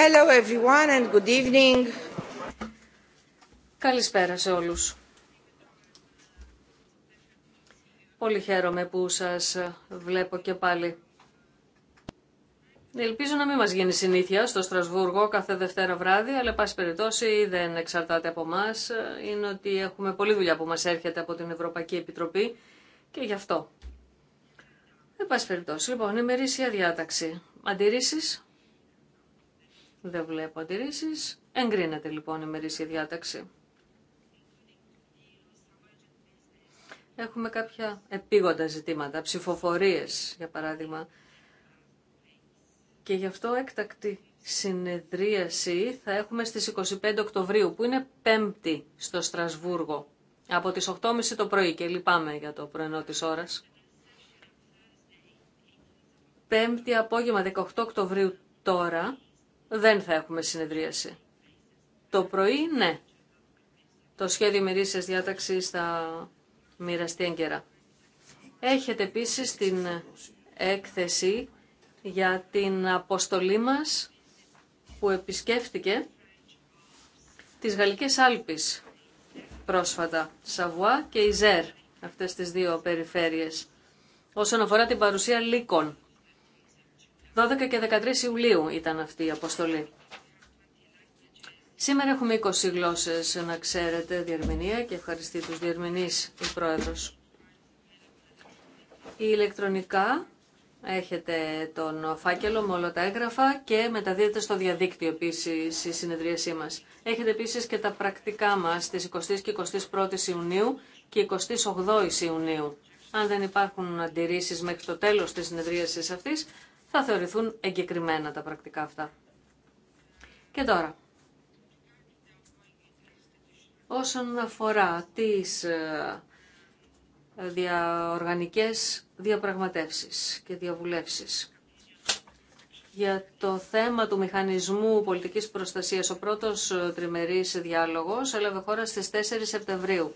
Hello everyone and good evening. Καλησπέρα σε όλους. Πολύ χαίρομαι που σας βλέπω και πάλι. Ελπίζω να μην μας γίνει συνήθεια στο Στρασβούργο κάθε Δευτέρα βράδυ, αλλά πάση περιπτώσει δεν εξαρτάται από εμά. Είναι ότι έχουμε πολλή δουλειά που μας έρχεται από την Ευρωπαϊκή Επιτροπή και γι' αυτό. Εν πάση περιπτώσει, λοιπόν, ημερήσια διάταξη. Αντιρρήσεις. Δεν βλέπω αντιρρήσει. Εγκρίνεται λοιπόν η μερίσια διάταξη. Έχουμε κάποια επίγοντα ζητήματα, ψηφοφορίες για παράδειγμα. Και γι' αυτό έκτακτη συνεδρίαση θα έχουμε στις 25 Οκτωβρίου, που είναι πέμπτη στο Στρασβούργο, από τις 8.30 το πρωί και λυπάμαι για το πρωινό της ώρας. Πέμπτη απόγευμα 18 Οκτωβρίου τώρα δεν θα έχουμε συνεδρίαση. Το πρωί, ναι. Το σχέδιο μερίσιας διάταξης θα μοιραστεί έγκαιρα. Έχετε επίσης την έκθεση για την αποστολή μας που επισκέφτηκε τις Γαλλικές Άλπεις πρόσφατα, Σαβουά και Ιζέρ, αυτές τις δύο περιφέρειες, όσον αφορά την παρουσία λύκων. 12 και 13 Ιουλίου ήταν αυτή η αποστολή. Σήμερα έχουμε 20 γλώσσες, να ξέρετε, διερμηνία και ευχαριστεί τους διερμηνείς η Πρόεδρος. Η ηλεκτρονικά έχετε τον φάκελο με όλα τα έγγραφα και μεταδίδεται στο διαδίκτυο επίσης η συνεδρίασή μας. Έχετε επίσης και τα πρακτικά μας στις 20 και 21 Ιουνίου και 28 Ιουνίου. Αν δεν υπάρχουν αντιρρήσεις μέχρι το τέλος της συνεδρίασης αυτής, θα θεωρηθούν εγκεκριμένα τα πρακτικά αυτά. Και τώρα, όσον αφορά τις ε, διαοργανικές διαπραγματεύσεις και διαβουλεύσεις. Για το θέμα του μηχανισμού πολιτικής προστασίας, ο πρώτος ε, τριμερής διάλογος έλαβε χώρα στις 4 Σεπτεμβρίου.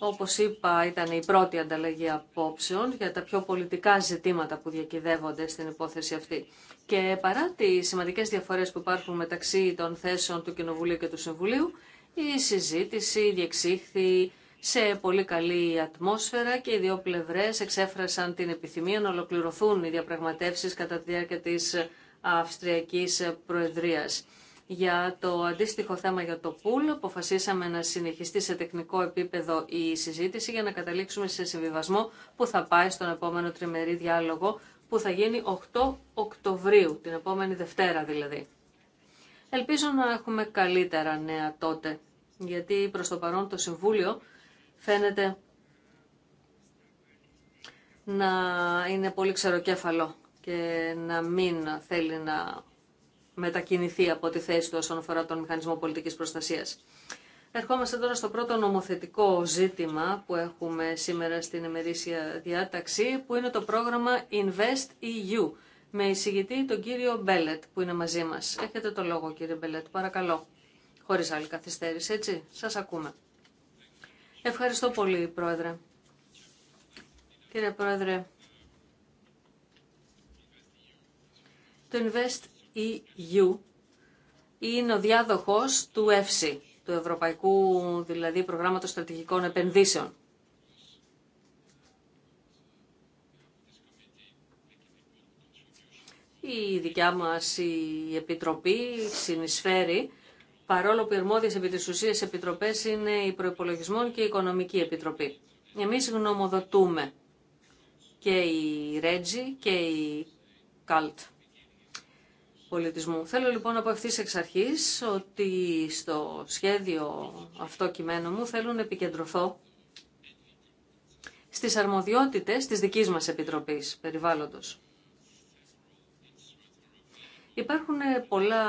Όπως είπα, ήταν η πρώτη ανταλλαγή απόψεων για τα πιο πολιτικά ζητήματα που διακυδεύονται στην υπόθεση αυτή. Και παρά τις σημαντικές διαφορές που υπάρχουν μεταξύ των θέσεων του Κοινοβουλίου και του Συμβουλίου, η συζήτηση διεξήχθη σε πολύ καλή ατμόσφαιρα και οι δύο πλευρές εξέφρασαν την επιθυμία να ολοκληρωθούν οι διαπραγματεύσεις κατά τη διάρκεια της Αυστριακής Προεδρίας. Για το αντίστοιχο θέμα για το πουλ, αποφασίσαμε να συνεχιστεί σε τεχνικό επίπεδο η συζήτηση για να καταλήξουμε σε συμβιβασμό που θα πάει στον επόμενο τριμερή διάλογο που θα γίνει 8 Οκτωβρίου, την επόμενη Δευτέρα δηλαδή. Ελπίζω να έχουμε καλύτερα νέα τότε, γιατί προς το παρόν το Συμβούλιο φαίνεται να είναι πολύ ξεροκέφαλο και να μην θέλει να μετακινηθεί από τη θέση του όσον αφορά τον μηχανισμό πολιτικής προστασίας. Ερχόμαστε τώρα στο πρώτο νομοθετικό ζήτημα που έχουμε σήμερα στην ημερήσια διάταξη, που είναι το πρόγραμμα Invest EU, με εισηγητή τον κύριο Μπέλετ που είναι μαζί μας. Έχετε το λόγο κύριε Μπέλετ, παρακαλώ. Χωρίς άλλη καθυστέρηση, έτσι, σας ακούμε. Ευχαριστώ πολύ, Πρόεδρε. Κύριε Πρόεδρε, το Invest EU είναι ο διάδοχος του ΕΦΣΥ, του Ευρωπαϊκού δηλαδή Προγράμματος Στρατηγικών Επενδύσεων. Η δικιά μας η Επιτροπή συνεισφέρει, παρόλο που οι αρμόδιες επί της επιτροπές είναι η Προϋπολογισμών και η Οικονομική Επιτροπή. Εμείς γνωμοδοτούμε και η Ρέτζι και η Καλτ πολιτισμού. Θέλω λοιπόν από αυτής εξ αρχής ότι στο σχέδιο αυτό κειμένο μου θέλουν να επικεντρωθώ στις αρμοδιότητες της δικής μας Επιτροπής Περιβάλλοντος. Υπάρχουν πολλά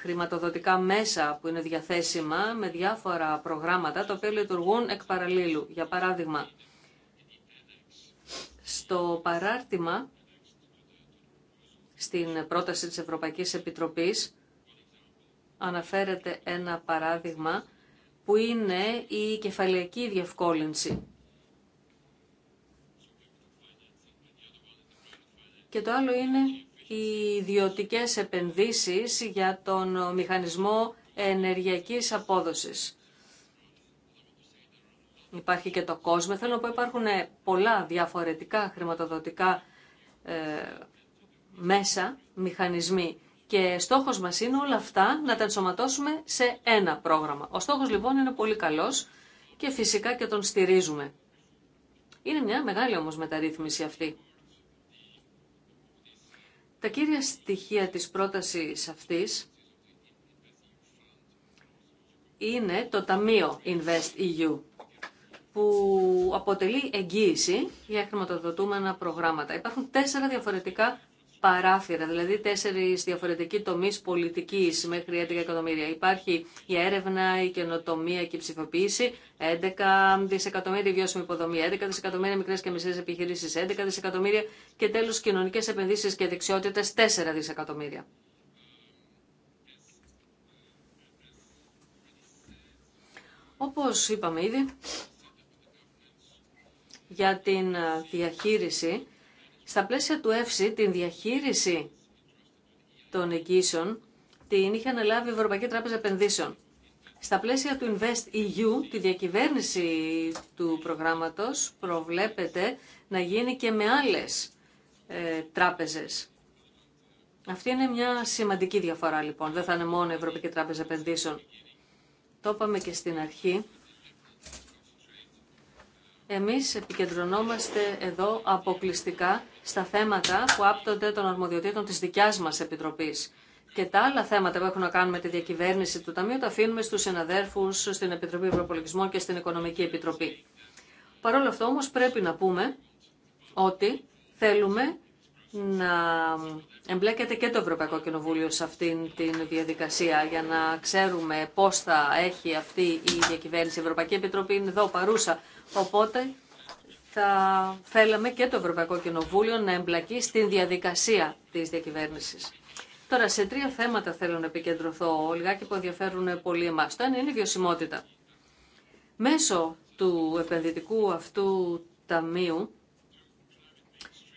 χρηματοδοτικά μέσα που είναι διαθέσιμα με διάφορα προγράμματα τα οποία λειτουργούν εκ Για παράδειγμα, στο παράρτημα στην πρόταση της Ευρωπαϊκής Επιτροπής αναφέρεται ένα παράδειγμα που είναι η κεφαλαιακή διευκόλυνση. Και το άλλο είναι οι ιδιωτικέ επενδύσεις για τον μηχανισμό ενεργειακής απόδοσης. Υπάρχει και το κόσμο. Θέλω να πω υπάρχουν πολλά διαφορετικά χρηματοδοτικά ε, μέσα, μηχανισμοί και στόχος μας είναι όλα αυτά να τα ενσωματώσουμε σε ένα πρόγραμμα. Ο στόχος λοιπόν είναι πολύ καλός και φυσικά και τον στηρίζουμε. Είναι μια μεγάλη όμως μεταρρύθμιση αυτή. Τα κύρια στοιχεία της πρότασης αυτής είναι το Ταμείο Invest EU που αποτελεί εγγύηση για χρηματοδοτούμενα προγράμματα. Υπάρχουν τέσσερα διαφορετικά παράθυρα, δηλαδή τέσσερις διαφορετικοί τομείς πολιτικής μέχρι 11 εκατομμύρια. Υπάρχει η έρευνα, η καινοτομία και η ψηφοποίηση, 11 δισεκατομμύρια βιώσιμη υποδομή, 11 δισεκατομμύρια μικρές και μισές επιχειρήσεις, 11 δισεκατομμύρια και τέλος κοινωνικές επενδύσεις και δεξιότητες, 4 δισεκατομμύρια. Όπως είπαμε ήδη, για την διαχείριση στα πλαίσια του ΕΦΣΙ, την διαχείριση των εγγύσεων την είχε αναλάβει η Ευρωπαϊκή Τράπεζα Επενδύσεων. Στα πλαίσια του Invest EU, τη διακυβέρνηση του προγράμματος προβλέπεται να γίνει και με άλλες ε, τράπεζες. Αυτή είναι μια σημαντική διαφορά λοιπόν. Δεν θα είναι μόνο η Ευρωπαϊκή Τράπεζα Επενδύσεων. Το είπαμε και στην αρχή εμείς επικεντρωνόμαστε εδώ αποκλειστικά στα θέματα που άπτονται των αρμοδιοτήτων της δικιάς μας Επιτροπής. Και τα άλλα θέματα που έχουν να κάνουν με τη διακυβέρνηση του Ταμείου τα αφήνουμε στους συναδέρφους στην Επιτροπή Ευρωπολογισμών και στην Οικονομική Επιτροπή. Παρ' όλο αυτό όμως πρέπει να πούμε ότι θέλουμε να εμπλέκεται και το Ευρωπαϊκό Κοινοβούλιο σε αυτήν την διαδικασία για να ξέρουμε πώς θα έχει αυτή η διακυβέρνηση. Η Ευρωπαϊκή Επιτροπή είναι εδώ παρούσα, οπότε θα θέλαμε και το Ευρωπαϊκό Κοινοβούλιο να εμπλακεί στην διαδικασία της διακυβέρνησης. Τώρα, σε τρία θέματα θέλω να επικεντρωθώ, και που ενδιαφέρουν πολύ εμά. Το ένα είναι η βιωσιμότητα. Μέσω του επενδυτικού αυτού ταμείου,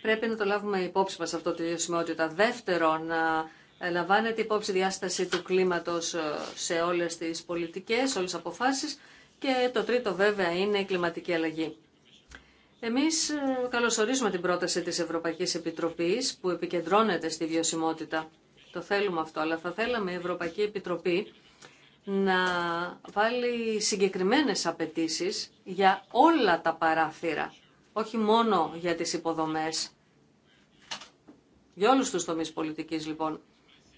πρέπει να το λάβουμε υπόψη μας αυτό το δυοσημότητα. Δεύτερον, να ε, λαμβάνεται υπόψη διάσταση του κλίματος ε, σε όλες τις πολιτικές, όλες τις αποφάσεις και το τρίτο βέβαια είναι η κλιματική αλλαγή. Εμείς ε, καλωσορίζουμε την πρόταση της Ευρωπαϊκής Επιτροπής που επικεντρώνεται στη βιωσιμότητα. Το θέλουμε αυτό, αλλά θα θέλαμε η Ευρωπαϊκή Επιτροπή να βάλει συγκεκριμένες απαιτήσει για όλα τα παράθυρα, όχι μόνο για τις υποδομές. Για όλους τους τομείς πολιτικής λοιπόν.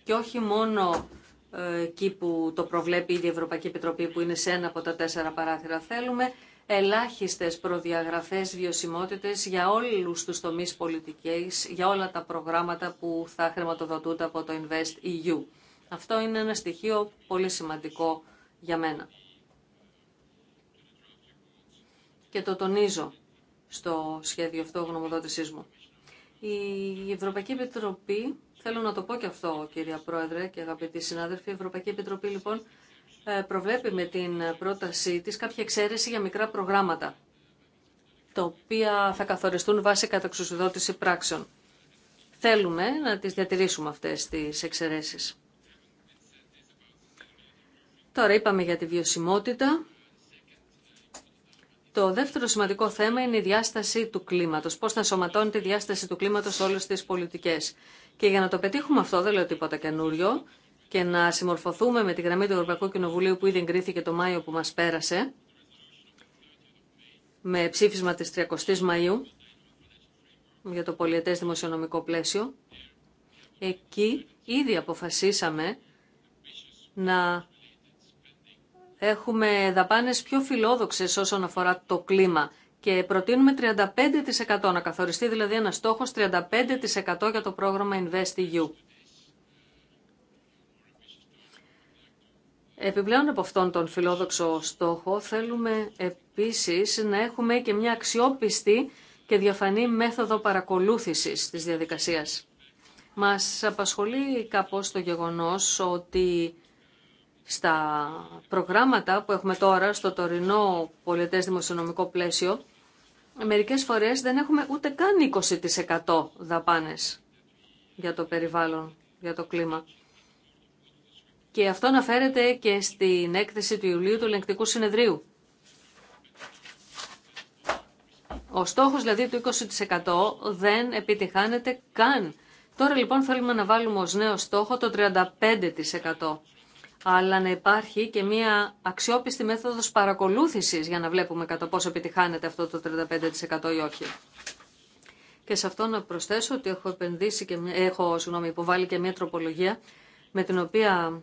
Και όχι μόνο ε, εκεί που το προβλέπει η Ευρωπαϊκή Επιτροπή που είναι σε ένα από τα τέσσερα παράθυρα. Θέλουμε ελάχιστες προδιαγραφές βιωσιμότητες για όλους τους τομείς πολιτικής, για όλα τα προγράμματα που θα χρηματοδοτούνται από το Invest EU. Αυτό είναι ένα στοιχείο πολύ σημαντικό για μένα. Και το τονίζω στο σχέδιο αυτό γνωμοδότησής μου. Η Ευρωπαϊκή Επιτροπή, θέλω να το πω και αυτό κυρία Πρόεδρε και αγαπητοί συνάδελφοι, η Ευρωπαϊκή Επιτροπή λοιπόν ε, προβλέπει με την πρότασή της κάποια εξαίρεση για μικρά προγράμματα, τα οποία θα καθοριστούν βάσει καταξουσιδότηση πράξεων. Θέλουμε να τις διατηρήσουμε αυτές τις εξαιρέσεις. Τώρα είπαμε για τη βιωσιμότητα, το δεύτερο σημαντικό θέμα είναι η διάσταση του κλίματος. Πώς θα σωματώνει τη διάσταση του κλίματος σε όλες τις πολιτικές. Και για να το πετύχουμε αυτό, δεν λέω τίποτα καινούριο, και να συμμορφωθούμε με τη γραμμή του Ευρωπαϊκού Κοινοβουλίου που ήδη εγκρίθηκε το Μάιο που μας πέρασε, με ψήφισμα της 30 η Μαΐου για το πολιετές δημοσιονομικό πλαίσιο, εκεί ήδη αποφασίσαμε να έχουμε δαπάνες πιο φιλόδοξες όσον αφορά το κλίμα και προτείνουμε 35% να καθοριστεί δηλαδή ένα στόχος 35% για το πρόγραμμα InvestEU. Επιπλέον από αυτόν τον φιλόδοξο στόχο θέλουμε επίσης να έχουμε και μια αξιόπιστη και διαφανή μέθοδο παρακολούθησης της διαδικασίας. Μας απασχολεί κάπως το γεγονός ότι στα προγράμματα που έχουμε τώρα, στο τωρινό πολιτές δημοσιονομικό πλαίσιο, μερικές φορές δεν έχουμε ούτε καν 20% δαπάνες για το περιβάλλον, για το κλίμα. Και αυτό αναφέρεται και στην έκθεση του Ιουλίου του Ελεγκτικού Συνεδρίου. Ο στόχος δηλαδή του 20% δεν επιτυχάνεται καν. Τώρα λοιπόν θέλουμε να βάλουμε ως νέο στόχο το 35% αλλά να υπάρχει και μία αξιόπιστη μέθοδος παρακολούθησης για να βλέπουμε κατά πόσο επιτυχάνεται αυτό το 35% ή όχι. Και σε αυτό να προσθέσω ότι έχω, επενδύσει και, έχω συγγνώμη, υποβάλει και μία τροπολογία με την οποία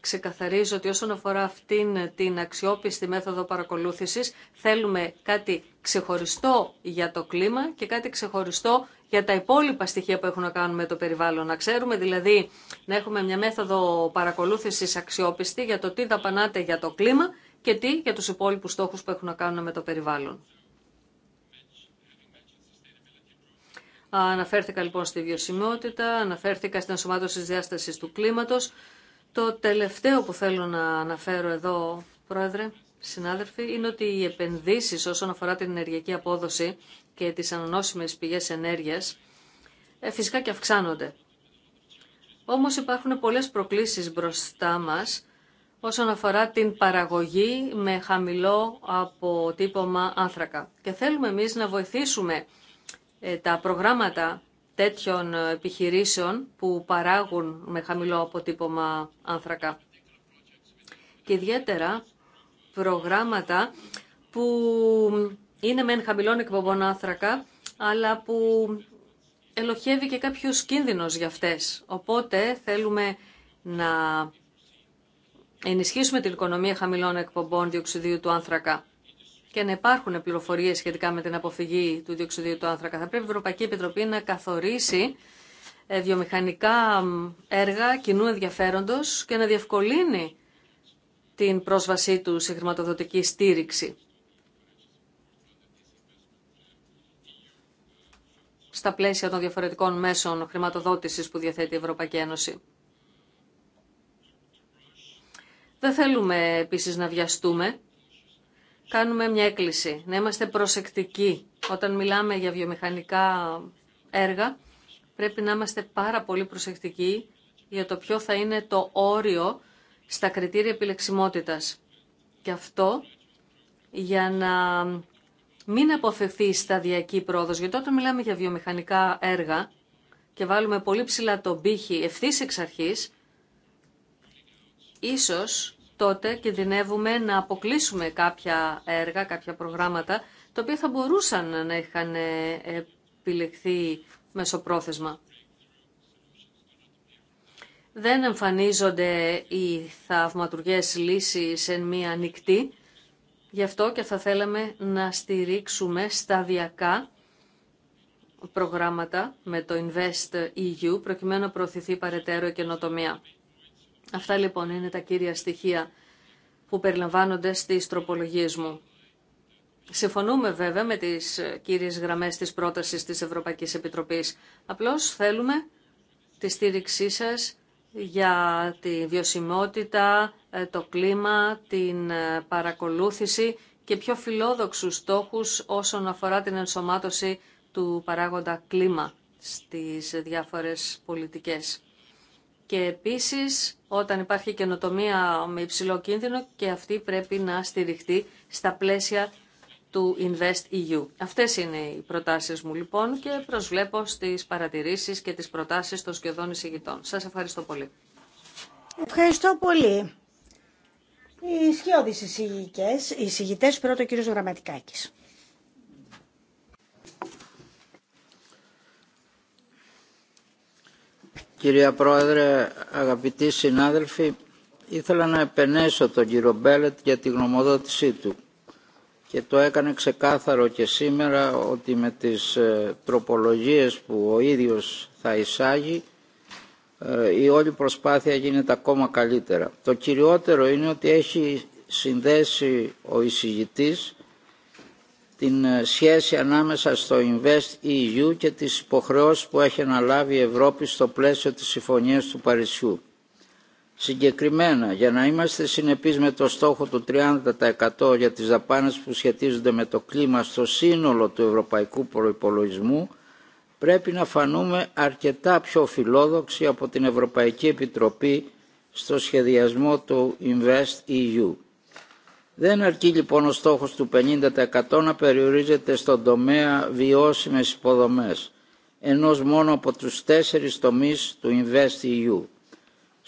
ξεκαθαρίζω ότι όσον αφορά αυτήν την αξιόπιστη μέθοδο παρακολούθησης θέλουμε κάτι ξεχωριστό για το κλίμα και κάτι ξεχωριστό για τα υπόλοιπα στοιχεία που έχουν να κάνουν με το περιβάλλον. Να ξέρουμε δηλαδή να έχουμε μια μέθοδο παρακολούθησης αξιόπιστη για το τι δαπανάτε για το κλίμα και τι για τους υπόλοιπου στόχου που έχουν να κάνουν με το περιβάλλον. Αναφέρθηκα λοιπόν στη βιωσιμότητα, αναφέρθηκα στην ενσωμάτωση της διάστασης του κλίματος. Το τελευταίο που θέλω να αναφέρω εδώ, Πρόεδρε, συνάδελφοι, είναι ότι οι επενδύσεις όσον αφορά την ενεργειακή απόδοση και τις ανανόσιμες πηγές ενέργειας ε, φυσικά και αυξάνονται. Όμως υπάρχουν πολλές προκλήσεις μπροστά μας όσον αφορά την παραγωγή με χαμηλό αποτύπωμα άνθρακα. Και θέλουμε εμείς να βοηθήσουμε ε, τα προγράμματα τέτοιων επιχειρήσεων που παράγουν με χαμηλό αποτύπωμα άνθρακα. Και ιδιαίτερα προγράμματα που είναι μεν χαμηλών εκπομπών άνθρακα, αλλά που ελοχεύει και κάποιος κίνδυνος για αυτές. Οπότε θέλουμε να ενισχύσουμε την οικονομία χαμηλών εκπομπών διοξιδίου του άνθρακα και να υπάρχουν πληροφορίε σχετικά με την αποφυγή του διοξιδίου του άνθρακα. Θα πρέπει η Ευρωπαϊκή Επιτροπή να καθορίσει ε, βιομηχανικά έργα κοινού ενδιαφέροντος και να διευκολύνει την πρόσβασή του σε χρηματοδοτική στήριξη. στα πλαίσια των διαφορετικών μέσων χρηματοδότησης που διαθέτει η Ευρωπαϊκή Ένωση. Δεν θέλουμε επίσης να βιαστούμε. Κάνουμε μια έκκληση, να είμαστε προσεκτικοί. Όταν μιλάμε για βιομηχανικά έργα, πρέπει να είμαστε πάρα πολύ προσεκτικοί για το ποιο θα είναι το όριο στα κριτήρια επιλεξιμότητας. Και αυτό για να μην αποφευθεί σταδιακή πρόοδος, γιατί όταν μιλάμε για βιομηχανικά έργα και βάλουμε πολύ ψηλά τον πύχη ευθύ εξ αρχή, ίσως τότε κινδυνεύουμε να αποκλείσουμε κάποια έργα, κάποια προγράμματα, τα οποία θα μπορούσαν να είχαν επιλεχθεί μεσοπρόθεσμα δεν εμφανίζονται οι θαυματουργές λύσεις εν μία νυχτή. Γι' αυτό και θα θέλαμε να στηρίξουμε σταδιακά προγράμματα με το Invest EU προκειμένου να προωθηθεί παρετέρω η καινοτομία. Αυτά λοιπόν είναι τα κύρια στοιχεία που περιλαμβάνονται στις τροπολογίες μου. Συμφωνούμε βέβαια με τις κύριες γραμμές της πρότασης της Ευρωπαϊκής Επιτροπής. Απλώς θέλουμε τη στήριξή σας για τη βιωσιμότητα, ε, το κλίμα, την ε, παρακολούθηση και πιο φιλόδοξους στόχους όσον αφορά την ενσωμάτωση του παράγοντα κλίμα στις διάφορες πολιτικές. Και επίσης όταν υπάρχει καινοτομία με υψηλό κίνδυνο και αυτή πρέπει να στηριχτεί στα πλαίσια του Invest EU. Αυτές είναι οι προτάσεις μου λοιπόν και προσβλέπω στις παρατηρήσεις και τις προτάσεις των σχεδόν εισηγητών. Σας ευχαριστώ πολύ. Ευχαριστώ πολύ. Οι σχεδόντες εισηγητές, οι εισηγητές πρώτο ο κύριος Γραμματικάκης. Κυρία Πρόεδρε, αγαπητοί συνάδελφοι, ήθελα να επενέσω τον κύριο Μπέλετ για τη γνωμοδότησή του και το έκανε ξεκάθαρο και σήμερα ότι με τις ε, τροπολογίες που ο ίδιος θα εισάγει ε, η όλη προσπάθεια γίνεται ακόμα καλύτερα. Το κυριότερο είναι ότι έχει συνδέσει ο εισηγητής την ε, σχέση ανάμεσα στο Invest EU και τις υποχρεώσεις που έχει αναλάβει η Ευρώπη στο πλαίσιο της Συμφωνίας του Παρισιού. Συγκεκριμένα, για να είμαστε συνεπείς με το στόχο του 30% για τις δαπάνες που σχετίζονται με το κλίμα στο σύνολο του ευρωπαϊκού προϋπολογισμού, πρέπει να φανούμε αρκετά πιο φιλόδοξοι από την Ευρωπαϊκή Επιτροπή στο σχεδιασμό του Invest EU. Δεν αρκεί λοιπόν ο στόχος του 50% να περιορίζεται στον τομέα βιώσιμες υποδομές, ενός μόνο από τους τέσσερις τομείς του Invest EU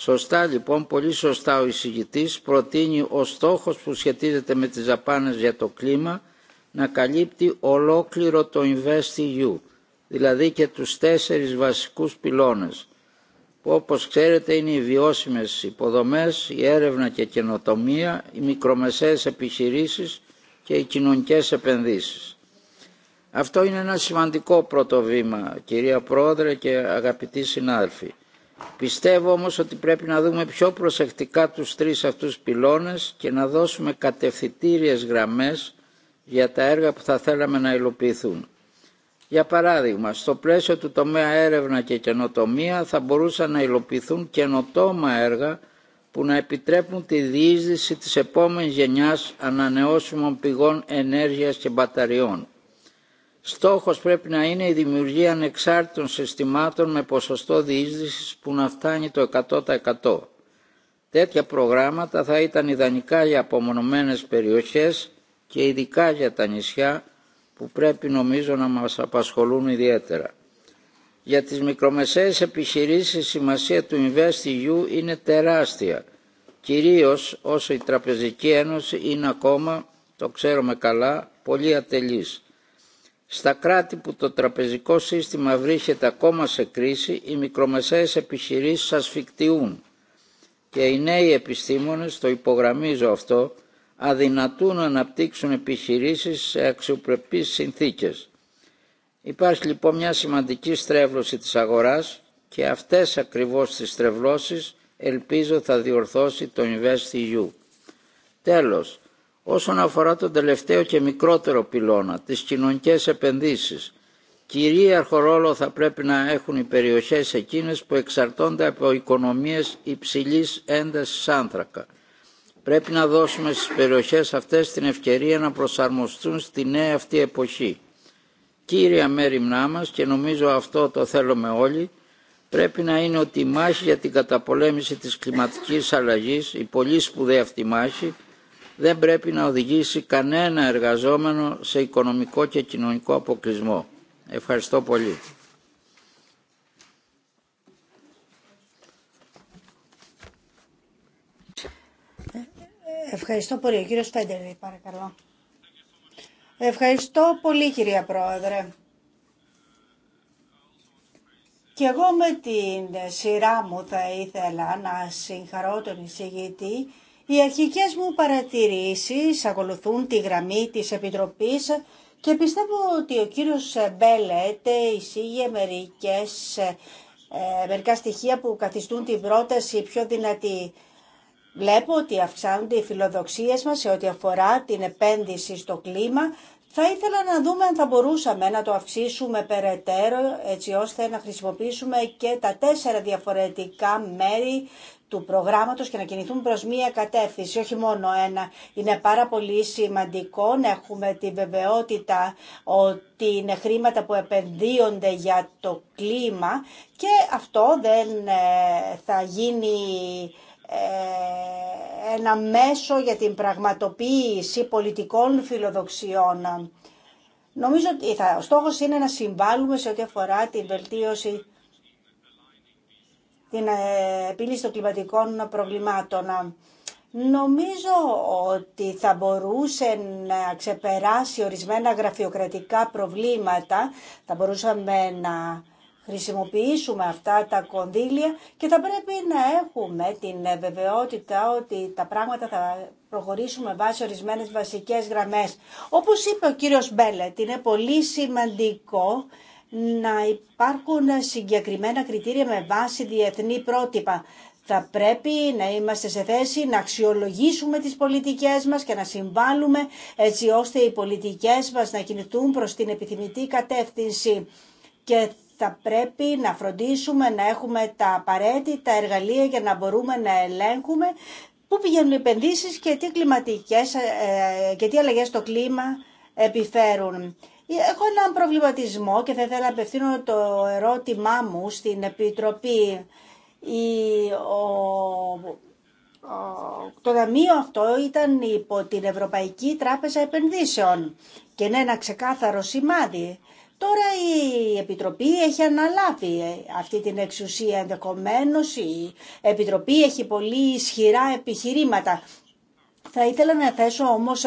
Σωστά λοιπόν, πολύ σωστά ο εισηγητής προτείνει ο στόχος που σχετίζεται με τις δαπάνες για το κλίμα να καλύπτει ολόκληρο το InvestEU, δηλαδή και τους τέσσερις βασικούς πυλώνες, που όπως ξέρετε είναι οι βιώσιμες υποδομές, η έρευνα και καινοτομία, οι μικρομεσαίες επιχειρήσεις και οι κοινωνικές επενδύσεις. Αυτό είναι ένα σημαντικό πρώτο κυρία Πρόεδρε και αγαπητοί συνάδελφοι Πιστεύω όμως ότι πρέπει να δούμε πιο προσεκτικά τους τρεις αυτούς πυλώνες και να δώσουμε κατευθυντήριες γραμμές για τα έργα που θα θέλαμε να υλοποιηθούν. Για παράδειγμα, στο πλαίσιο του τομέα έρευνα και καινοτομία θα μπορούσαν να υλοποιηθούν καινοτόμα έργα που να επιτρέπουν τη διείσδυση της επόμενης γενιάς ανανεώσιμων πηγών ενέργειας και μπαταριών. Στόχος πρέπει να είναι η δημιουργία ανεξάρτητων συστημάτων με ποσοστό διείσδυσης που να φτάνει το 100%. Τέτοια προγράμματα θα ήταν ιδανικά για απομονωμένες περιοχές και ειδικά για τα νησιά που πρέπει νομίζω να μας απασχολούν ιδιαίτερα. Για τις μικρομεσαίες επιχειρήσεις η σημασία του InvestEU είναι τεράστια, κυρίως όσο η Τραπεζική Ένωση είναι ακόμα, το ξέρουμε καλά, πολύ ατελής στα κράτη που το τραπεζικό σύστημα βρίσκεται ακόμα σε κρίση, οι μικρομεσαίες επιχειρήσεις ασφικτιούν και οι νέοι επιστήμονες, το υπογραμμίζω αυτό, αδυνατούν να αναπτύξουν επιχειρήσεις σε αξιοπρεπείς συνθήκες. Υπάρχει λοιπόν μια σημαντική στρέβλωση της αγοράς και αυτές ακριβώς τις στρεβλώσεις ελπίζω θα διορθώσει το InvestEU. Τέλος, όσον αφορά τον τελευταίο και μικρότερο πυλώνα, τις κοινωνικές επενδύσεις. Κυρίαρχο ρόλο θα πρέπει να έχουν οι περιοχές εκείνες που εξαρτώνται από οικονομίες υψηλής έντασης άνθρακα. Πρέπει να δώσουμε στις περιοχές αυτές την ευκαιρία να προσαρμοστούν στη νέα αυτή εποχή. Κύρια μέρημνά μας, και νομίζω αυτό το θέλουμε όλοι, πρέπει να είναι ότι η μάχη για την καταπολέμηση της κλιματικής αλλαγής, η πολύ σπουδαία αυτή μάχη, δεν πρέπει να οδηγήσει κανένα εργαζόμενο σε οικονομικό και κοινωνικό αποκλεισμό. Ευχαριστώ πολύ. Ευχαριστώ πολύ. κύριο κύριος παρακαλώ. Ευχαριστώ πολύ, κυρία Πρόεδρε. Και εγώ με την σειρά μου θα ήθελα να συγχαρώ τον εισηγητή οι αρχικές μου παρατηρήσεις ακολουθούν τη γραμμή της Επιτροπής και πιστεύω ότι ο κύριος Μπέλετ εισήγε μερικές, ε, μερικά στοιχεία που καθιστούν την πρόταση πιο δυνατή. Βλέπω ότι αυξάνονται οι φιλοδοξίες μας σε ό,τι αφορά την επένδυση στο κλίμα. Θα ήθελα να δούμε αν θα μπορούσαμε να το αυξήσουμε περαιτέρω έτσι ώστε να χρησιμοποιήσουμε και τα τέσσερα διαφορετικά μέρη του προγράμματος και να κινηθούν προς μία κατεύθυνση, όχι μόνο ένα. Είναι πάρα πολύ σημαντικό να έχουμε τη βεβαιότητα ότι είναι χρήματα που επενδύονται για το κλίμα και αυτό δεν ε, θα γίνει ε, ένα μέσο για την πραγματοποίηση πολιτικών φιλοδοξιών. Νομίζω ότι ο στόχος είναι να συμβάλλουμε σε ό,τι αφορά την βελτίωση την ε, επίλυση των κλιματικών προβλημάτων. Νομίζω ότι θα μπορούσε να ξεπεράσει ορισμένα γραφειοκρατικά προβλήματα, θα μπορούσαμε να χρησιμοποιήσουμε αυτά τα κονδύλια και θα πρέπει να έχουμε την ε, βεβαιότητα ότι τα πράγματα θα προχωρήσουμε βάσει ορισμένες βασικές γραμμές. Όπως είπε ο κύριος Μπέλετ, είναι πολύ σημαντικό να υπάρχουν συγκεκριμένα κριτήρια με βάση διεθνή πρότυπα. Θα πρέπει να είμαστε σε θέση να αξιολογήσουμε τις πολιτικές μας και να συμβάλλουμε έτσι ώστε οι πολιτικές μας να κινηθούν προς την επιθυμητή κατεύθυνση. Και θα πρέπει να φροντίσουμε να έχουμε τα απαραίτητα εργαλεία για να μπορούμε να ελέγχουμε πού πηγαίνουν οι επενδύσεις και τι, κλιματικές, ε, ε, τι αλλαγές στο κλίμα επιφέρουν. Έχω έναν προβληματισμό και θα ήθελα να απευθύνω το ερώτημά μου στην Επιτροπή. Η, το ταμείο αυτό ήταν υπό την Ευρωπαϊκή Τράπεζα Επενδύσεων και είναι ένα ξεκάθαρο σημάδι. Τώρα η Επιτροπή έχει αναλάβει αυτή την εξουσία ενδεχομένω. η Επιτροπή έχει πολύ ισχυρά επιχειρήματα. Θα ήθελα να θέσω όμως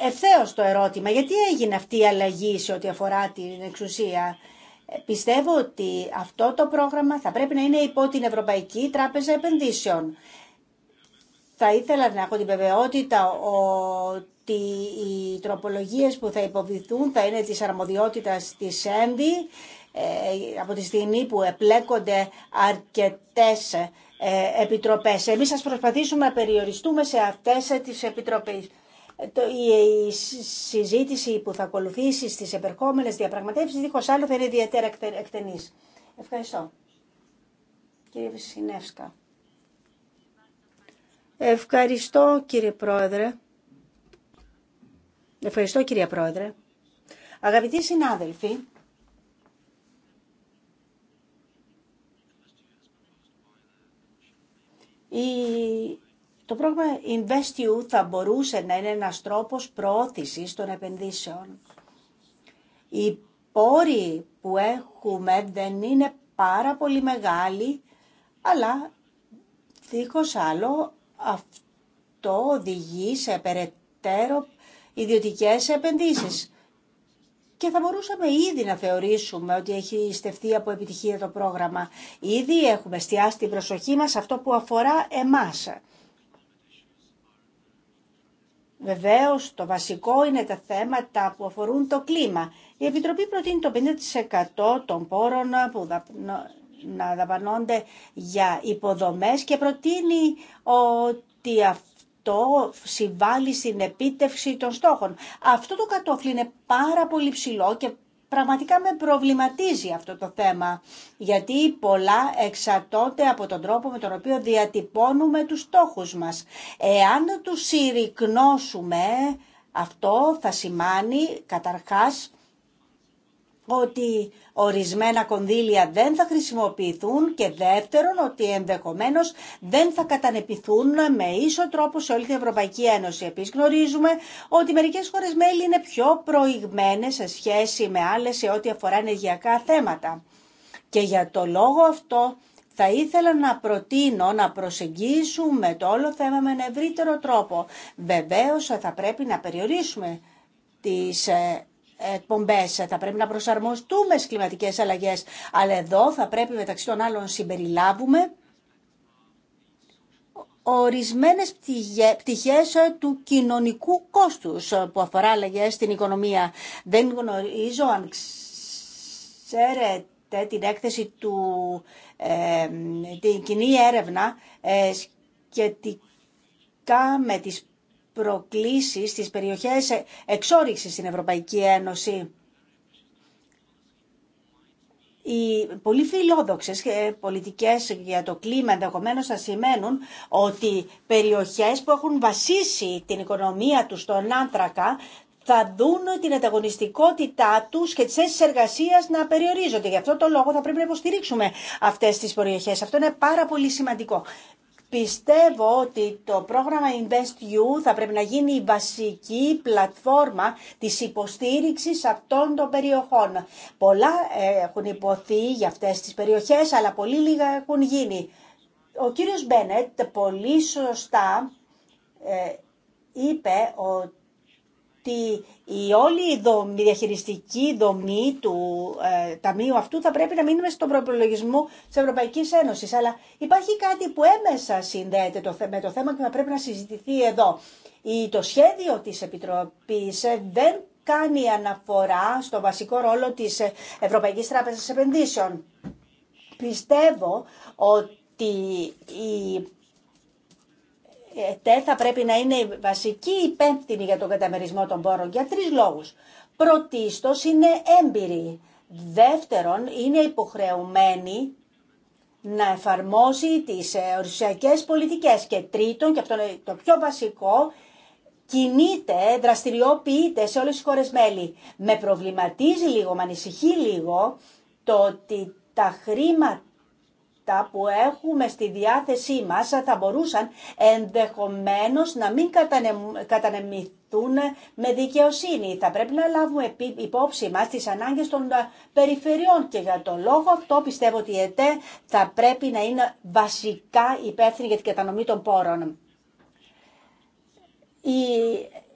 ευθέω το ερώτημα γιατί έγινε αυτή η αλλαγή σε ό,τι αφορά την εξουσία. Ε, πιστεύω ότι αυτό το πρόγραμμα θα πρέπει να είναι υπό την Ευρωπαϊκή Τράπεζα Επενδύσεων. Θα ήθελα να έχω την βεβαιότητα ότι οι τροπολογίες που θα υποβληθούν θα είναι της αρμοδιότητας της ΕΝΔΗ ε, από τη στιγμή που επλέκονται αρκετές ε, επιτροπές. Εμείς σας προσπαθήσουμε να περιοριστούμε σε αυτές τις επιτροπές. Ε, η συζήτηση που θα ακολουθήσει στις επερχόμενες διαπραγματεύσεις δίχως άλλο θα είναι ιδιαίτερα εκτενής. Ευχαριστώ. Κύριε Βυσσινεύσκα. Ευχαριστώ κύριε Πρόεδρε. Ευχαριστώ κυρία Πρόεδρε. Αγαπητοί συνάδελφοι, η το πρόγραμμα InvestEU θα μπορούσε να είναι ένας τρόπος προώθησης των επενδύσεων. Οι πόροι που έχουμε δεν είναι πάρα πολύ μεγάλοι, αλλά δίχως άλλο αυτό οδηγεί σε περαιτέρω ιδιωτικές επενδύσεις. Και θα μπορούσαμε ήδη να θεωρήσουμε ότι έχει στεφτεί από επιτυχία το πρόγραμμα. Ήδη έχουμε εστιάσει την προσοχή μας αυτό που αφορά εμάς. Βεβαίως το βασικό είναι τα θέματα που αφορούν το κλίμα. Η Επιτροπή προτείνει το 50% των πόρων που να δαπανώνται για υποδομές και προτείνει ότι αυτό συμβάλλει στην επίτευξη των στόχων. Αυτό το κατόφλι είναι πάρα πολύ ψηλό και πραγματικά με προβληματίζει αυτό το θέμα, γιατί πολλά εξαρτώνται από τον τρόπο με τον οποίο διατυπώνουμε τους στόχους μας. Εάν τους συρρυκνώσουμε, αυτό θα σημάνει καταρχάς ότι ορισμένα κονδύλια δεν θα χρησιμοποιηθούν και δεύτερον ότι ενδεχομένως δεν θα κατανεπιθούν με ίσο τρόπο σε όλη την Ευρωπαϊκή Ένωση. Επίσης γνωρίζουμε ότι μερικές χώρες μέλη είναι πιο προηγμένες σε σχέση με άλλες σε ό,τι αφορά ενεργειακά θέματα. Και για το λόγο αυτό θα ήθελα να προτείνω να προσεγγίσουμε το όλο θέμα με ένα ευρύτερο τρόπο. Βεβαίως θα πρέπει να περιορίσουμε τις ε, θα πρέπει να προσαρμοστούμε στι κλιματικές αλλαγές. Αλλά εδώ θα πρέπει μεταξύ των άλλων συμπεριλάβουμε ορισμένες πτυχές του κοινωνικού κόστους που αφορά αλλαγέ στην οικονομία. Δεν γνωρίζω αν ξέρετε την έκθεση του, ε, την κοινή έρευνα ε, σχετικά με τις προκλήσεις τις περιοχές εξόριξης στην Ευρωπαϊκή Ένωση. Οι πολύ φιλόδοξε πολιτικέ για το κλίμα ενδεχομένω θα σημαίνουν ότι περιοχέ που έχουν βασίσει την οικονομία του στον άνθρακα θα δουν την ανταγωνιστικότητά του και τι θέσει εργασία να περιορίζονται. Γι' αυτό το λόγο θα πρέπει να υποστηρίξουμε αυτέ τι περιοχέ. Αυτό είναι πάρα πολύ σημαντικό. Πιστεύω ότι το πρόγραμμα InvestU θα πρέπει να γίνει η βασική πλατφόρμα της υποστήριξης αυτών των περιοχών. Πολλά ε, έχουν υποθεί για αυτές τις περιοχές, αλλά πολύ λίγα έχουν γίνει. Ο κύριος Μπένετ πολύ σωστά ε, είπε ότι ότι η όλη η, διαχειριστική δομή του ε, ταμείου αυτού θα πρέπει να μείνουμε στον προπολογισμό τη ευρωπαϊκή Ένωση. Αλλά υπάρχει κάτι που έμεσα συνδέεται το, με το θέμα και θα πρέπει να συζητηθεί εδώ. Η, το σχέδιο της Επιτροπής ε, δεν κάνει αναφορά στο βασικό ρόλο της ε, Ευρωπαϊκής Τράπεζα Επενδύσεων. Πιστεύω ότι η ΕΤΕ θα πρέπει να είναι βασική υπεύθυνη για τον καταμερισμό των πόρων για τρεις λόγους. Πρωτίστως είναι έμπειρη. Δεύτερον, είναι υποχρεωμένη να εφαρμόσει τις ε, ορσιακές πολιτικές. Και τρίτον, και αυτό είναι το πιο βασικό, κινείται, δραστηριοποιείται σε όλες τις χώρες μέλη. Με προβληματίζει λίγο, με ανησυχεί λίγο το ότι τα χρήματα τα που έχουμε στη διάθεσή μας θα μπορούσαν ενδεχομένως να μην κατανεμηθούν με δικαιοσύνη. Θα πρέπει να λάβουμε υπόψη μας τις ανάγκες των ε, περιφερειών και για τον λόγο αυτό πιστεύω ότι η ΕΤΕ θα πρέπει να είναι βασικά υπεύθυνη για την κατανομή των πόρων. Η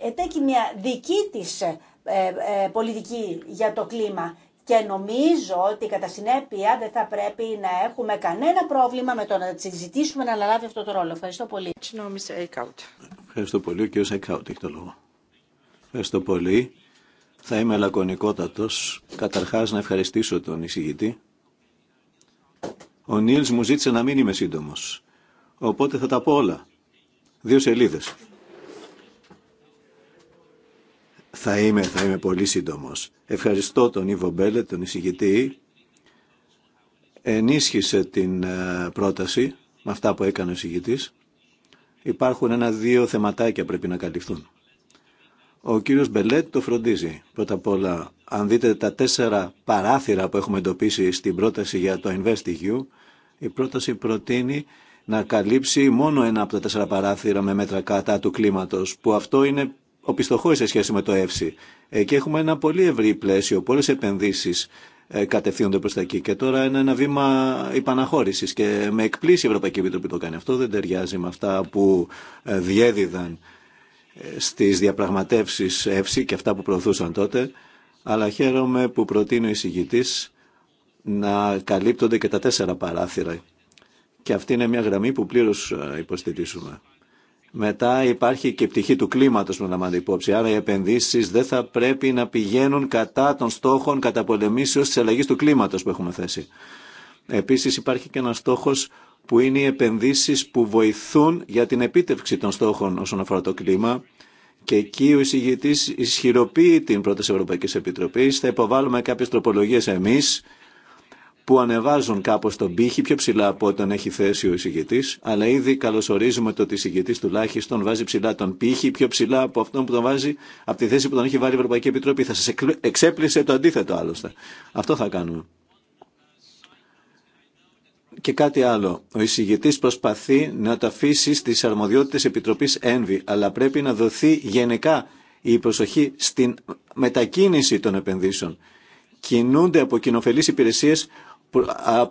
ΕΤΕ έχει μια δική της ε, ε, πολιτική για το κλίμα και νομίζω ότι κατά συνέπεια δεν θα πρέπει να έχουμε κανένα πρόβλημα με το να συζητήσουμε να αναλάβει αυτό το ρόλο. Ευχαριστώ πολύ. Ευχαριστώ πολύ. Ο κ. Σεκάουτ έχει το λόγο. Ευχαριστώ πολύ. Θα είμαι λακωνικότατο. Καταρχάς να ευχαριστήσω τον εισηγητή. Ο Νίλ μου ζήτησε να μην είμαι σύντομο. Οπότε θα τα πω όλα. Δύο σελίδε. Θα είμαι, θα είμαι πολύ σύντομος. Ευχαριστώ τον Ιβο Μπέλε, τον εισηγητή. Ενίσχυσε την ε, πρόταση με αυτά που έκανε ο εισηγητής. Υπάρχουν ένα-δύο θεματάκια πρέπει να καλυφθούν. Ο κύριος Μπελέτ το φροντίζει. Πρώτα απ' όλα, αν δείτε τα τέσσερα παράθυρα που έχουμε εντοπίσει στην πρόταση για το InvestEU, η πρόταση προτείνει να καλύψει μόνο ένα από τα τέσσερα παράθυρα με μέτρα κατά του κλίματος, που αυτό είναι οπισθοχώρη σε σχέση με το ΕΦΣΥ. και έχουμε ένα πολύ ευρύ πλαίσιο, πολλές επενδύσεις ε, κατευθύνονται προ τα εκεί. Και τώρα είναι ένα βήμα υπαναχώρησης και με εκπλήσει η Ευρωπαϊκή Επιτροπή το κάνει. Αυτό δεν ταιριάζει με αυτά που ε, διέδιδαν ε, στις διαπραγματεύσεις ΕΦΣΥ και αυτά που προωθούσαν τότε. Αλλά χαίρομαι που προτείνει ο εισηγητή να καλύπτονται και τα τέσσερα παράθυρα. Και αυτή είναι μια γραμμή που πλήρως υποστηρίζουμε. Μετά υπάρχει και η πτυχή του κλίματος που λάβετε υπόψη. Άρα οι επενδύσεις δεν θα πρέπει να πηγαίνουν κατά των στόχων καταπολεμήσεως τη αλλαγή του κλίματος που έχουμε θέσει. Επίσης υπάρχει και ένας στόχος που είναι οι επενδύσεις που βοηθούν για την επίτευξη των στόχων όσον αφορά το κλίμα. Και εκεί ο εισηγητή ισχυροποιεί την πρώτη Ευρωπαϊκή Επιτροπή. Θα υποβάλουμε κάποιε τροπολογίες εμεί που ανεβάζουν κάπως τον πύχη πιο ψηλά από όταν έχει θέσει ο εισηγητή, αλλά ήδη καλωσορίζουμε το ότι εισηγητή τουλάχιστον βάζει ψηλά τον πύχη, πιο ψηλά από αυτόν που τον βάζει, από τη θέση που τον έχει βάλει η Ευρωπαϊκή Επιτροπή. Θα σα εξέπλησε το αντίθετο άλλωστε. Αυτό θα κάνουμε. Και κάτι άλλο. Ο εισηγητή προσπαθεί να τα αφήσει στι αρμοδιότητε Επιτροπή Ένβη, αλλά πρέπει να δοθεί γενικά η προσοχή στην μετακίνηση των επενδύσεων. Κινούνται από κοινοφελεί υπηρεσίε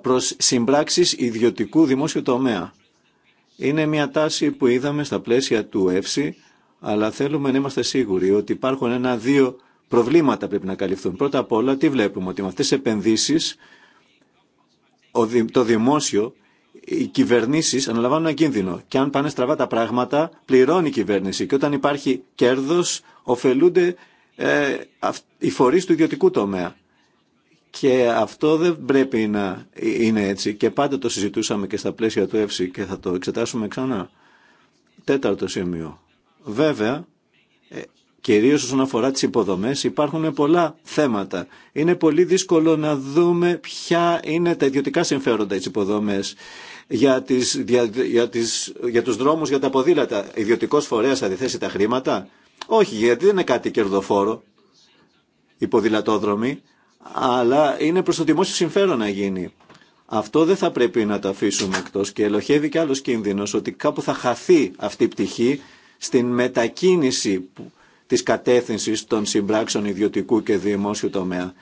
προς συμπράξεις ιδιωτικού δημόσιου τομέα. Είναι μια τάση που είδαμε στα πλαίσια του ΕΦΣΥ, αλλά θέλουμε να είμαστε σίγουροι ότι υπάρχουν ένα-δύο προβλήματα πρέπει να καλυφθούν. Πρώτα απ' όλα, τι βλέπουμε, ότι με αυτές τις επενδύσεις το δημόσιο, οι κυβερνήσεις αναλαμβάνουν ένα κίνδυνο. Και αν πάνε στραβά τα πράγματα, πληρώνει η κυβέρνηση. Και όταν υπάρχει κέρδος, ωφελούνται ε, οι φορείς του ιδιωτικού τομέα. Και αυτό δεν πρέπει να είναι έτσι και πάντα το συζητούσαμε και στα πλαίσια του ΕΦΣΥ και θα το εξετάσουμε ξανά. Τέταρτο σημείο. Βέβαια, ε, κυρίως όσον αφορά τις υποδομές, υπάρχουν πολλά θέματα. Είναι πολύ δύσκολο να δούμε ποια είναι τα ιδιωτικά συμφέροντα της υποδομές για, τις, για, για, τις, για τους δρόμους, για τα ποδήλατα. Ιδιωτικός φορέας θα διθέσει τα χρήματα. Όχι, γιατί δεν είναι κάτι κερδοφόρο οι αλλά είναι προς το δημόσιο συμφέρον να γίνει. Αυτό δεν θα πρέπει να το αφήσουμε εκτός και ελοχεύει και άλλος κίνδυνος ότι κάπου θα χαθεί αυτή η πτυχή στην μετακίνηση της κατεύθυνσης των συμπράξεων ιδιωτικού και δημόσιου τομέα.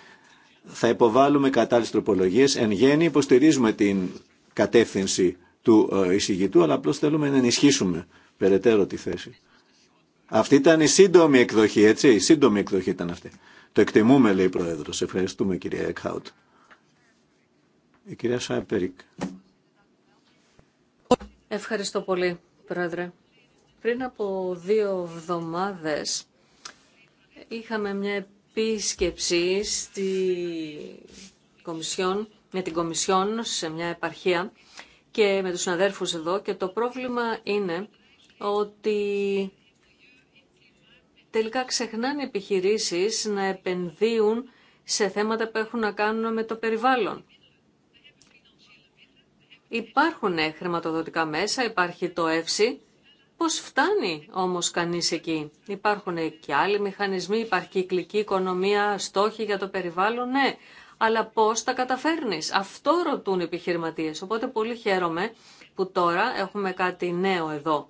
Θα υποβάλουμε κατάλληλες τροπολογίες. Εν γέννη υποστηρίζουμε την κατεύθυνση του ε, εισηγητού, αλλά απλώς θέλουμε να ενισχύσουμε περαιτέρω τη θέση. Αυτή ήταν η σύντομη εκδοχή, έτσι. Η σύντομη εκδοχή ήταν αυτή. Το εκτιμούμε, λέει η Πρόεδρος. Ευχαριστούμε, κυρία Εκχάουτ. Η κυρία Σάιπερικ. Ευχαριστώ πολύ, Πρόεδρε. Πριν από δύο εβδομάδες είχαμε μια επίσκεψη στη Κομισιόν, με την Κομισιόν σε μια επαρχία και με τους συναδέρφους εδώ και το πρόβλημα είναι ότι τελικά ξεχνάνε οι επιχειρήσεις να επενδύουν σε θέματα που έχουν να κάνουν με το περιβάλλον. Υπάρχουν ε, χρηματοδοτικά μέσα, υπάρχει το ΕΦΣΥ. Πώς φτάνει όμως κανείς εκεί. Υπάρχουν ε, και άλλοι μηχανισμοί, υπάρχει κυκλική οικονομία, στόχοι για το περιβάλλον, ναι. Αλλά πώς τα καταφέρνεις. Αυτό ρωτούν οι επιχειρηματίες. Οπότε πολύ χαίρομαι που τώρα έχουμε κάτι νέο εδώ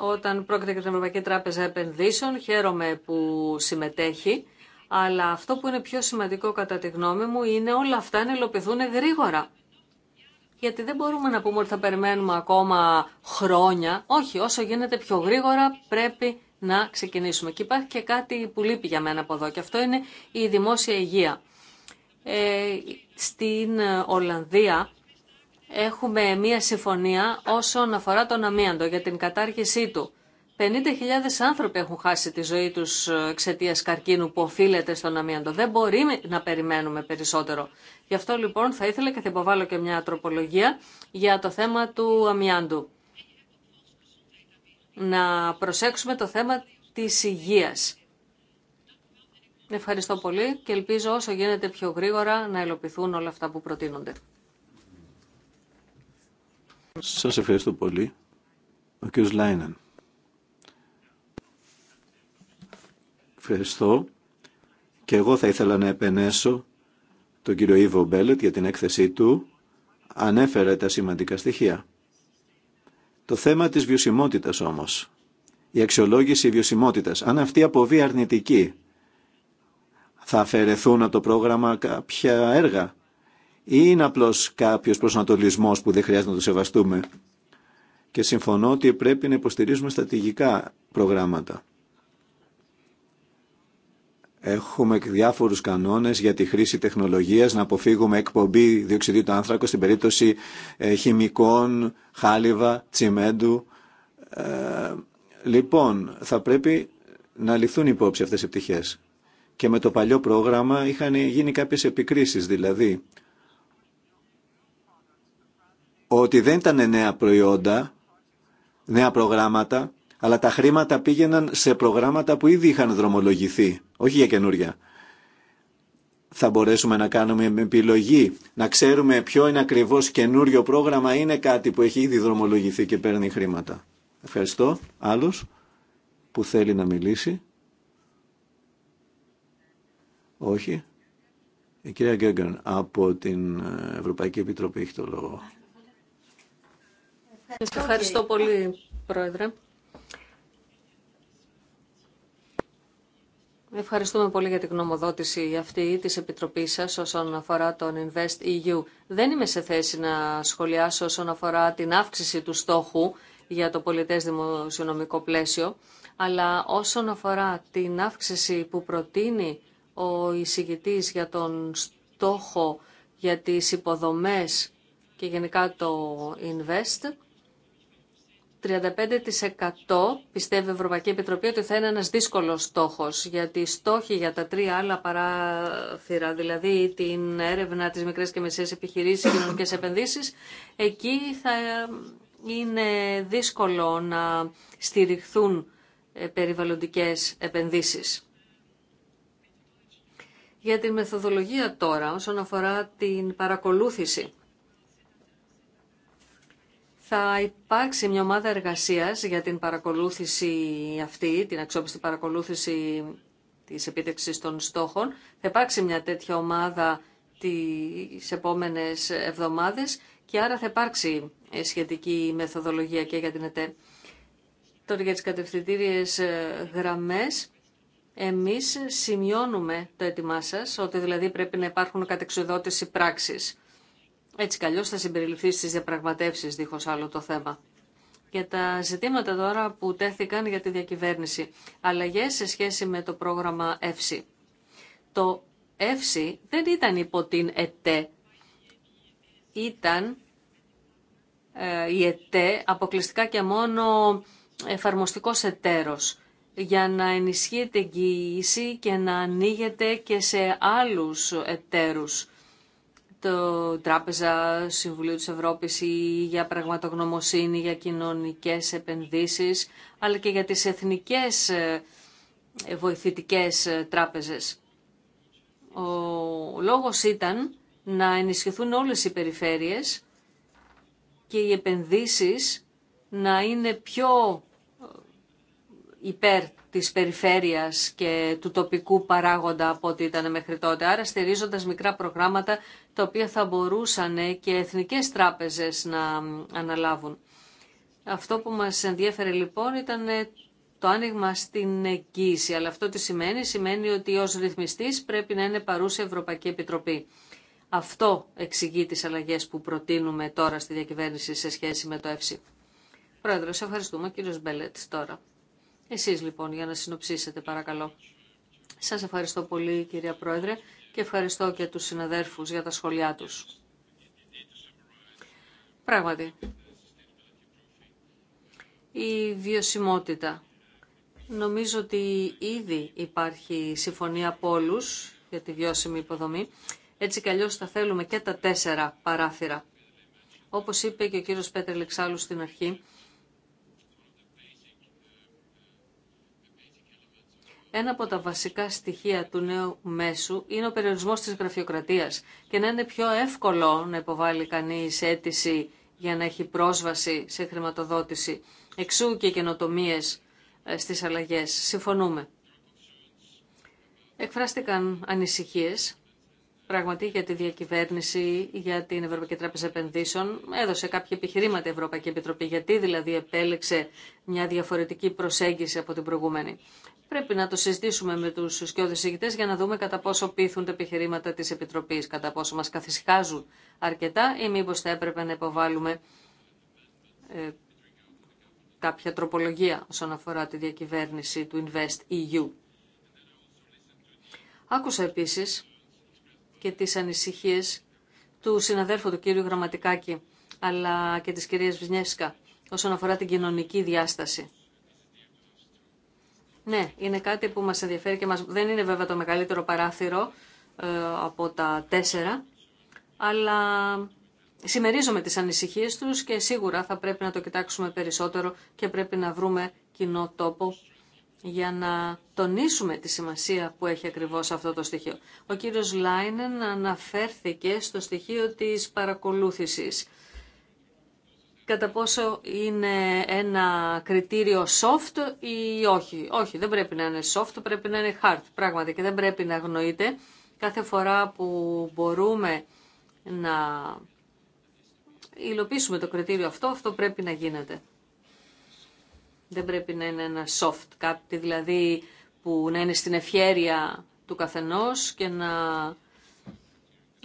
όταν πρόκειται για την Ευρωπαϊκή Τράπεζα Επενδύσεων. Χαίρομαι που συμμετέχει. Αλλά αυτό που είναι πιο σημαντικό κατά τη γνώμη μου είναι όλα αυτά να υλοποιηθούν γρήγορα. Γιατί δεν μπορούμε να πούμε ότι θα περιμένουμε ακόμα χρόνια. Όχι, όσο γίνεται πιο γρήγορα πρέπει να ξεκινήσουμε. Και υπάρχει και κάτι που λείπει για μένα από εδώ και αυτό είναι η δημόσια υγεία. Ε, στην Ολλανδία έχουμε μία συμφωνία όσον αφορά τον αμίαντο για την κατάργησή του. 50.000 άνθρωποι έχουν χάσει τη ζωή τους εξαιτία καρκίνου που οφείλεται στον αμίαντο. Δεν μπορεί να περιμένουμε περισσότερο. Γι' αυτό λοιπόν θα ήθελα και θα υποβάλω και μια τροπολογία για το θέμα του αμιάντου. Να προσέξουμε το θέμα της υγείας. Ευχαριστώ πολύ και ελπίζω όσο γίνεται πιο γρήγορα να ελοπιθούν όλα αυτά που προτείνονται. Σας ευχαριστώ πολύ. Ο κ. Λάινεν. Ευχαριστώ. Και εγώ θα ήθελα να επενέσω τον κύριο Ιβο Μπέλετ για την έκθεσή του. Ανέφερε τα σημαντικά στοιχεία. Το θέμα της βιωσιμότητας όμως. Η αξιολόγηση βιωσιμότητας. Αν αυτή αποβεί αρνητική, θα αφαιρεθούν από το πρόγραμμα κάποια έργα ή είναι απλώς κάποιος προσανατολισμός που δεν χρειάζεται να το σεβαστούμε. Και συμφωνώ ότι πρέπει να υποστηρίζουμε στρατηγικά προγράμματα. Έχουμε διάφορους κανόνες για τη χρήση τεχνολογίας, να αποφύγουμε εκπομπή διοξιδίου του άνθρακου στην περίπτωση ε, χημικών, χάλιβα, τσιμέντου. Ε, λοιπόν, θα πρέπει να ληφθούν υπόψη αυτές οι πτυχές. Και με το παλιό πρόγραμμα είχαν γίνει κάποιες επικρίσεις, δηλαδή ότι δεν ήταν νέα προϊόντα, νέα προγράμματα, αλλά τα χρήματα πήγαιναν σε προγράμματα που ήδη είχαν δρομολογηθεί, όχι για καινούρια. Θα μπορέσουμε να κάνουμε επιλογή, να ξέρουμε ποιο είναι ακριβώς καινούριο πρόγραμμα είναι κάτι που έχει ήδη δρομολογηθεί και παίρνει χρήματα. Ευχαριστώ. Άλλος που θέλει να μιλήσει. Όχι. Η κυρία Γκέγκαν από την Ευρωπαϊκή Επιτροπή έχει το λόγο ευχαριστώ πολύ, Πρόεδρε. Ευχαριστούμε πολύ για την γνωμοδότηση αυτή της Επιτροπής σας όσον αφορά τον Invest EU. Δεν είμαι σε θέση να σχολιάσω όσον αφορά την αύξηση του στόχου για το πολιτές δημοσιονομικό πλαίσιο, αλλά όσον αφορά την αύξηση που προτείνει ο εισηγητής για τον στόχο για τις υποδομές και γενικά το Invest, 35% πιστεύει η Ευρωπαϊκή Επιτροπή ότι θα είναι ένας δύσκολος στόχος, γιατί οι στόχοι για τα τρία άλλα παράθυρα, δηλαδή την έρευνα της μικρές και μεσαίες επιχειρήσεις και κοινωνικές επενδύσεις, εκεί θα είναι δύσκολο να στηριχθούν ε, περιβαλλοντικές επενδύσεις. Για τη μεθοδολογία τώρα, όσον αφορά την παρακολούθηση, θα υπάρξει μια ομάδα εργασίας για την παρακολούθηση αυτή, την αξιόπιστη παρακολούθηση της επίτευξης των στόχων. Θα υπάρξει μια τέτοια ομάδα τις επόμενες εβδομάδες και άρα θα υπάρξει ε, σχετική μεθοδολογία και για την ΕΤΕ. Τώρα για τις κατευθυντήριες ε, γραμμές, εμείς σημειώνουμε το έτοιμά σας, ότι δηλαδή πρέπει να υπάρχουν κατεξοδότηση πράξης. Έτσι καλώ θα συμπεριληφθεί στις διαπραγματεύσει δίχως άλλο το θέμα. Για τα ζητήματα τώρα που τέθηκαν για τη διακυβέρνηση. Αλλαγές σε σχέση με το πρόγραμμα ΕΦΣΥ. Το ΕΦΣΥ δεν ήταν υπό την ΕΤΕ. Ήταν ε, η ΕΤΕ αποκλειστικά και μόνο εφαρμοστικός εταίρος για να ενισχύεται εγγύηση και να ανοίγεται και σε άλλους εταίρους Τράπεζα Συμβουλίου της Ευρώπης για πραγματογνωμοσύνη, για κοινωνικές επενδύσεις, αλλά και για τις εθνικές ε, βοηθητικές ε, τράπεζες. Ο λόγος ήταν να ενισχυθούν όλες οι περιφέρειες και οι επενδύσεις να είναι πιο ε, υπέρ της περιφέρειας και του τοπικού παράγοντα από ό,τι ήταν μέχρι τότε. Άρα στηρίζοντας μικρά προγράμματα τα οποία θα μπορούσαν και εθνικές τράπεζες να αναλάβουν. Αυτό που μας ενδιέφερε λοιπόν ήταν ε, το άνοιγμα στην εγγύηση. Αλλά αυτό τι σημαίνει, σημαίνει ότι ως ρυθμιστής πρέπει να είναι παρούσα η Ευρωπαϊκή Επιτροπή. Αυτό εξηγεί τις αλλαγές που προτείνουμε τώρα στη διακυβέρνηση σε σχέση με το ΕΦΣΥ. Πρόεδρος, ευχαριστούμε. Κύριος Μπέλετ τώρα. Εσείς λοιπόν για να συνοψίσετε παρακαλώ. Σας ευχαριστώ πολύ κυρία Πρόεδρε και ευχαριστώ και τους συναδέρφους για τα σχόλιά τους. Πράγματι, η βιωσιμότητα. Νομίζω ότι ήδη υπάρχει συμφωνία από όλου για τη βιώσιμη υποδομή. Έτσι κι αλλιώς θα θέλουμε και τα τέσσερα παράθυρα. Όπως είπε και ο κύριος Πέτρελ εξάλλου στην αρχή, ένα από τα βασικά στοιχεία του νέου μέσου είναι ο περιορισμός της γραφειοκρατίας και να είναι πιο εύκολο να υποβάλει κανείς αίτηση για να έχει πρόσβαση σε χρηματοδότηση. Εξού και καινοτομίε ε, στις αλλαγές. Συμφωνούμε. Εκφράστηκαν ανησυχίες Πραγματικά για τη διακυβέρνηση, για την Ευρωπαϊκή Τράπεζα Επενδύσεων. Έδωσε κάποια επιχειρήματα η Ευρωπαϊκή Επιτροπή. Γιατί δηλαδή επέλεξε μια διαφορετική προσέγγιση από την προηγούμενη. Πρέπει να το συζητήσουμε με τους σκιώδει ηγητέ για να δούμε κατά πόσο πείθουν τα επιχειρήματα τη Επιτροπής, κατά πόσο μας καθησυχάζουν αρκετά ή μήπω θα έπρεπε να υποβάλουμε ε, κάποια τροπολογία όσον αφορά τη διακυβέρνηση του Invest EU. Άκουσα επίσης και τις ανησυχίες του συναδέρφου του κύριου Γραμματικάκη αλλά και της κυρίας Βυσνιέσκα όσον αφορά την κοινωνική διάσταση. Ναι, είναι κάτι που μας ενδιαφέρει και μας... δεν είναι βέβαια το μεγαλύτερο παράθυρο ε, από τα τέσσερα, αλλά συμμερίζομαι τις ανησυχίες τους και σίγουρα θα πρέπει να το κοιτάξουμε περισσότερο και πρέπει να βρούμε κοινό τόπο για να τονίσουμε τη σημασία που έχει ακριβώς αυτό το στοιχείο. Ο κύριος Λάινεν αναφέρθηκε στο στοιχείο της παρακολούθησης κατά πόσο είναι ένα κριτήριο soft ή όχι. Όχι, δεν πρέπει να είναι soft, πρέπει να είναι hard πράγματι και δεν πρέπει να αγνοείται κάθε φορά που μπορούμε να υλοποιήσουμε το κριτήριο αυτό, αυτό πρέπει να γίνεται. Δεν πρέπει να είναι ένα soft, κάτι δηλαδή που να είναι στην ευχέρεια του καθενός και να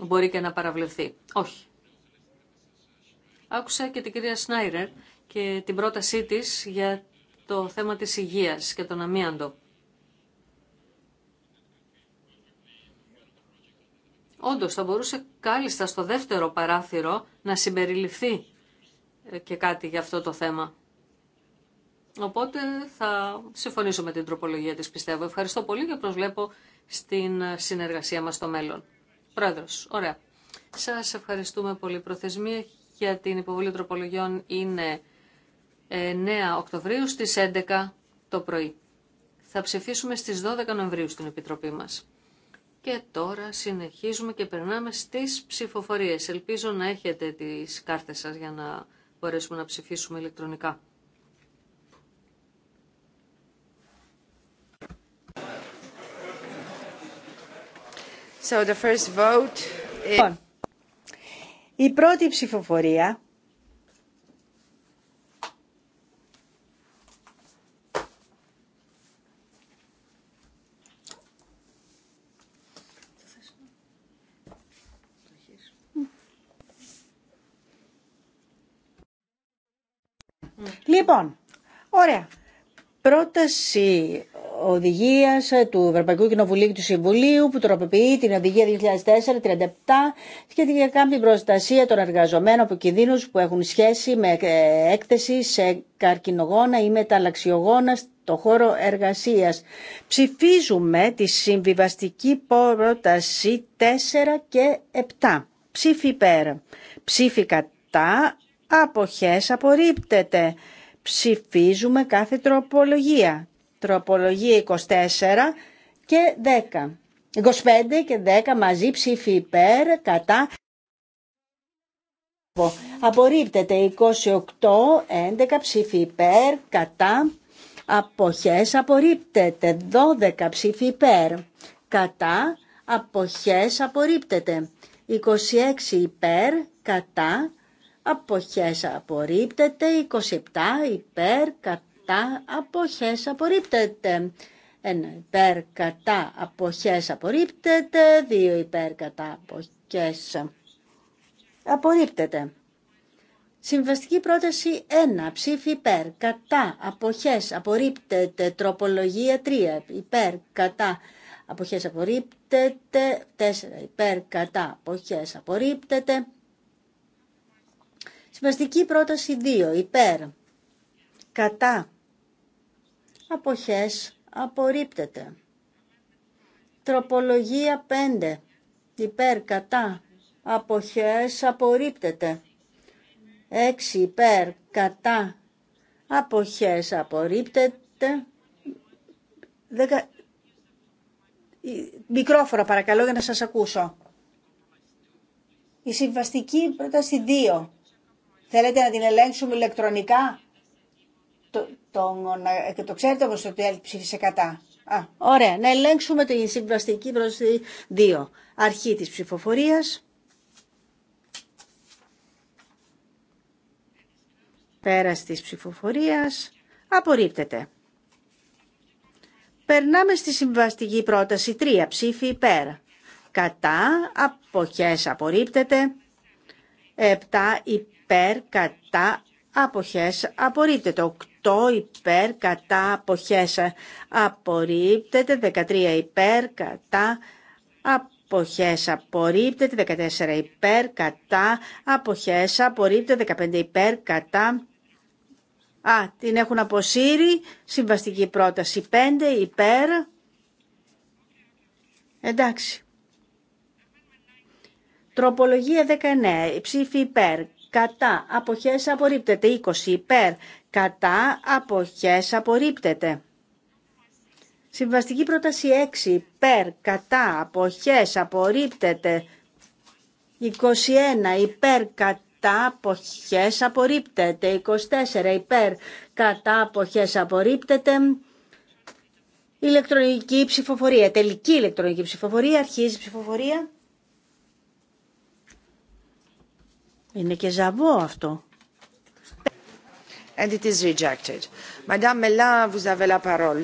μπορεί και να παραβλεφθεί. Όχι. Άκουσα και την κυρία Σνάιρερ και την πρότασή της για το θέμα της υγείας και τον αμίαντο. Όντως θα μπορούσε κάλλιστα στο δεύτερο παράθυρο να συμπεριληφθεί ε, και κάτι για αυτό το θέμα. Οπότε θα συμφωνήσω με την τροπολογία της πιστεύω. Ευχαριστώ πολύ και προσβλέπω στην ε, συνεργασία μας στο μέλλον. Πρόεδρος, ωραία. Σας ευχαριστούμε πολύ. Προθεσμία για την υποβολή τροπολογιών είναι 9 ε, Οκτωβρίου στις 11 το πρωί. Θα ψηφίσουμε στις 12 Νοεμβρίου στην Επιτροπή μας. Και τώρα συνεχίζουμε και περνάμε στις ψηφοφορίες. Ελπίζω να έχετε τις κάρτες σας για να μπορέσουμε να ψηφίσουμε ηλεκτρονικά. So the first vote λοιπόν, η πρώτη ψηφοφορία Λοιπόν, ωραία πρόταση οδηγία ε, του Ευρωπαϊκού Κοινοβουλίου και του Συμβουλίου που τροποποιεί την οδηγία 2004-37 σχετικά με την προστασία των εργαζομένων από κινδύνους που έχουν σχέση με ε, έκθεση σε καρκινογόνα ή μεταλλαξιογόνα στο χώρο εργασία. Ψηφίζουμε τη συμβιβαστική πρόταση 4 και 7. Ψήφι υπέρ. Ψήφι κατά. Αποχές απορρίπτεται. Ψηφίζουμε κάθε τροπολογία. Τροπολογία 24 και 10. 25 και 10 μαζί ψήφι υπέρ, κατά. Απορρίπτεται 28, 11 ψήφι υπέρ, κατά. Αποχές απορρίπτεται 12 ψήφι υπέρ, κατά. Αποχές απορρίπτεται 26 υπέρ, κατά αποχές απορρίπτεται, 27 υπέρ κατά αποχές απορρίπτεται. 1 υπέρ κατά αποχές απορρίπτεται, 2 υπέρ κατά αποχές απορρίπτεται. Συμβαστική πρόταση 1. Ψήφι υπέρ, κατά, αποχές, απορρίπτεται, τροπολογία 3. Υπέρ, κατά, αποχές, απορρίπτεται, 4. Υπέρ, κατά, αποχές, απορρίπτεται. Συμβαστική πρόταση 2. Υπέρ. Κατά. Αποχές. Απορρίπτεται. Τροπολογία 5. Υπέρ. Κατά. Αποχές. Απορρίπτεται. 6. Υπέρ. Κατά. Αποχές. Απορρίπτεται. Δεκα... παρακαλώ για να σας ακούσω. Η συμβαστική πρόταση 2. Θέλετε να την ελέγξουμε ηλεκτρονικά. Το, το, το, το ξέρετε όμως ότι ψήφισε κατά. Α, ωραία. Να ελέγξουμε τη συμβαστική προς 2. Αρχή της ψηφοφορίας. Πέρας της ψηφοφορίας. Απορρίπτεται. Περνάμε στη συμβαστική πρόταση 3. Ψήφι υπέρ. Κατά. Αποχές απορρίπτεται. 7 υπέρ υπέρ κατά αποχές απορρίπτεται. 8 υπέρ κατά αποχές απορρίπτεται. 13 υπέρ κατά αποχές απορρίπτεται. 14 υπέρ κατά αποχές απορρίπτεται. 15 υπέρ κατά Α, την έχουν αποσύρει. Συμβαστική πρόταση 5 υπέρ. Εντάξει. Τροπολογία 19. Ψήφι υπέρ κατά, αποχές απορρίπτεται. 20 υπέρ, κατά, αποχές απορρίπτεται. Συμβαστική πρόταση 6 υπέρ, κατά, αποχές απορρίπτεται. 21 υπέρ, κατά, αποχές απορρίπτεται. 24 υπέρ, κατά, αποχές απορρίπτεται. Ηλεκτρονική ψηφοφορία, τελική ηλεκτρονική ψηφοφορία, αρχίζει η ψηφοφορία. Είναι και ζαβό αυτό. And it is rejected. Madame Mellin, vous avez la parole.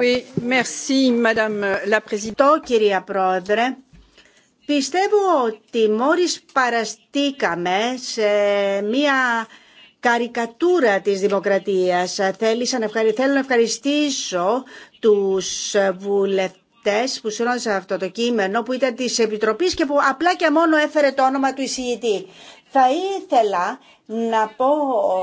Oui, merci, Madame la Présidente. Κυρία Πρόεδρε, πιστεύω ότι μόλις παραστήκαμε σε μία καρικατούρα της δημοκρατίας. Θέλησα να ευχαρι... Θέλω να ευχαριστήσω τους βουλευτές που σε αυτό το κείμενο που ήταν τη Επιτροπή και που απλά και μόνο έφερε το όνομα του εισηγητή. Θα ήθελα να πω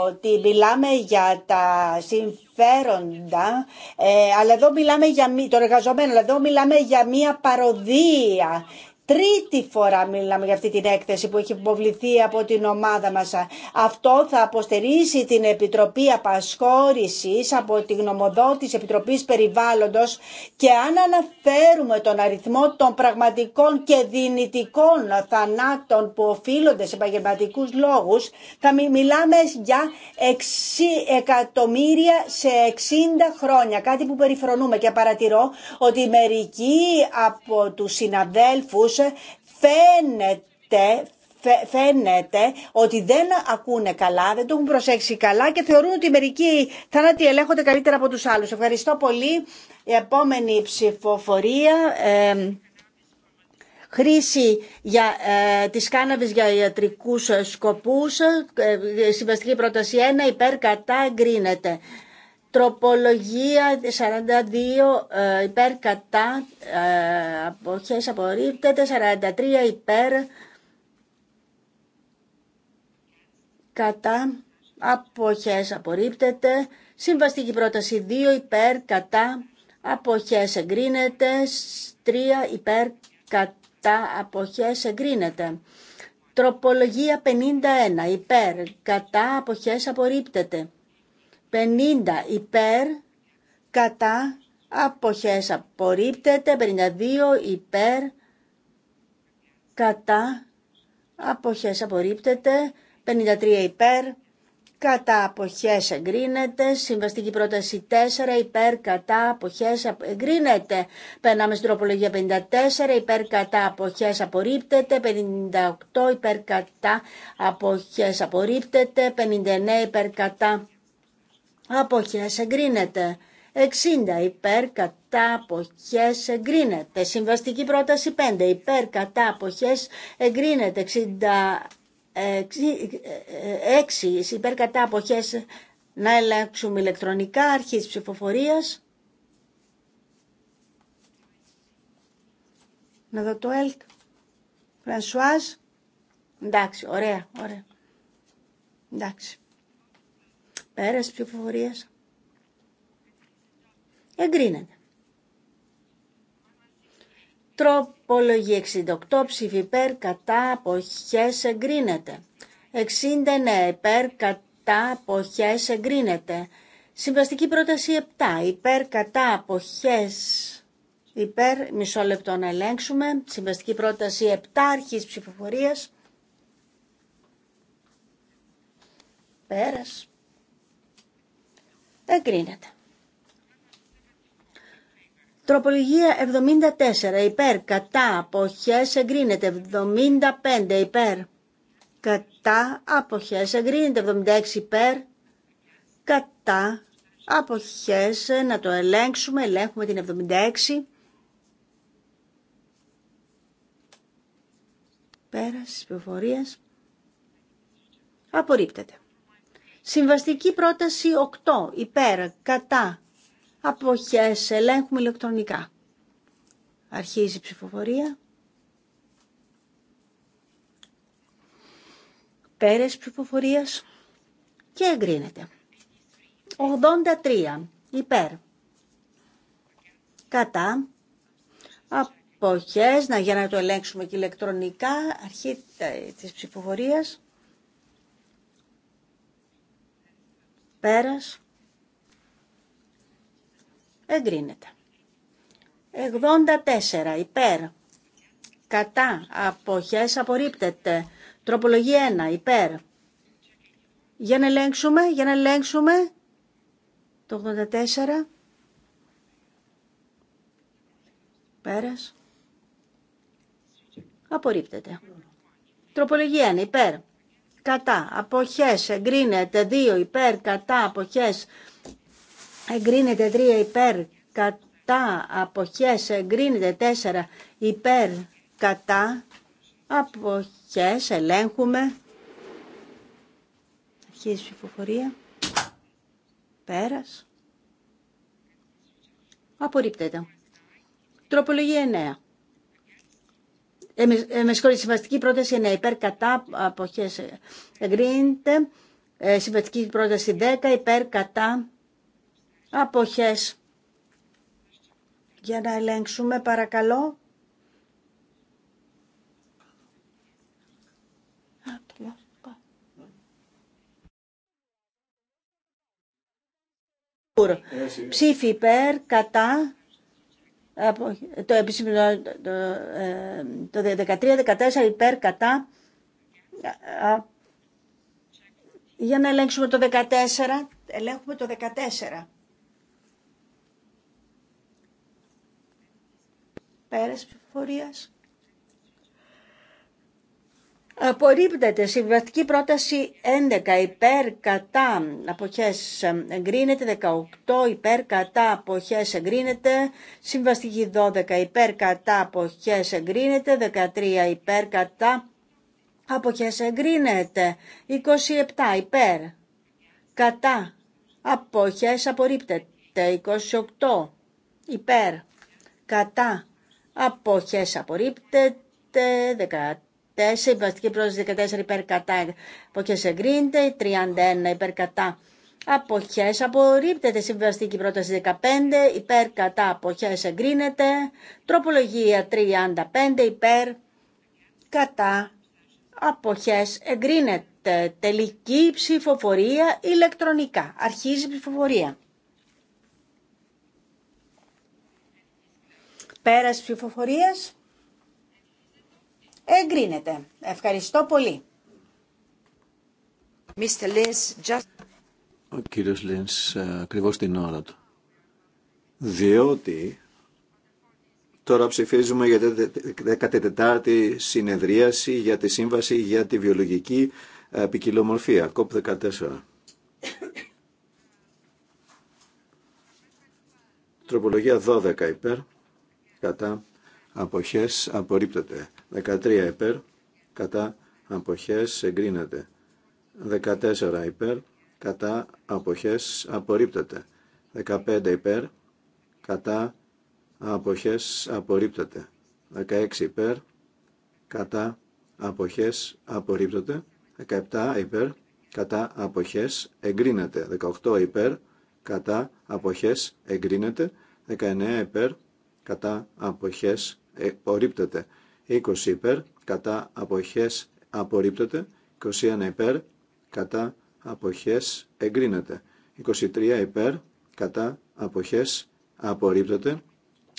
ότι μιλάμε για τα συμφέροντα, ε, αλλά εδώ μιλάμε για το εργαζομένο, αλλά εδώ μιλάμε για μία παροδία Τρίτη φορά μιλάμε για αυτή την έκθεση που έχει υποβληθεί από την ομάδα μας. Αυτό θα αποστερήσει την Επιτροπή Απασχόρησης από τη γνωμοδότηση Επιτροπής Περιβάλλοντος και αν αναφέρουμε τον αριθμό των πραγματικών και δυνητικών θανάτων που οφείλονται σε επαγγελματικού λόγους θα μιλάμε για 6 εκατομμύρια σε 60 χρόνια. Κάτι που περιφρονούμε και παρατηρώ ότι μερικοί από τους συναδέλφους φαίνεται, φαίνεται ότι δεν ακούνε καλά, δεν το έχουν προσέξει καλά και θεωρούν ότι μερικοί θάνατοι ελέγχονται καλύτερα από τους άλλους. Ευχαριστώ πολύ. Η επόμενη ψηφοφορία... χρήση για, ε, της κάναβης για ιατρικούς σκοπούς, ε, συμβαστική πρόταση 1, υπέρ κατά εγκρίνεται. Τροπολογία 42 ε, υπέρ κατά ε, αποχές απορρίπτεται, 43 υπέρ κατά αποχές απορρίπτεται, συμβαστική πρόταση 2 υπέρ κατά αποχές εγκρίνεται, 3 υπέρ κατά αποχές εγκρίνεται. Τροπολογία 51 υπέρ κατά αποχές απορρίπτεται. 50 υπέρ κατά αποχές απορρίπτεται 52 υπέρ κατά αποχές απορρίπτεται 53 υπέρ κατά αποχές εγκρίνεται συμβαστική πρόταση 4 υπέρ κατά αποχές εγκρίνεται περνάμε στην τροπολογία 54 υπέρ κατά αποχές απορρίπτεται 58 υπέρ κατά αποχές απορρίπτεται 59 υπέρ κατά αποχές εγκρίνεται. 60 υπέρ κατά αποχές εγκρίνεται. Συμβαστική πρόταση 5 υπέρ κατά αποχές εγκρίνεται. 66 ε, ε, υπέρ κατά αποχές να ελέγξουμε ηλεκτρονικά αρχής ψηφοφορίας. Να δω το ΕΛΚ. Φρανσουάζ. Εντάξει, ωραία, ωραία. Εντάξει. Πέρας ψηφοφορίας. Εγκρίνεται. Τροπολογή 68 ψήφι υπέρ κατά αποχές εγκρίνεται. 69 υπέρ κατά αποχές εγκρίνεται. Συμβαστική πρόταση 7 υπέρ κατά αποχές υπέρ μισό λεπτό να ελέγξουμε. Συμβαστική πρόταση 7 αρχής ψηφοφορίας. Πέρας εγκρίνεται. Τροπολογία 74 υπέρ κατά αποχές εγκρίνεται 75 υπέρ κατά αποχές εγκρίνεται 76 υπέρ κατά αποχές να το ελέγξουμε ελέγχουμε την 76 Πέραση στις πληροφορίες απορρίπτεται Συμβαστική πρόταση 8. Υπέρ, κατά, αποχές, ελέγχουμε ηλεκτρονικά. Αρχίζει η ψηφοφορία. Πέρες ψηφοφορίας και εγκρίνεται. 83. Υπέρ. Κατά. Αποχές. Να για να το ελέγξουμε και ηλεκτρονικά. Αρχή ε, της ψηφοφορίας. Πέρας. Εγκρίνεται. 84 υπέρ. Κατά. Αποχές απορρίπτεται. Τροπολογία 1 υπέρ. Για να ελέγξουμε, για να ελέγξουμε. Το 84. Πέρας. Απορρίπτεται. Τροπολογία 1 υπέρ κατά, αποχές, εγκρίνεται 2 υπέρ, κατά, αποχές, εγκρίνεται 3 υπέρ, κατά, αποχές, εγκρίνεται 4 υπέρ, κατά, αποχές, ελέγχουμε. Αρχίζει η ψηφοφορία. Πέρας. Απορρίπτεται. Τροπολογία 9. Ε, ε, με συγχωρείτε, συμβαστική πρόταση είναι υπέρ κατά αποχές ε, εγκρίνεται. Ε, συμβαστική πρόταση 10 υπέρ κατά αποχές. Για να ελέγξουμε παρακαλώ. Ε, Ψήφι υπέρ, κατά, από το το, το 13-14 ε, υπέρ κατά για να ελέγξουμε το 14 ελέγχουμε το 14 πέρας ψηφοφορίας Απορρίπτεται συμβατική πρόταση 11 υπέρ κατά αποχές εγκρίνεται, 18 υπέρ κατά αποχές εγκρίνεται, συμβαστική 12 υπέρ κατά αποχές εγκρίνεται, 13 υπέρ κατά αποχές εγκρίνεται, 27 υπέρ κατά αποχές απορρίπτεται, 28 υπέρ κατά αποχές απορρίπτεται, 4, η πρόσβαση 14 υπέρ κατά εγκρίνεται, 31 υπέρ κατά αποχές απορρίπτεται, συμβαστική πρόταση 15 υπέρ κατά αποχές εγκρίνεται, τροπολογία 35 υπέρ κατά αποχές εγκρίνεται, τελική ψηφοφορία ηλεκτρονικά, αρχίζει η ψηφοφορία. Πέρας ψηφοφορίας. Εγκρίνεται. Ευχαριστώ πολύ. Mr. Lins, just... Ο κύριος Λίνς ε, ακριβώς την ώρα του. Διότι τώρα ψηφίζουμε για την 14η συνεδρίαση για τη Σύμβαση για τη Βιολογική ε, Ποικιλομορφία, COP14. Τροπολογία 12 υπέρ, κατά αποχές απορρίπτεται. 13 υπέρ κατά αποχές εγκρίνεται. 14 υπέρ κατά αποχές απορρίπτεται. 15 υπέρ κατά αποχές απορρίπτεται. 16 υπέρ κατά αποχές απορρίπτεται. 17 υπέρ κατά αποχές εγκρίνεται. 18 υπέρ κατά αποχές εγκρίνεται. 19 υπέρ κατά αποχές ε, απορρίπτεται. 20 υπέρ, κατά αποχές απορρίπτεται. 21 υπέρ, κατά αποχές εγκρίνεται. 23 υπέρ, κατά αποχές απορρίπτεται.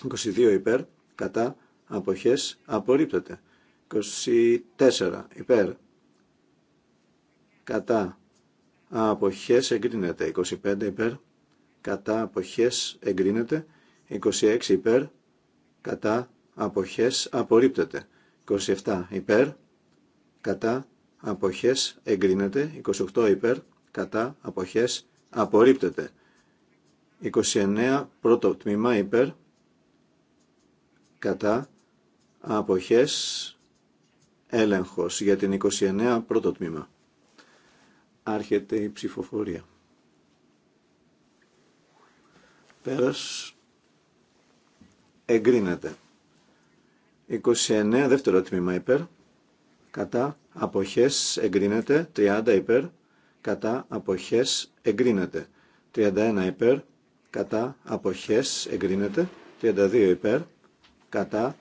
22 υπέρ, κατά αποχές απορρίπτεται. 24 υπέρ, κατά αποχές εγκρίνεται. 25 υπέρ, κατά αποχές εγκρίνεται. 26 υπέρ, κατά αποχές απορρίπτεται. 27 υπέρ, κατά, αποχές εγκρίνεται. 28 υπέρ, κατά, αποχές απορρίπτεται. 29 πρώτο τμήμα υπέρ, κατά, αποχές έλεγχος για την 29 πρώτο τμήμα. Άρχεται η ψηφοφορία. Πέρας εγκρίνεται. 29 δεύτερο τμήμα υπέρ, κατά αποχές εγκρίνεται, 30 υπέρ, κατά αποχές εγκρίνεται, 31 υπέρ, κατά αποχές εγκρίνεται, 32 υπέρ, κατά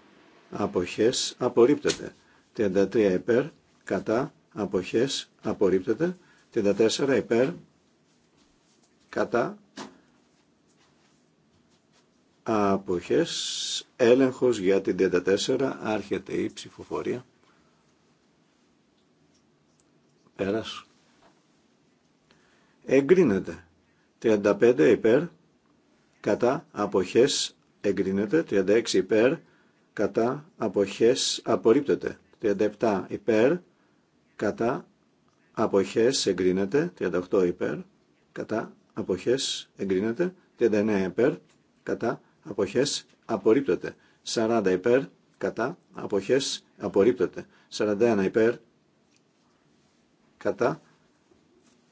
αποχές απορρίπτεται, 33 υπέρ, κατά αποχές απορρίπτεται, 34 υπέρ, κατά αποχές έλεγχος για την 34 άρχεται η ψηφοφορία πέρας εγκρίνεται 35 υπέρ κατά αποχές εγκρίνεται 36 υπέρ κατά αποχές απορρίπτεται 37 υπέρ κατά αποχές εγκρίνεται 38 υπέρ κατά αποχές εγκρίνεται 39 υπέρ κατά αποχές απορρίπτεται. 40 υπέρ κατά αποχές απορρίπτεται. 41 υπέρ κατά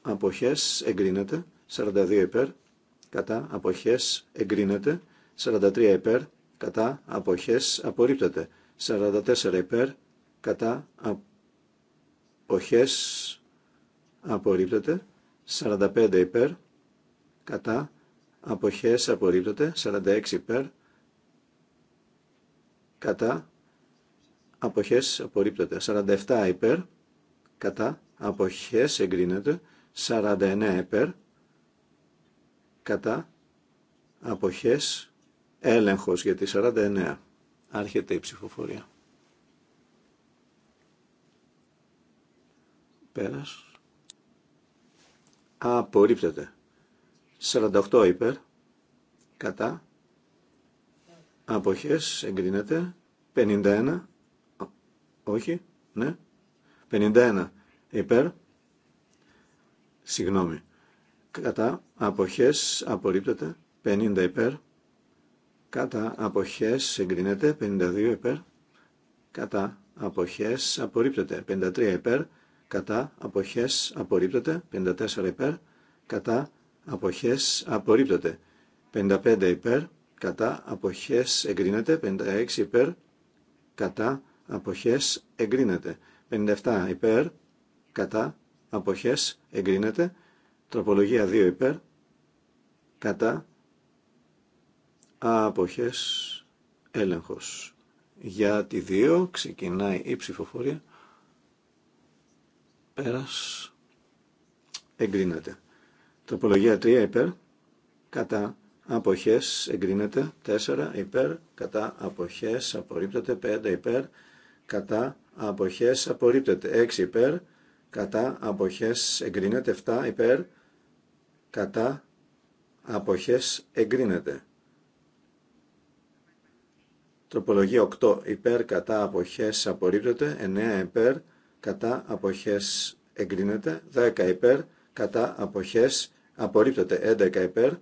αποχές εγκρίνεται. 42 υπέρ κατά αποχές εγκρίνεται. 43 υπέρ κατά αποχές απορρίπτεται. 44 υπέρ κατά αποχές απορρίπτεται. 45 υπέρ κατά αποχές απορρίπτονται, 46 υπέρ κατά αποχές απορρίπτονται, 47 υπέρ κατά αποχές εγκρίνεται 49 υπέρ κατά αποχές έλεγχος για τη 49 άρχεται η ψηφοφορία πέρας απορρίπτεται 48 υπέρ, κατά, αποχές, εγκρίνεται, 51, όχι, ναι, 51 υπέρ, συγγνώμη, κατά, αποχές, απορρίπτεται, 50 υπέρ, κατά, αποχές, εγκρίνεται, 52 υπέρ, κατά, αποχές, απορρίπτεται, 53 υπέρ, κατά, αποχές, απορρίπτεται, 54 υπέρ, κατά, αποχές απορρίπτονται. 55 υπέρ, κατά αποχές εγκρίνεται. 56 υπέρ, κατά αποχές εγκρίνεται. 57 υπέρ, κατά αποχές εγκρίνεται. Τροπολογία 2 υπέρ, κατά αποχές έλεγχος. Για τη 2 ξεκινάει η ψηφοφορία. Πέρας εγκρίνεται. Τροπολογία 3 υπέρ κατά αποχές εγκρίνεται. 4 υπέρ κατά αποχές απορρίπτεται. 5 υπέρ κατά αποχές απορρίπτεται. 6 υπέρ κατά αποχές εγκρίνεται. 7 υπέρ κατά αποχές εγκρίνεται. Τροπολογία 8 υπέρ κατά αποχές απορρίπτεται, 9 υπέρ κατά αποχές εγκρίνεται, 10 υπέρ κατά αποχές απορρίπτεται 11 υπέρ,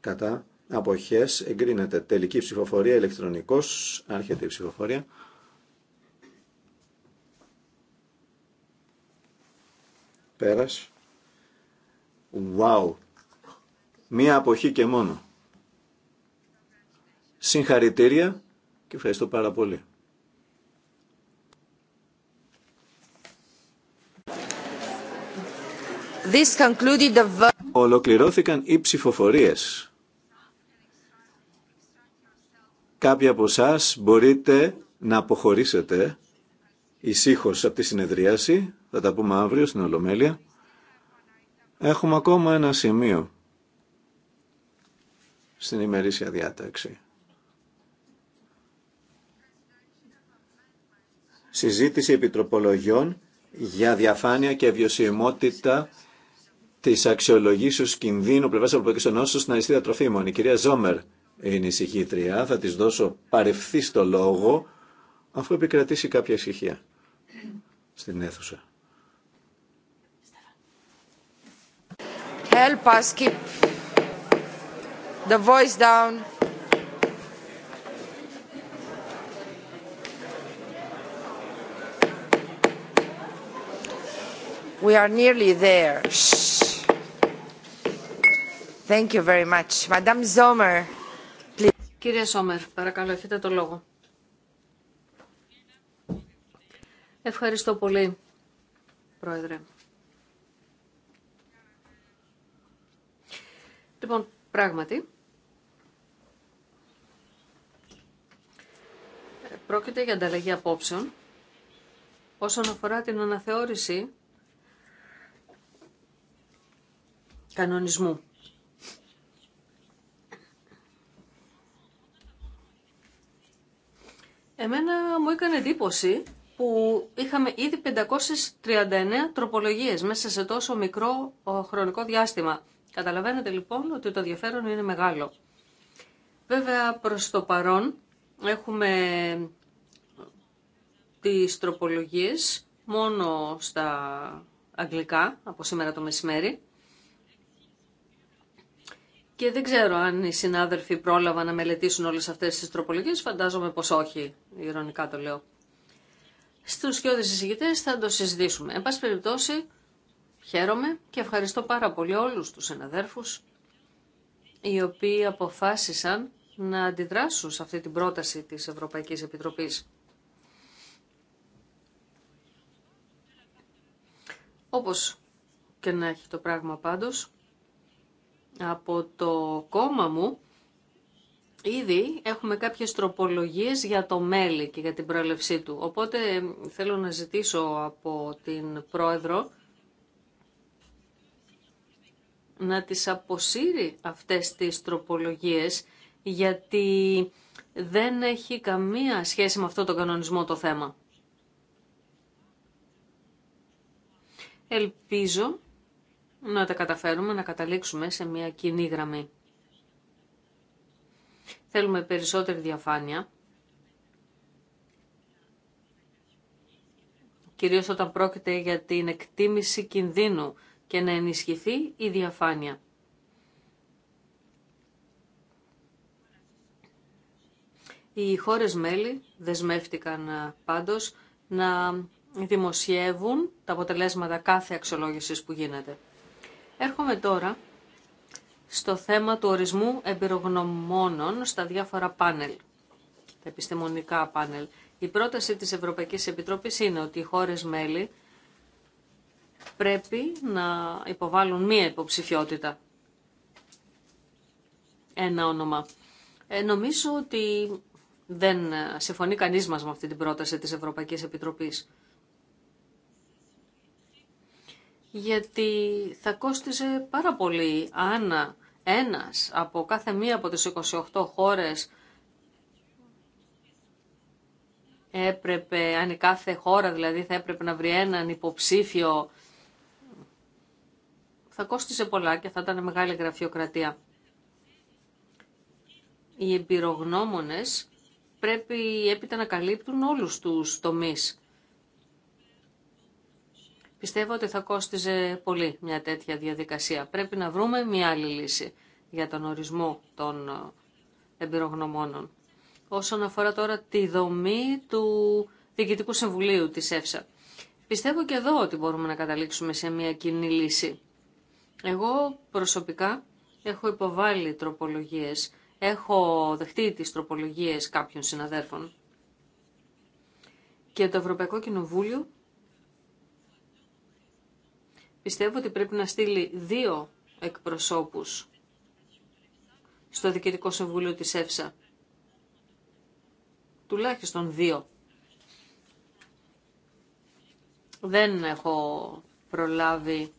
κατά αποχές εγκρίνεται τελική ψηφοφορία ηλεκτρονικός, άρχεται η ψηφοφορία. Πέρας. Wow. Μία αποχή και μόνο. Συγχαρητήρια και ευχαριστώ πάρα πολύ. Ολοκληρώθηκαν οι ψηφοφορίες. Κάποιοι από εσά μπορείτε να αποχωρήσετε ησύχω από τη συνεδρίαση. Θα τα πούμε αύριο στην Ολομέλεια. Έχουμε ακόμα ένα σημείο στην ημερήσια διάταξη. Συζήτηση επιτροπολογιών για διαφάνεια και βιωσιμότητα τη αξιολογήσεω κινδύνου πλευρά Ευρωπαϊκή νόσων στην αριστεία τροφίμων. Η κυρία Ζόμερ είναι η συγχύτρια. Θα τη δώσω παρευθύ το λόγο αφού επικρατήσει κάποια ησυχία στην αίθουσα. Help us keep the voice down. We are nearly there. Shh. Κύριε Σόμερ, παρακαλώ, έχετε το λόγο. Ευχαριστώ πολύ, Πρόεδρε. Λοιπόν, πράγματι, πρόκειται για ανταλλαγή απόψεων όσον αφορά την αναθεώρηση κανονισμού Εμένα μου έκανε εντύπωση που είχαμε ήδη 539 τροπολογίες μέσα σε τόσο μικρό χρονικό διάστημα. Καταλαβαίνετε λοιπόν ότι το ενδιαφέρον είναι μεγάλο. Βέβαια προς το παρόν έχουμε τις τροπολογίες μόνο στα αγγλικά από σήμερα το μεσημέρι και δεν ξέρω αν οι συνάδελφοι πρόλαβαν να μελετήσουν όλες αυτές τις τροπολογίες, φαντάζομαι πως όχι, ηρωνικά το λέω. Στους σκιώδες συζητητές θα το συζητήσουμε. Εν πάση περιπτώσει, χαίρομαι και ευχαριστώ πάρα πολύ όλους τους συναδέρφους, οι οποίοι αποφάσισαν να αντιδράσουν σε αυτή την πρόταση της Ευρωπαϊκής Επιτροπής. Όπως και να έχει το πράγμα πάντως, από το κόμμα μου ήδη έχουμε κάποιες τροπολογίες για το μέλι και για την προέλευσή του. Οπότε θέλω να ζητήσω από την Πρόεδρο να τις αποσύρει αυτές τις τροπολογίες γιατί δεν έχει καμία σχέση με αυτό το κανονισμό το θέμα. Ελπίζω να τα καταφέρουμε να καταλήξουμε σε μια κοινή γραμμή. Θέλουμε περισσότερη διαφάνεια, κυρίως όταν πρόκειται για την εκτίμηση κινδύνου και να ενισχυθεί η διαφάνεια. Οι χώρες μέλη δεσμεύτηκαν ε, πάντως να δημοσιεύουν τα αποτελέσματα κάθε αξιολόγησης που γίνεται. Έρχομαι τώρα στο θέμα του ορισμού εμπειρογνωμόνων στα διάφορα πάνελ, τα επιστημονικά πάνελ. Η πρόταση της Ευρωπαϊκής Επιτροπής είναι ότι οι χώρες μέλη πρέπει να υποβάλουν μία υποψηφιότητα, ένα όνομα. Ε, νομίζω ότι δεν συμφωνεί κανείς μας με αυτή την πρόταση της Ευρωπαϊκής Επιτροπής γιατί θα κόστιζε πάρα πολύ αν ένας από κάθε μία από τις 28 χώρες έπρεπε, αν η κάθε χώρα δηλαδή θα έπρεπε να βρει έναν υποψήφιο, θα κόστιζε πολλά και θα ήταν μεγάλη γραφειοκρατία. Οι εμπειρογνώμονες πρέπει έπειτα να καλύπτουν όλους τους τομείς. Πιστεύω ότι θα κόστιζε πολύ μια τέτοια διαδικασία. Πρέπει να βρούμε μια άλλη λύση για τον ορισμό των ε, εμπειρογνωμόνων. Όσον αφορά τώρα τη δομή του Διοικητικού Συμβουλίου της ΕΦΣΑ. Πιστεύω και εδώ ότι μπορούμε να καταλήξουμε σε μια κοινή λύση. Εγώ προσωπικά έχω υποβάλει τροπολογίες, έχω δεχτεί τις τροπολογίες κάποιων συναδέρφων και το Ευρωπαϊκό Κοινοβούλιο πιστεύω ότι πρέπει να στείλει δύο εκπροσώπους στο Διοικητικό Συμβούλιο της ΕΦΣΑ. Τουλάχιστον δύο. Δεν έχω προλάβει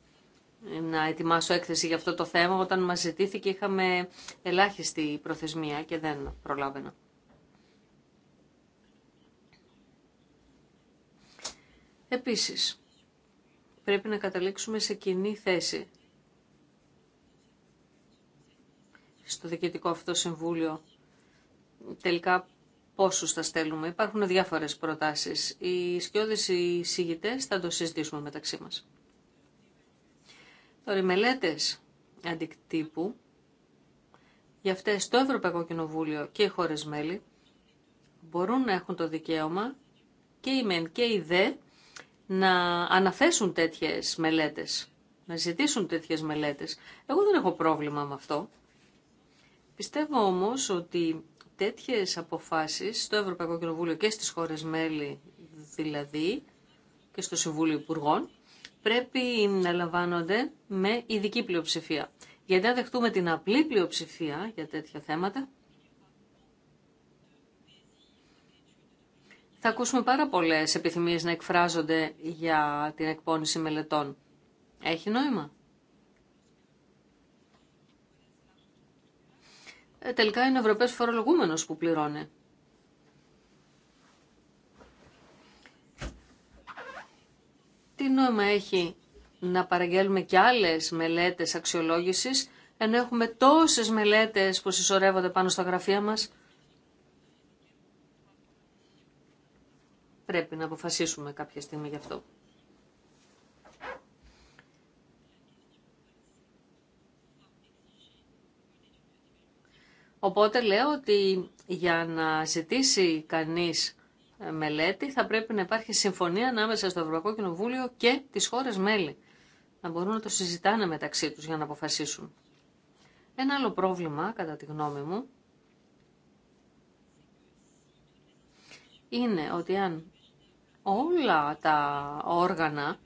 να ετοιμάσω έκθεση για αυτό το θέμα. Όταν μας ζητήθηκε είχαμε ελάχιστη προθεσμία και δεν προλάβαινα. Επίσης, πρέπει να καταλήξουμε σε κοινή θέση στο Διοικητικό αυτό Συμβούλιο. Τελικά πόσους θα στέλνουμε. Υπάρχουν διάφορες προτάσεις. Οι σκιώδες συγητές θα το συζητήσουμε μεταξύ μας. Τώρα οι μελέτες αντικτύπου για αυτές το Ευρωπαϊκό Κοινοβούλιο και οι χώρες μέλη μπορούν να έχουν το δικαίωμα και οι μεν και οι δε να αναθέσουν τέτοιες μελέτες, να ζητήσουν τέτοιες μελέτες. Εγώ δεν έχω πρόβλημα με αυτό. Πιστεύω όμως ότι τέτοιες αποφάσεις στο Ευρωπαϊκό Κοινοβούλιο και στις χώρες μέλη δηλαδή και στο Συμβούλιο Υπουργών πρέπει να λαμβάνονται με ειδική πλειοψηφία. Γιατί αν δεχτούμε την απλή πλειοψηφία για τέτοια θέματα, Θα ακούσουμε πάρα πολλέ επιθυμίες να εκφράζονται για την εκπόνηση μελετών. Έχει νόημα. Ε, τελικά είναι ο Ευρωπαίος φορολογούμενος που πληρώνει. Τι νόημα έχει να παραγγέλουμε και άλλες μελέτες αξιολόγησης, ενώ έχουμε τόσες μελέτες που συσσωρεύονται πάνω στα γραφεία μας. πρέπει να αποφασίσουμε κάποια στιγμή γι' αυτό. Οπότε λέω ότι για να ζητήσει κανείς ε, μελέτη θα πρέπει να υπάρχει συμφωνία ανάμεσα στο Ευρωπαϊκό Κοινοβούλιο και τις χώρες μέλη. Να μπορούν να το συζητάνε μεταξύ τους για να αποφασίσουν. Ένα άλλο πρόβλημα, κατά τη γνώμη μου, είναι ότι αν όλα τα όργανα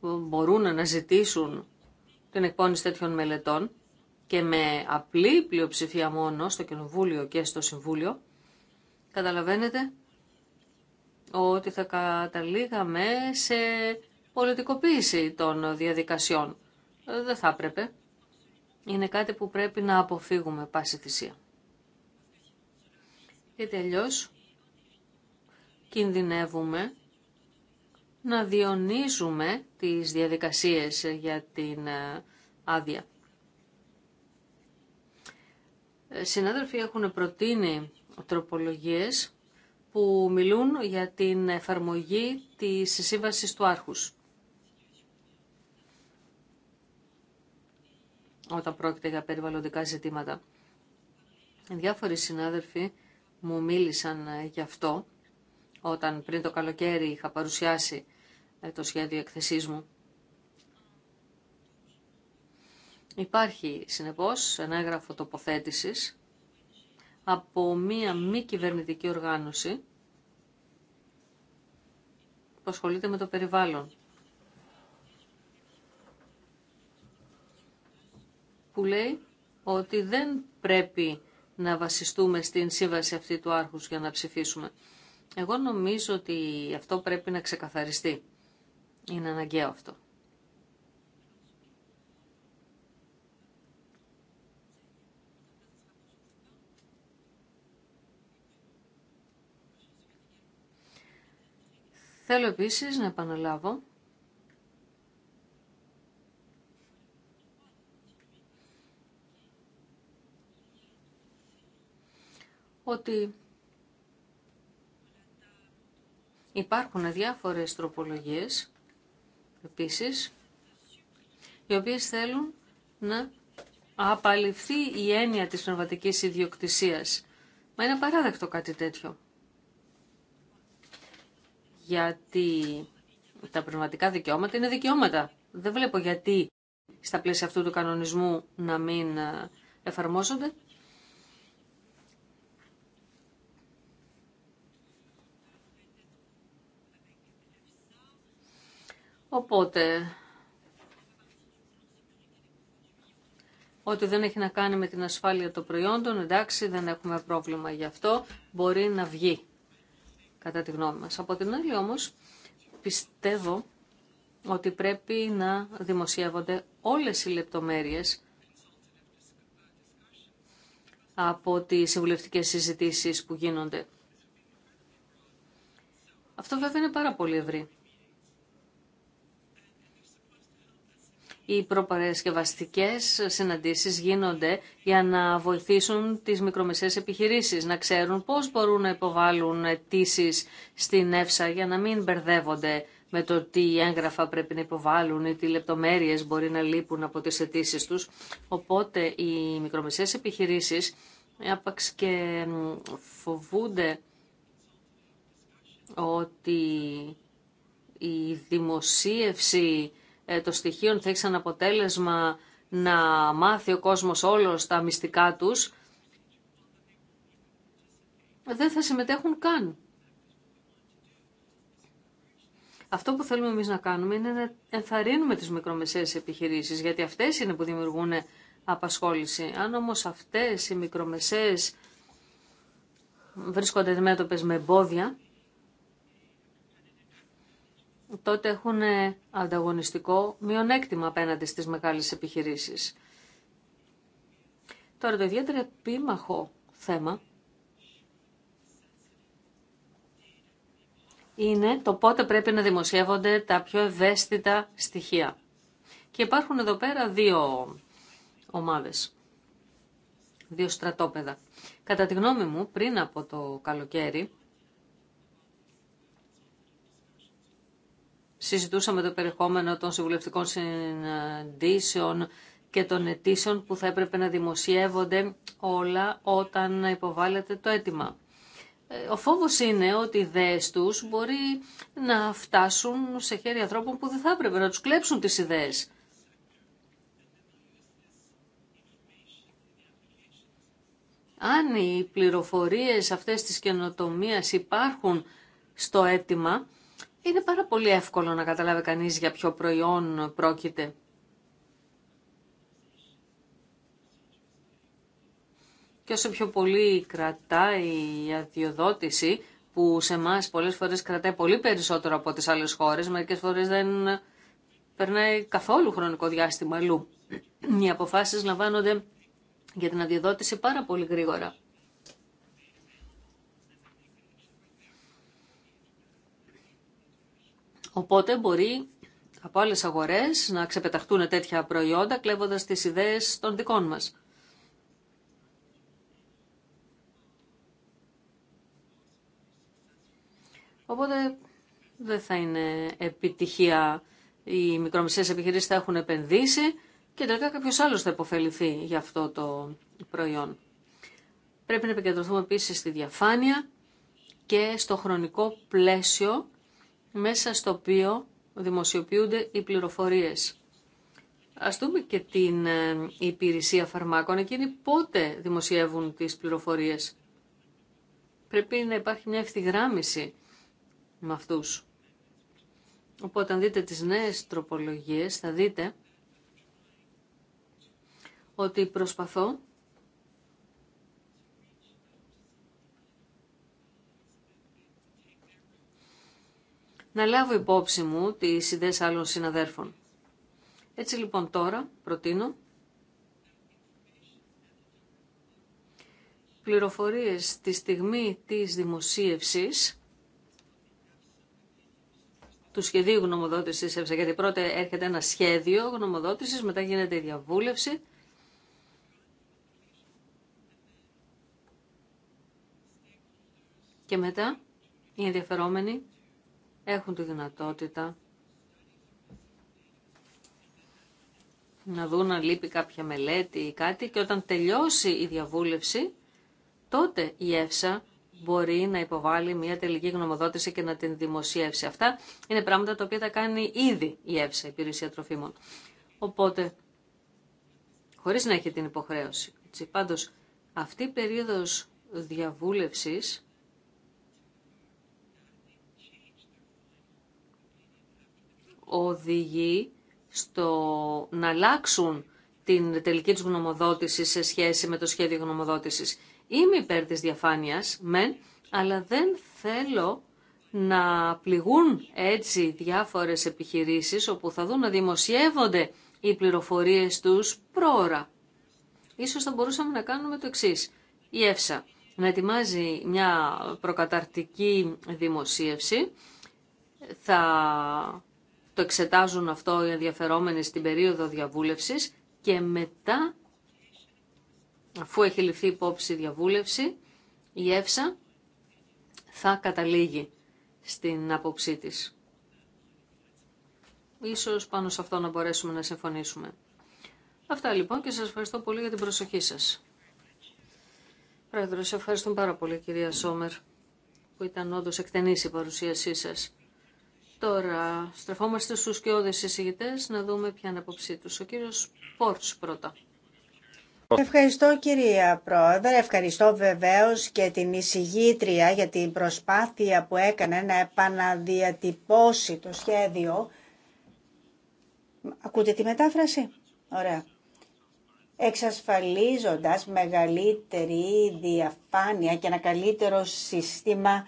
μπορούν να ζητήσουν την εκπόνηση τέτοιων μελετών και με απλή πλειοψηφία μόνο στο Κοινοβούλιο και στο Συμβούλιο, καταλαβαίνετε ότι θα καταλήγαμε σε πολιτικοποίηση των διαδικασιών. Δεν θα έπρεπε. Είναι κάτι που πρέπει να αποφύγουμε πάση θυσία. Και τελειώς κινδυνεύουμε να διονύζουμε τις διαδικασίες για την ε, άδεια. Ε, συνάδελφοι έχουν προτείνει τροπολογίες που μιλούν για την εφαρμογή της σύμβασης του άρχους. Όταν πρόκειται για περιβαλλοντικά ζητήματα. Διάφοροι συνάδελφοι μου μίλησαν ε, γι' αυτό όταν πριν το καλοκαίρι είχα παρουσιάσει ε, το σχέδιο εκθεσής μου. Υπάρχει συνεπώς ένα έγγραφο τοποθέτησης από μία μη κυβερνητική οργάνωση που ασχολείται με το περιβάλλον. Που λέει ότι δεν πρέπει να βασιστούμε στην σύμβαση αυτή του άρχους για να ψηφίσουμε. Εγώ νομίζω ότι αυτό πρέπει να ξεκαθαριστεί. Είναι αναγκαίο αυτό. Θέλω επίσης να επαναλάβω ότι Υπάρχουν διάφορες τροπολογίες, επίσης, οι οποίες θέλουν να απαλληφθεί η έννοια της πνευματικής ιδιοκτησίας. Μα είναι παράδεκτο κάτι τέτοιο. Γιατί τα πνευματικά δικαιώματα είναι δικαιώματα. Δεν βλέπω γιατί στα πλαίσια αυτού του κανονισμού να μην ε, εφαρμόζονται. Οπότε, ότι δεν έχει να κάνει με την ασφάλεια των προϊόντων, εντάξει, δεν έχουμε πρόβλημα γι' αυτό, μπορεί να βγει, κατά τη γνώμη μας. Από την άλλη όμως, πιστεύω ότι πρέπει να δημοσιεύονται όλες οι λεπτομέρειες από τις συμβουλευτικέ συζητήσεις που γίνονται. Αυτό βέβαια είναι πάρα πολύ ευρύ. οι προπαρασκευαστικέ συναντήσεις γίνονται για να βοηθήσουν τις μικρομεσαίες επιχειρήσεις να ξέρουν πώς μπορούν να υποβάλουν αιτήσει στην ΕΦΣΑ για να μην μπερδεύονται με το τι έγγραφα πρέπει να υποβάλουν ή τι λεπτομέρειες μπορεί να λείπουν από τις αιτήσει τους. Οπότε οι μικρομεσαίες επιχειρήσεις άπαξ και φοβούνται ότι η τι λεπτομερειες μπορει να λειπουν απο τις αιτησει τους οποτε οι μικρομεσαιες επιχειρησει απαξ και φοβουνται οτι η δημοσιευση ε, των στοιχείων θα έχει σαν αποτέλεσμα να μάθει ο κόσμος όλος τα μυστικά τους, δεν θα συμμετέχουν καν. Αυτό που θέλουμε εμείς να κάνουμε είναι να ενθαρρύνουμε τις μικρομεσαίες επιχειρήσεις, γιατί αυτές είναι που δημιουργούν απασχόληση. Αν όμως αυτές οι μικρομεσαίες βρίσκονται αντιμέτωπες με εμπόδια, τότε έχουν ε, ανταγωνιστικό μειονέκτημα απέναντι στις μεγάλες επιχειρήσεις. Τώρα το ιδιαίτερο επίμαχο θέμα είναι το πότε πρέπει να δημοσιεύονται τα πιο ευαίσθητα στοιχεία. Και υπάρχουν εδώ πέρα δύο ομάδες, δύο στρατόπεδα. Κατά τη γνώμη μου, πριν από το καλοκαίρι, συζητούσαμε το περιεχόμενο των συμβουλευτικών συναντήσεων και των αιτήσεων που θα έπρεπε να δημοσιεύονται όλα όταν υποβάλλεται το αίτημα. Ε, ο φόβος είναι ότι οι ιδέες τους μπορεί να φτάσουν σε χέρια ανθρώπων που δεν θα έπρεπε να τους κλέψουν τις ιδέες. Αν οι πληροφορίες αυτές της καινοτομίας υπάρχουν στο αίτημα, είναι πάρα πολύ εύκολο να καταλάβει κανείς για ποιο προϊόν πρόκειται. Και όσο πιο πολύ κρατάει η αδειοδότηση, που σε εμά πολλές φορές κρατάει πολύ περισσότερο από τις άλλες χώρες, μερικές φορές δεν περνάει καθόλου χρονικό διάστημα αλλού. Οι αποφάσεις λαμβάνονται για την αδειοδότηση πάρα πολύ γρήγορα. Οπότε μπορεί από άλλες αγορές να ξεπεταχτούν τέτοια προϊόντα κλέβοντας τις ιδέες των δικών μας. Οπότε δεν θα είναι επιτυχία. Οι μικρομεσαίες επιχειρήσεις θα έχουν επενδύσει και τελικά κάποιος άλλος θα υποφεληθεί για αυτό το προϊόν. Πρέπει να επικεντρωθούμε επίσης στη διαφάνεια και στο χρονικό πλαίσιο μέσα στο οποίο δημοσιοποιούνται οι πληροφορίες. Ας δούμε και την ε, υπηρεσία φαρμάκων. Εκείνοι πότε δημοσιεύουν τις πληροφορίες. Πρέπει να υπάρχει μια ευθυγράμμιση με αυτούς. Οπότε αν δείτε τις νέες τροπολογίες θα δείτε ότι προσπαθώ να λάβω υπόψη μου τις ιδέες άλλων συναδέρφων. Έτσι λοιπόν τώρα προτείνω πληροφορίες τη στιγμή της δημοσίευσης του σχεδίου γνωμοδότησης γιατί πρώτα έρχεται ένα σχέδιο γνωμοδότησης, μετά γίνεται η διαβούλευση. Και μετά οι ενδιαφερόμενοι έχουν τη δυνατότητα να δουν αν λείπει κάποια μελέτη ή κάτι και όταν τελειώσει η διαβούλευση, τότε η ΕΦΣΑ μπορεί να υποβάλει μια τελική γνωμοδότηση και να την δημοσιεύσει. Αυτά είναι πράγματα τα οποία τα κάνει ήδη η ΕΦΣΑ, η Υπηρεσία Τροφίμων. Οπότε, χωρίς να έχει την υποχρέωση. Έτσι, πάντως, αυτή η περίοδος διαβούλευσης οδηγεί στο να αλλάξουν την τελική τους γνωμοδότηση σε σχέση με το σχέδιο γνωμοδότησης. Είμαι υπέρ της διαφάνειας, μεν, αλλά δεν θέλω να πληγούν έτσι διάφορες επιχειρήσεις όπου θα δουν να δημοσιεύονται οι πληροφορίες τους πρόωρα. Ίσως θα μπορούσαμε να κάνουμε το εξής. Η ΕΦΣΑ να ετοιμάζει μια προκαταρτική δημοσίευση, θα το εξετάζουν αυτό οι ενδιαφερόμενοι στην περίοδο διαβούλευσης και μετά, αφού έχει ληφθεί υπόψη η διαβούλευση, η ΕΦΣΑ θα καταλήγει στην άποψή της. Ίσως πάνω σε αυτό να μπορέσουμε να συμφωνήσουμε. Αυτά λοιπόν και σας ευχαριστώ πολύ για την προσοχή σας. Πρόεδρο, ευχαριστούμε πάρα πολύ κυρία Σόμερ που ήταν όντως εκτενής η παρουσίασή σας. Τώρα στρεφόμαστε στους κοιόδες εισηγητές να δούμε ποια είναι απόψη τους. Ο κύριος Πόρτς πρώτα. Ευχαριστώ κυρία Πρόεδρε, ευχαριστώ βεβαίως και την εισηγήτρια για την προσπάθεια που έκανε να επαναδιατυπώσει το σχέδιο. Ακούτε τη μετάφραση? Ωραία. Εξασφαλίζοντας μεγαλύτερη διαφάνεια και ένα καλύτερο σύστημα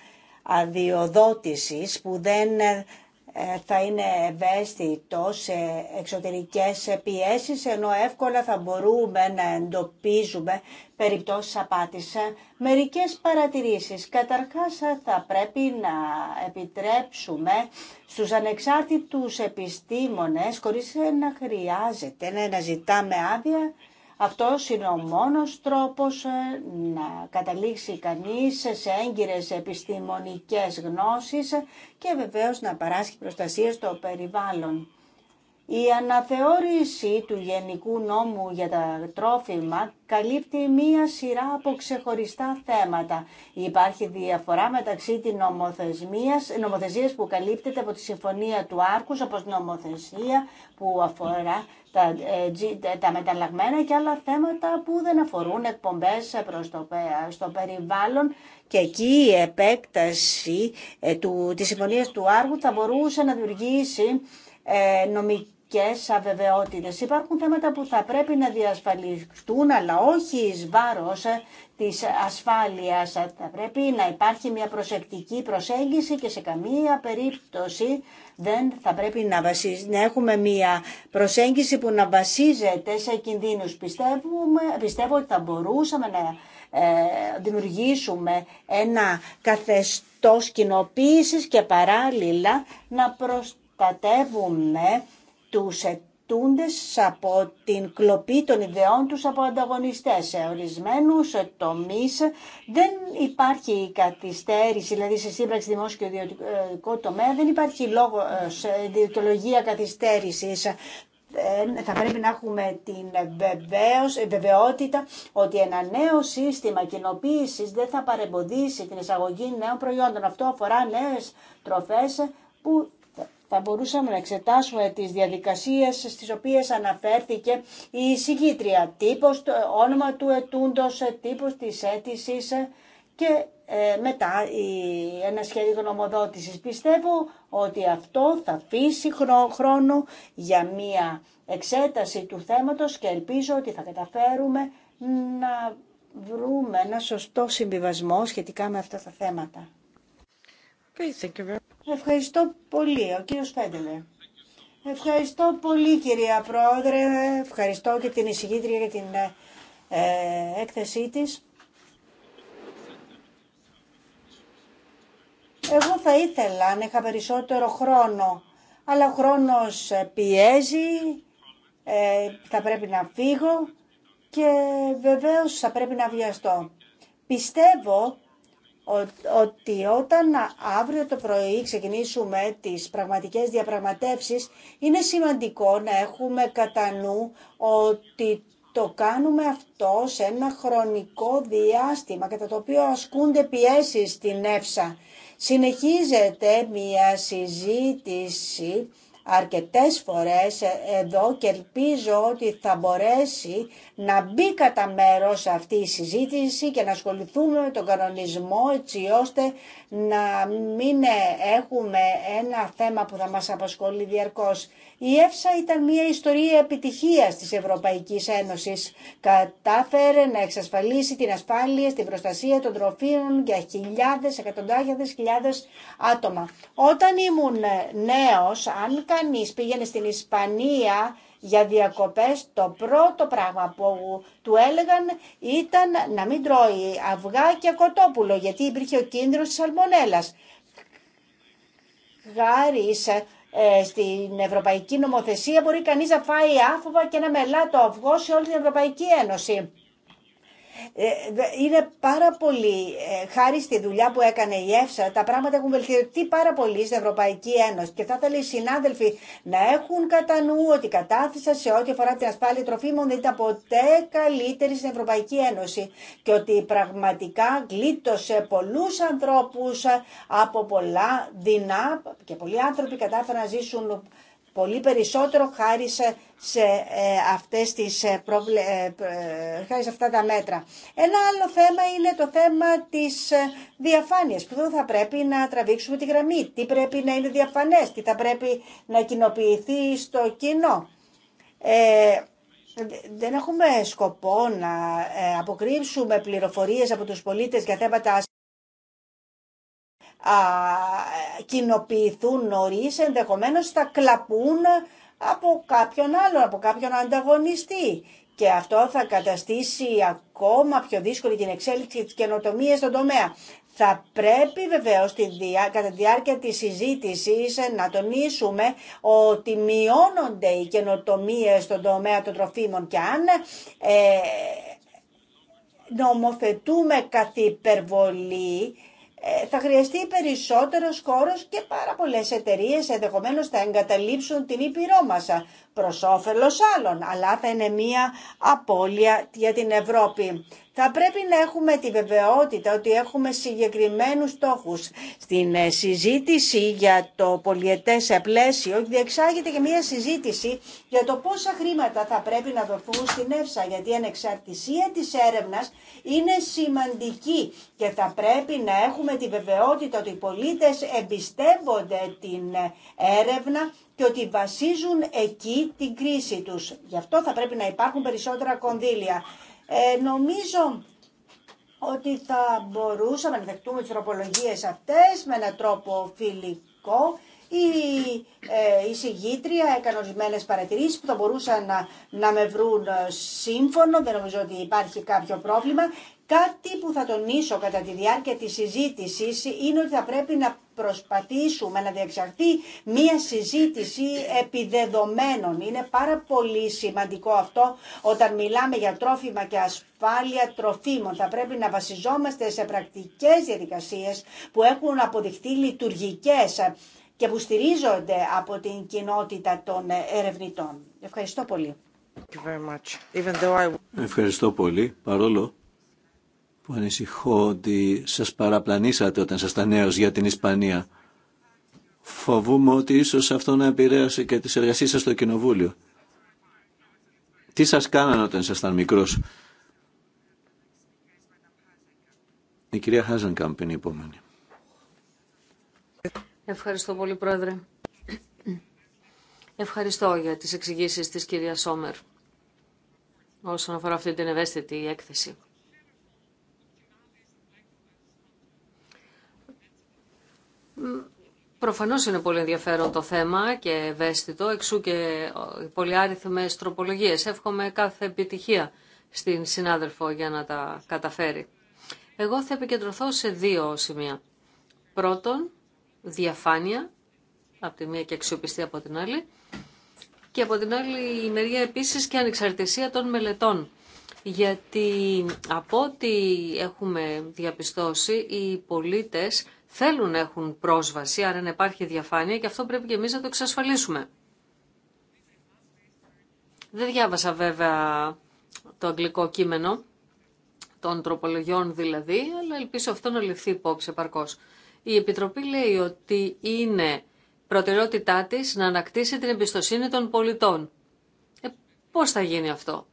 αδειοδότησης που δεν ε, ε, θα είναι ευαίσθητο σε εξωτερικές πιέσεις, ενώ εύκολα θα μπορούμε να εντοπίζουμε περιπτώσεις απάτης. Ε, μερικές παρατηρήσεις. Καταρχάς θα πρέπει να επιτρέψουμε στους ανεξάρτητους επιστήμονες, χωρίς να χρειάζεται να ζητάμε άδεια, αυτό είναι ο μόνος τρόπος ε, να καταλήξει κανείς σε έγκυρες επιστημονικές γνώσεις και βεβαίως να παράσχει προστασία στο περιβάλλον. Η αναθεώρηση του Γενικού Νόμου για τα τρόφιμα καλύπτει μία σειρά από ξεχωριστά θέματα. Υπάρχει διαφορά μεταξύ της νομοθεσίας που καλύπτεται από τη Συμφωνία του Άρκους, όπως νομοθεσία που αφορά τα, ε, ε, τα μεταλλαγμένα και άλλα θέματα που δεν αφορούν εκπομπές προς το, ε, στο περιβάλλον και εκεί η επέκταση του, της συμφωνίας του Άργου θα μπορούσε να δημιουργήσει νομικές και αβεβαιότητες. Υπάρχουν θέματα που θα πρέπει να διασφαλιστούν, αλλά όχι εις βάρος της ασφάλειας. Θα πρέπει να υπάρχει μια προσεκτική προσέγγιση και σε καμία περίπτωση δεν θα πρέπει να, βασίζ, να έχουμε μια προσέγγιση που να βασίζεται σε κινδύνους. Πιστεύουμε, πιστεύω ότι θα μπορούσαμε να ε, δημιουργήσουμε ένα καθεστώς κοινοποίησης και παράλληλα να προστατεύουμε τους από την κλοπή των ιδεών τους από ανταγωνιστές. Σε ορισμένους τομείς δεν υπάρχει καθυστέρηση, δηλαδή σε σύμπραξη δημόσιο και ιδιωτικό τομέα δεν υπάρχει λόγο, ε, ιδιωτολογία καθυστέρησης θα πρέπει να έχουμε την ε, βεβαιότητα ότι ένα νέο σύστημα κοινοποίηση δεν θα παρεμποδίσει την εισαγωγή νέων προϊόντων. Αυτό αφορά νέες τροφές που θα μπορούσαμε να εξετάσουμε τις διαδικασίες στις οποίες αναφέρθηκε η συγκήτρια, τύπος, το όνομα του ετούντος, τύπος της αίτηση και ε, μετά ένα σχέδιο γνωμοδότησης. Πιστεύω ότι αυτό θα αφήσει χρόνο για μία εξέταση του θέματος και ελπίζω ότι θα καταφέρουμε να βρούμε ένα σωστό συμβιβασμό σχετικά με αυτά τα θέματα. Okay, thank Ευχαριστώ πολύ, ο κύριος Φέντελε. Ευχαριστώ πολύ κυρία Πρόεδρε, ευχαριστώ και την εισηγήτρια για την ε, ε έκθεσή της. Εγώ θα ήθελα να είχα περισσότερο χρόνο, αλλά ο χρόνος πιέζει, ε, θα πρέπει να φύγω και βεβαίως θα πρέπει να βιαστώ. Πιστεύω ότι όταν αύριο το πρωί ξεκινήσουμε τις πραγματικές διαπραγματεύσεις, είναι σημαντικό να έχουμε κατά νου ότι το κάνουμε αυτό σε ένα χρονικό διάστημα κατά το οποίο ασκούνται πιέσεις στην ΕΦΣΑ. Συνεχίζεται μια συζήτηση αρκετές φορές ε, εδώ και ελπίζω ότι θα μπορέσει να μπει κατά μέρο αυτή η συζήτηση και να ασχοληθούμε με τον κανονισμό έτσι ώστε να μην έχουμε ένα θέμα που θα μας απασχολεί διαρκώς. Η ΕΦΣΑ ήταν μια ιστορία επιτυχίας της Ευρωπαϊκής Ένωσης. Κατάφερε να εξασφαλίσει την ασφάλεια την προστασία των τροφίων για χιλιάδες, εκατοντάδες χιλιάδες άτομα. Όταν ήμουν νέος, αν κανείς πήγαινε στην Ισπανία για διακοπές, το πρώτο πράγμα που του έλεγαν ήταν να μην τρώει αυγά και κοτόπουλο, γιατί υπήρχε ο κίνδυνος της σαλμονέλας. Ε, στην Ευρωπαϊκή Νομοθεσία μπορεί κανείς να φάει άφοβα και ένα μελάτο αυγό σε όλη την Ευρωπαϊκή Ένωση. Ε, είναι πάρα πολύ, ε, χάρη στη δουλειά που έκανε η ΕΦΣΑ, τα πράγματα έχουν βελτιωθεί πάρα πολύ στην Ευρωπαϊκή Ένωση. Και θα ήθελα οι συνάδελφοι να έχουν κατά νου ότι η σε ό,τι αφορά την ασφάλεια τροφίμων δεν ήταν ποτέ καλύτερη στην Ευρωπαϊκή Ένωση. Και ότι πραγματικά γλίτωσε πολλούς ανθρώπους ε, από πολλά δεινά και πολλοί άνθρωποι κατάφεραν να ζήσουν πολύ περισσότερο χάρη σε, ε, αυτές τις ε, προβλε... Ε, σε αυτά τα μέτρα. Ένα άλλο θέμα είναι το θέμα της διαφάνειας, που θα πρέπει να τραβήξουμε τη γραμμή. Τι πρέπει να είναι διαφανές, τι θα πρέπει να κοινοποιηθεί στο κοινό. δεν έχουμε σκοπό να αποκρύψουμε πληροφορίες από τους πολίτες για θέματα κοινοποιηθούν νωρί ενδεχομένως θα κλαπούν από κάποιον άλλον, από κάποιον ανταγωνιστή. Και αυτό θα καταστήσει ακόμα πιο δύσκολη την εξέλιξη της καινοτομία στον τομέα. Θα πρέπει βεβαίως τη δια, κατά τη διάρκεια της συζήτησης να τονίσουμε ότι μειώνονται οι καινοτομίε στον τομέα των τροφίμων και αν ε, νομοθετούμε καθ' υπερβολή ε, θα χρειαστεί περισσότερος χώρο και πάρα πολλέ εταιρείε ενδεχομένω θα εγκαταλείψουν την ήπειρό μα ε, προ όφελο άλλων, αλλά θα είναι μία απώλεια για την Ευρώπη. Θα πρέπει να έχουμε τη βεβαιότητα ότι έχουμε συγκεκριμένους στόχους. Στην ε, συζήτηση για το πολιετές ε, πλαίσιο διεξάγεται και μια συζήτηση για το πόσα χρήματα θα πρέπει να δοθούν στην ΕΦΣΑ, γιατί η ανεξαρτησία της έρευνας είναι σημαντική και θα πρέπει να έχουμε τη βεβαιότητα ότι οι πολίτες εμπιστεύονται την ε, έρευνα και ότι βασίζουν εκεί την κρίση τους. Γι' αυτό θα πρέπει να υπάρχουν περισσότερα κονδύλια. Ε, νομίζω ότι θα μπορούσαμε να δεχτούμε τις τροπολογίες αυτές με έναν τρόπο φιλικό. Η, ε, η συγγήτρια έκανε παρατηρήσεις που θα μπορούσαν να, να με βρουν ε, σύμφωνο, δεν νομίζω ότι υπάρχει κάποιο πρόβλημα Κάτι που θα τονίσω κατά τη διάρκεια της συζήτησης είναι ότι θα πρέπει να προσπαθήσουμε να διεξαχθεί μία συζήτηση επιδεδομένων. Είναι πάρα πολύ σημαντικό αυτό όταν μιλάμε για τρόφιμα και ασφάλεια τροφίμων. Θα πρέπει να βασιζόμαστε σε πρακτικές διαδικασίες που έχουν αποδειχθεί λειτουργικές και που στηρίζονται από την κοινότητα των ερευνητών. Ευχαριστώ πολύ. Ευχαριστώ πολύ. Παρόλο που ανησυχώ ότι σας παραπλανήσατε όταν ήταν νέος για την Ισπανία. Φοβούμαι ότι ίσως αυτό να επηρέασε και τις εργασίες σας στο Κοινοβούλιο. Τι σας κάνανε όταν σας ήταν μικρός. Η κυρία Χάζενκαμπ είναι η επόμενη. Ευχαριστώ πολύ, Πρόεδρε. Ευχαριστώ για τις εξηγήσεις της κυρία Σόμερ όσον αφορά αυτή την ευαίσθητη έκθεση. Προφανώς είναι πολύ ενδιαφέρον το θέμα και ευαίσθητο, εξού και οι πολυάριθμες τροπολογίε. Εύχομαι κάθε επιτυχία στην συνάδελφο για να τα καταφέρει. Εγώ θα επικεντρωθώ σε δύο σημεία. Πρώτον, διαφάνεια, από τη μία και αξιοπιστία από την άλλη, και από την άλλη η μεριά επίσης και ανεξαρτησία των μελετών. Γιατί από ό,τι έχουμε διαπιστώσει, οι πολίτες θέλουν να έχουν πρόσβαση, άρα να υπάρχει διαφάνεια και αυτό πρέπει και εμείς να το εξασφαλίσουμε. Δεν διάβασα βέβαια το αγγλικό κείμενο, των τροπολογιών δηλαδή, αλλά ελπίζω αυτό να ληφθεί υπόψη επαρκώς. Η Επιτροπή λέει ότι είναι προτεραιότητά της να ανακτήσει την εμπιστοσύνη των πολιτών. Ε, πώς θα γίνει αυτό.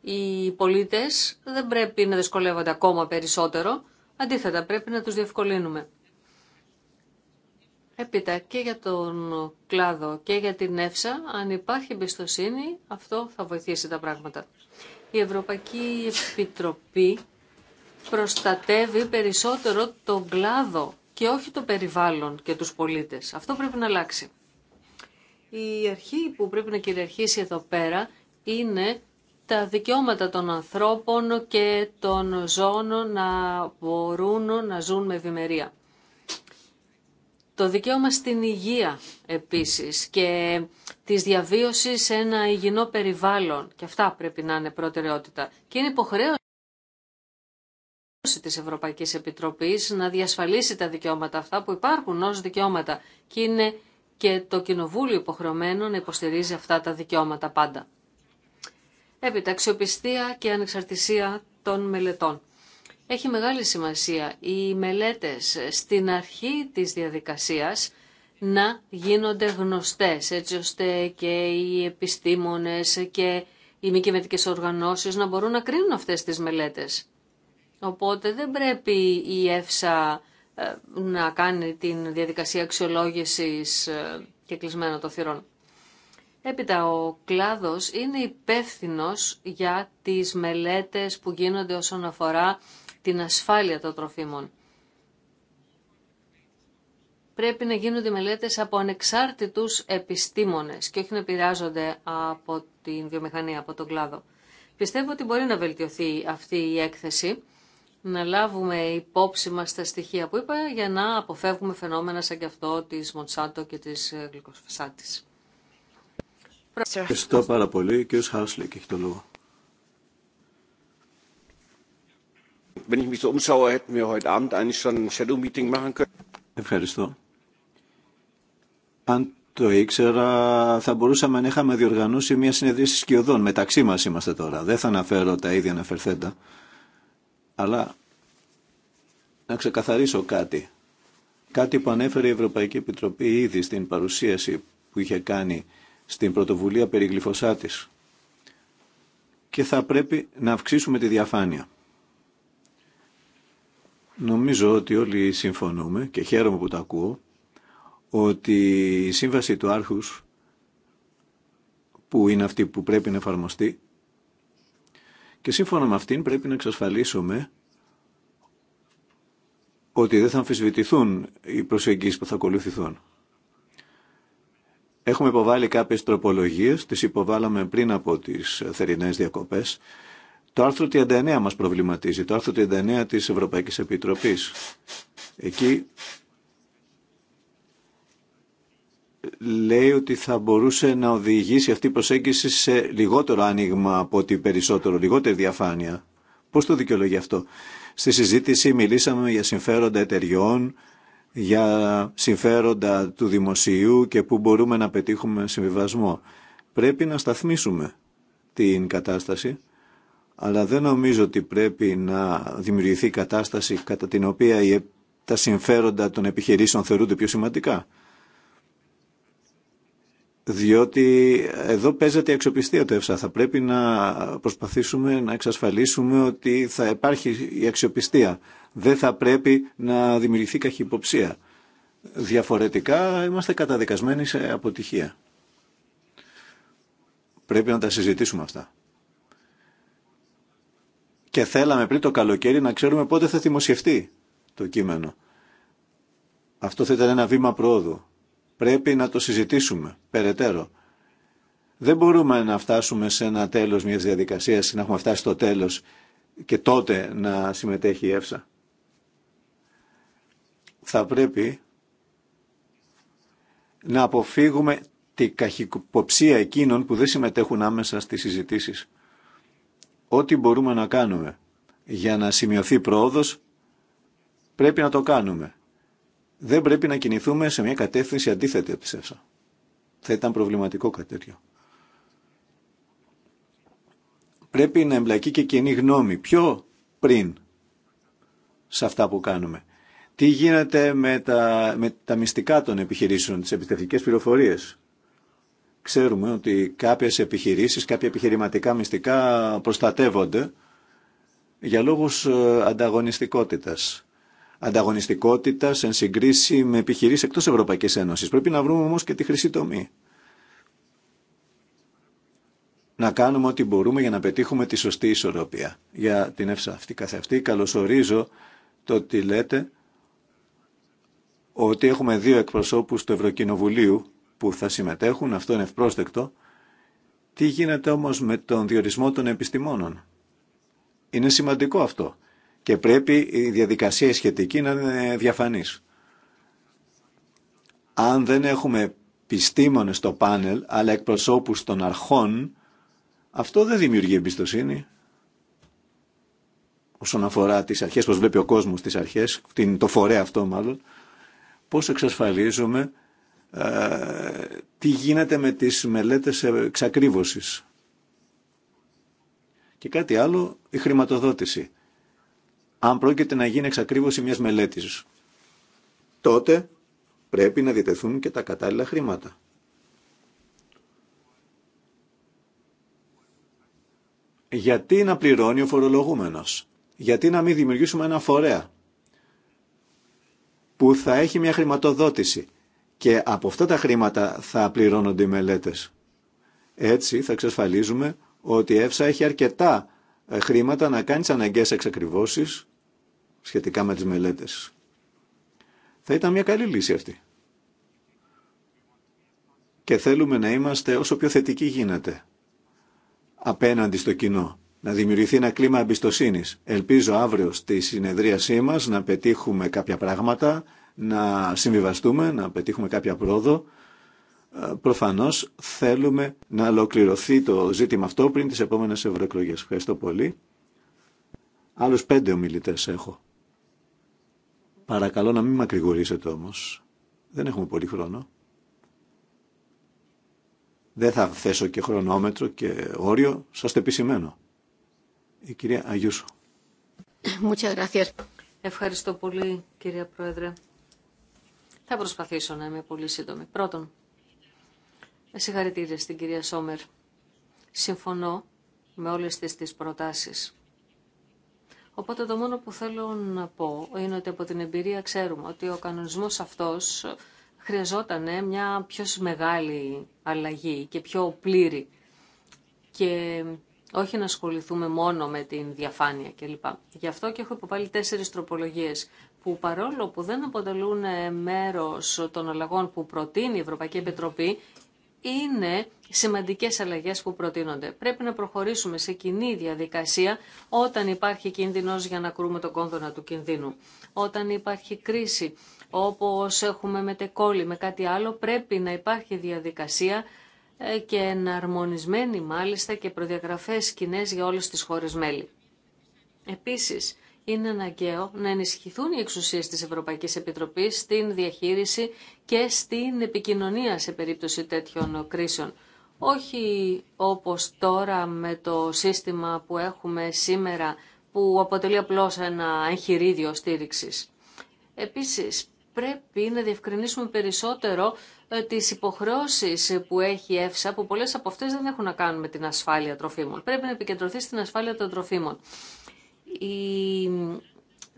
Οι πολίτες δεν πρέπει να δυσκολεύονται ακόμα περισσότερο Αντίθετα, πρέπει να τους διευκολύνουμε. Έπειτα και για τον κλάδο και για την ΕΦΣΑ, αν υπάρχει εμπιστοσύνη, αυτό θα βοηθήσει τα πράγματα. Η Ευρωπαϊκή Επιτροπή προστατεύει περισσότερο τον κλάδο και όχι το περιβάλλον και τους πολίτες. Αυτό πρέπει να αλλάξει. Η αρχή που πρέπει να κυριαρχήσει εδώ πέρα είναι τα δικαιώματα των ανθρώπων και των ζώων να μπορούν να ζουν με ευημερία. Το δικαίωμα στην υγεία επίσης και της διαβίωσης σε ένα υγιεινό περιβάλλον και αυτά πρέπει να είναι προτεραιότητα. Και είναι υποχρέωση της Ευρωπαϊκής Επιτροπής να διασφαλίσει τα δικαιώματα αυτά που υπάρχουν ως δικαιώματα και είναι και το Κοινοβούλιο υποχρεωμένο να υποστηρίζει αυτά τα δικαιώματα πάντα. Έπειτα, αξιοπιστία και ανεξαρτησία των μελετών. Έχει μεγάλη σημασία οι μελέτες στην αρχή της διαδικασίας να γίνονται γνωστές, έτσι ώστε και οι επιστήμονες και οι μη κυβερνητικέ οργανώσεις να μπορούν να κρίνουν αυτές τις μελέτες. Οπότε δεν πρέπει η ΕΦΣΑ ε, να κάνει την διαδικασία αξιολόγησης ε, και κλεισμένο των θυρών. Έπειτα ο κλάδος είναι υπεύθυνο για τις μελέτες που γίνονται όσον αφορά την ασφάλεια των τροφίμων. Πρέπει να γίνονται μελέτες από ανεξάρτητους επιστήμονες και όχι να επηρεάζονται από την βιομηχανία, από τον κλάδο. Πιστεύω ότι μπορεί να βελτιωθεί αυτή η έκθεση, να λάβουμε υπόψη μας τα στοιχεία που είπα για να αποφεύγουμε φαινόμενα σαν και αυτό της Μοντσάντο και της ε, Γλυκοσφασάτης. Ευχαριστώ πάρα πολύ. Κύριος Χάρσλικ έχει το λόγο. Ευχαριστώ. Αν το ήξερα, θα μπορούσαμε να είχαμε διοργανώσει μια συνεδρίαση σκιωδών. Μεταξύ μας είμαστε τώρα. Δεν θα αναφέρω τα ίδια αναφερθέντα. Αλλά να ξεκαθαρίσω κάτι. Κάτι που ανέφερε η Ευρωπαϊκή Επιτροπή ήδη στην παρουσίαση που είχε κάνει στην πρωτοβουλία περί Και θα πρέπει να αυξήσουμε τη διαφάνεια. Νομίζω ότι όλοι συμφωνούμε και χαίρομαι που το ακούω ότι η σύμβαση του Άρχους που είναι αυτή που πρέπει να εφαρμοστεί και σύμφωνα με αυτήν πρέπει να εξασφαλίσουμε ότι δεν θα αμφισβητηθούν οι προσεγγίσεις που θα ακολουθηθούν. Έχουμε υποβάλει κάποιες τροπολογίες, τις υποβάλαμε πριν από τις θερινές διακοπές. Το άρθρο 39 μας προβληματίζει, το άρθρο 39 της Ευρωπαϊκής Επιτροπής. Εκεί λέει ότι θα μπορούσε να οδηγήσει αυτή η προσέγγιση σε λιγότερο άνοιγμα από ότι περισσότερο, λιγότερη διαφάνεια. Πώς το δικαιολογεί αυτό. Στη συζήτηση μιλήσαμε για συμφέροντα εταιριών, για συμφέροντα του δημοσίου και πού μπορούμε να πετύχουμε συμβιβασμό. Πρέπει να σταθμίσουμε την κατάσταση, αλλά δεν νομίζω ότι πρέπει να δημιουργηθεί κατάσταση κατά την οποία τα συμφέροντα των επιχειρήσεων θεωρούνται πιο σημαντικά διότι εδώ παίζεται η αξιοπιστία του ΕΦΣΑ. Θα πρέπει να προσπαθήσουμε να εξασφαλίσουμε ότι θα υπάρχει η αξιοπιστία. Δεν θα πρέπει να δημιουργηθεί καχυποψία. Διαφορετικά είμαστε καταδικασμένοι σε αποτυχία. Πρέπει να τα συζητήσουμε αυτά. Και θέλαμε πριν το καλοκαίρι να ξέρουμε πότε θα δημοσιευτεί το κείμενο. Αυτό θα ήταν ένα βήμα πρόοδου Πρέπει να το συζητήσουμε περαιτέρω. Δεν μπορούμε να φτάσουμε σε ένα τέλος μιας διαδικασίας, να έχουμε φτάσει στο τέλος και τότε να συμμετέχει η ΕΦΣΑ. Θα πρέπει να αποφύγουμε τη καχυποψία εκείνων που δεν συμμετέχουν άμεσα στις συζητήσεις. Ό,τι μπορούμε να κάνουμε για να σημειωθεί πρόοδος πρέπει να το κάνουμε δεν πρέπει να κινηθούμε σε μια κατεύθυνση αντίθετη από τη Θα ήταν προβληματικό κάτι τέτοιο. Πρέπει να εμπλακεί και κοινή γνώμη πιο πριν σε αυτά που κάνουμε. Τι γίνεται με τα, με τα μυστικά των επιχειρήσεων, τις επιστευτικές πληροφορίες. Ξέρουμε ότι κάποιες επιχειρήσεις, κάποια επιχειρηματικά μυστικά προστατεύονται για λόγους ε, ανταγωνιστικότητας ανταγωνιστικότητα εν συγκρίση με επιχειρήσει εκτό Ευρωπαϊκή Ένωση. Πρέπει να βρούμε όμω και τη χρυσή τομή. Να κάνουμε ό,τι μπορούμε για να πετύχουμε τη σωστή ισορροπία. Για την ΕΦΣΑ αυτή καθ' αυτή καλωσορίζω το ότι λέτε ότι έχουμε δύο εκπροσώπους του Ευρωκοινοβουλίου που θα συμμετέχουν, αυτό είναι ευπρόσδεκτο. Τι γίνεται όμω με τον διορισμό των επιστημόνων. Είναι σημαντικό αυτό και πρέπει η διαδικασία σχετική να είναι διαφανής. Αν δεν έχουμε πιστήμονες στο πάνελ, αλλά εκπροσώπους των αρχών, αυτό δεν δημιουργεί εμπιστοσύνη. Όσον αφορά τις αρχές, πώς βλέπει ο κόσμος τις αρχές, την, το φορέα αυτό μάλλον, πώς εξασφαλίζουμε ε, τι γίνεται με τις μελέτες εξακρίβωσης. Και κάτι άλλο, η χρηματοδότηση αν πρόκειται να γίνει εξακρίβωση μιας μελέτης. Τότε πρέπει να διατεθούν και τα κατάλληλα χρήματα. Γιατί να πληρώνει ο φορολογούμενος. Γιατί να μην δημιουργήσουμε ένα φορέα που θα έχει μια χρηματοδότηση και από αυτά τα χρήματα θα πληρώνονται οι μελέτες. Έτσι θα εξασφαλίζουμε ότι η ΕΦΣΑ έχει αρκετά ε, χρήματα να κάνει τις αναγκαίες εξακριβώσεις σχετικά με τις μελέτες. Θα ήταν μια καλή λύση αυτή. Και θέλουμε να είμαστε όσο πιο θετικοί γίνεται απέναντι στο κοινό. Να δημιουργηθεί ένα κλίμα εμπιστοσύνη. Ελπίζω αύριο στη συνεδρίασή μα να πετύχουμε κάποια πράγματα, να συμβιβαστούμε, να πετύχουμε κάποια πρόοδο. Ε, Προφανώ θέλουμε να ολοκληρωθεί το ζήτημα αυτό πριν τι επόμενε ευρωεκλογέ. Ευχαριστώ πολύ. Άλλου πέντε ομιλητέ έχω. Παρακαλώ να μην μακρηγορήσετε όμως. Δεν έχουμε πολύ χρόνο. Δεν θα θέσω και χρονόμετρο και όριο. Σας Η κυρία Αγίουσο. Ευχαριστώ πολύ κυρία Πρόεδρε. Θα προσπαθήσω να είμαι πολύ σύντομη. Πρώτον, συγχαρητήρια στην κυρία Σόμερ. Συμφωνώ με όλες τις, τις προτάσεις. Οπότε το μόνο που θέλω να πω είναι ότι από την εμπειρία ξέρουμε ότι ο κανονισμός αυτός χρειαζόταν μια πιο μεγάλη αλλαγή και πιο πλήρη και όχι να ασχοληθούμε μόνο με την διαφάνεια κλπ. Γι' αυτό και έχω υποβάλει τέσσερις τροπολογίες που παρόλο που δεν αποτελούν μέρος των αλλαγών που προτείνει η Ευρωπαϊκή Επιτροπή, είναι σημαντικές αλλαγές που προτείνονται. Πρέπει να προχωρήσουμε σε κοινή διαδικασία όταν υπάρχει κίνδυνος για να κρούμε τον κόνδωνα του κινδύνου. Όταν υπάρχει κρίση, όπως έχουμε με με κάτι άλλο, πρέπει να υπάρχει διαδικασία ε, και εναρμονισμένη μάλιστα και προδιαγραφές κοινέ για όλες τις χώρες μέλη. Επίσης, είναι αναγκαίο να ενισχυθούν οι εξουσίες της Ευρωπαϊκής Επιτροπής στην διαχείριση και στην επικοινωνία σε περίπτωση τέτοιων κρίσεων. Όχι όπως τώρα με το σύστημα που έχουμε σήμερα που αποτελεί απλώς ένα εγχειρίδιο στήριξης. Επίσης, πρέπει να διευκρινίσουμε περισσότερο ε, τις υποχρεώσεις που έχει η ΕΦΣΑ, που πολλές από αυτές δεν έχουν να κάνουν με την ασφάλεια τροφίμων. Πρέπει να επικεντρωθεί στην ασφάλεια των τροφίμων